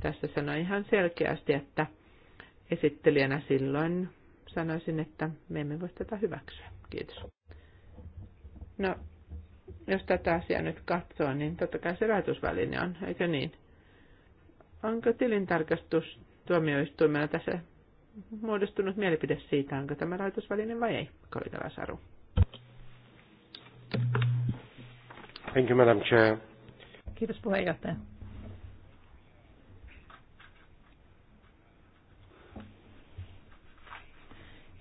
tässä sanoa ihan selkeästi, että esittelijänä silloin sanoisin, että me emme voi tätä hyväksyä. Kiitos. No, jos tätä asiaa nyt katsoo, niin totta kai se rahoitusväline on, eikö niin? Onko tilintarkastus tuomioistuimella tässä muodostunut mielipide siitä, onko tämä laitosväline vai ei, kollega Lasaru. Thank you, Madam Chair. Kiitos puheenjohtaja.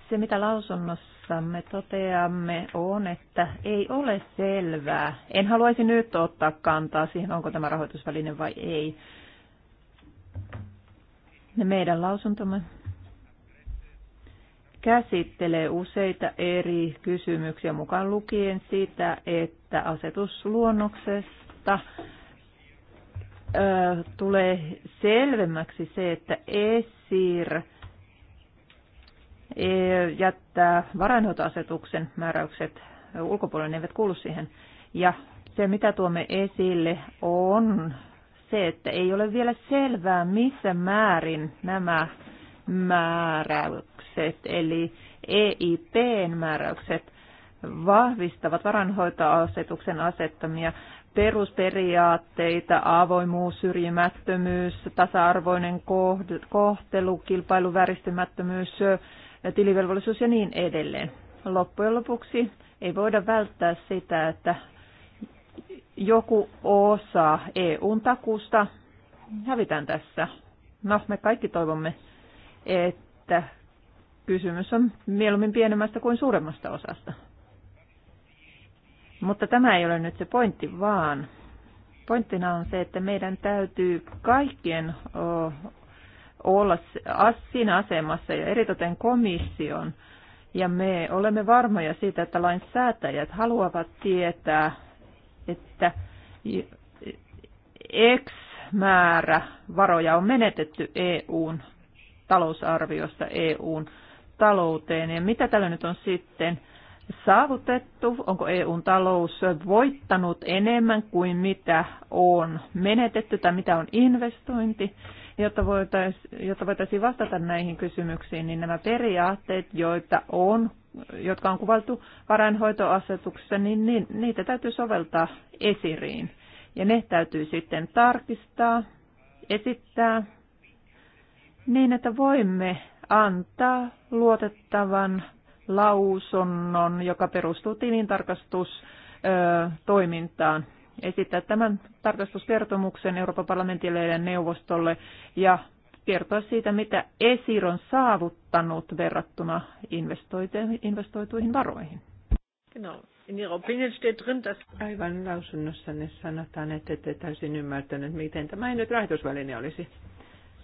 Se, mitä lausunnossamme toteamme, on, että ei ole selvää. En haluaisi nyt ottaa kantaa siihen, onko tämä rahoitusväline vai ei ne Meidän lausuntomme käsittelee useita eri kysymyksiä mukaan lukien sitä, että asetusluonnoksesta ö, tulee selvemmäksi se, että ESIR e, jättää varainhoitoasetuksen määräykset ulkopuolelle, ne eivät kuulu siihen. Ja se, mitä tuomme esille, on se, että ei ole vielä selvää, missä määrin nämä määräykset, eli EIPn määräykset, vahvistavat varanhoitoasetuksen asettamia perusperiaatteita, avoimuus, syrjimättömyys, tasa-arvoinen kohtelu, kilpailuväristymättömyys, tilivelvollisuus ja niin edelleen. Loppujen lopuksi ei voida välttää sitä, että joku osa EUn takusta hävitään tässä. No, me kaikki toivomme, että kysymys on mieluummin pienemmästä kuin suuremmasta osasta. Mutta tämä ei ole nyt se pointti, vaan pointtina on se, että meidän täytyy kaikkien olla siinä asemassa ja eritoten komission. Ja me olemme varmoja siitä, että lainsäätäjät haluavat tietää että X määrä varoja on menetetty EUn talousarviosta EUn talouteen. Ja mitä tällä nyt on sitten saavutettu? Onko EUn talous voittanut enemmän kuin mitä on menetetty tai mitä on investointi? Jotta voitais, jotta voitaisiin vastata näihin kysymyksiin, niin nämä periaatteet, joita on jotka on kuvattu varainhoitoasetuksessa, niin, niin niitä täytyy soveltaa esiriin. Ja ne täytyy sitten tarkistaa, esittää niin, että voimme antaa luotettavan lausunnon, joka perustuu tilintarkastustoimintaan. Esittää tämän tarkastuskertomuksen Euroopan parlamentille ja neuvostolle ja kertoa siitä, mitä ESIR on saavuttanut verrattuna investoituihin varoihin. Genau. In Ihrer Opinion steht drin, dass... Aivan lausunnossanne sanotaan, että ette täysin ymmärtänyt, miten tämä ei nyt rahoitusväline olisi.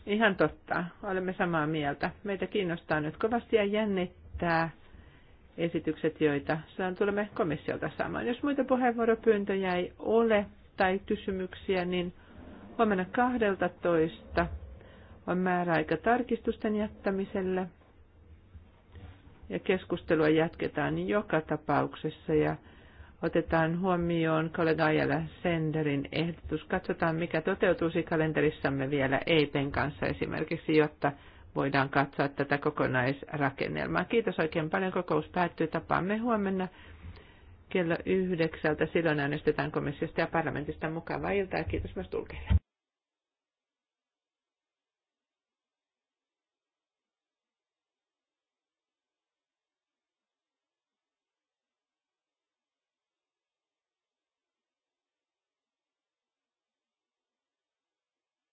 Ihan totta, olemme samaa mieltä. Meitä kiinnostaa nyt kovasti ja jännittää esitykset, joita saan tulemme komissiolta saamaan. Jos muita puheenvuoropyyntöjä ei ole tai kysymyksiä, niin huomenna 12 on määräaika tarkistusten jättämiselle. Ja keskustelua jatketaan joka tapauksessa ja otetaan huomioon kollega Ajala Senderin ehdotus. Katsotaan, mikä toteutuisi kalenterissamme vielä EIPen kanssa esimerkiksi, jotta voidaan katsoa tätä kokonaisrakennelmaa. Kiitos oikein paljon. Kokous päättyy. Tapaamme huomenna kello yhdeksältä. Silloin äänestetään komissiosta ja parlamentista. Mukavaa iltaa ja kiitos myös tulkeille.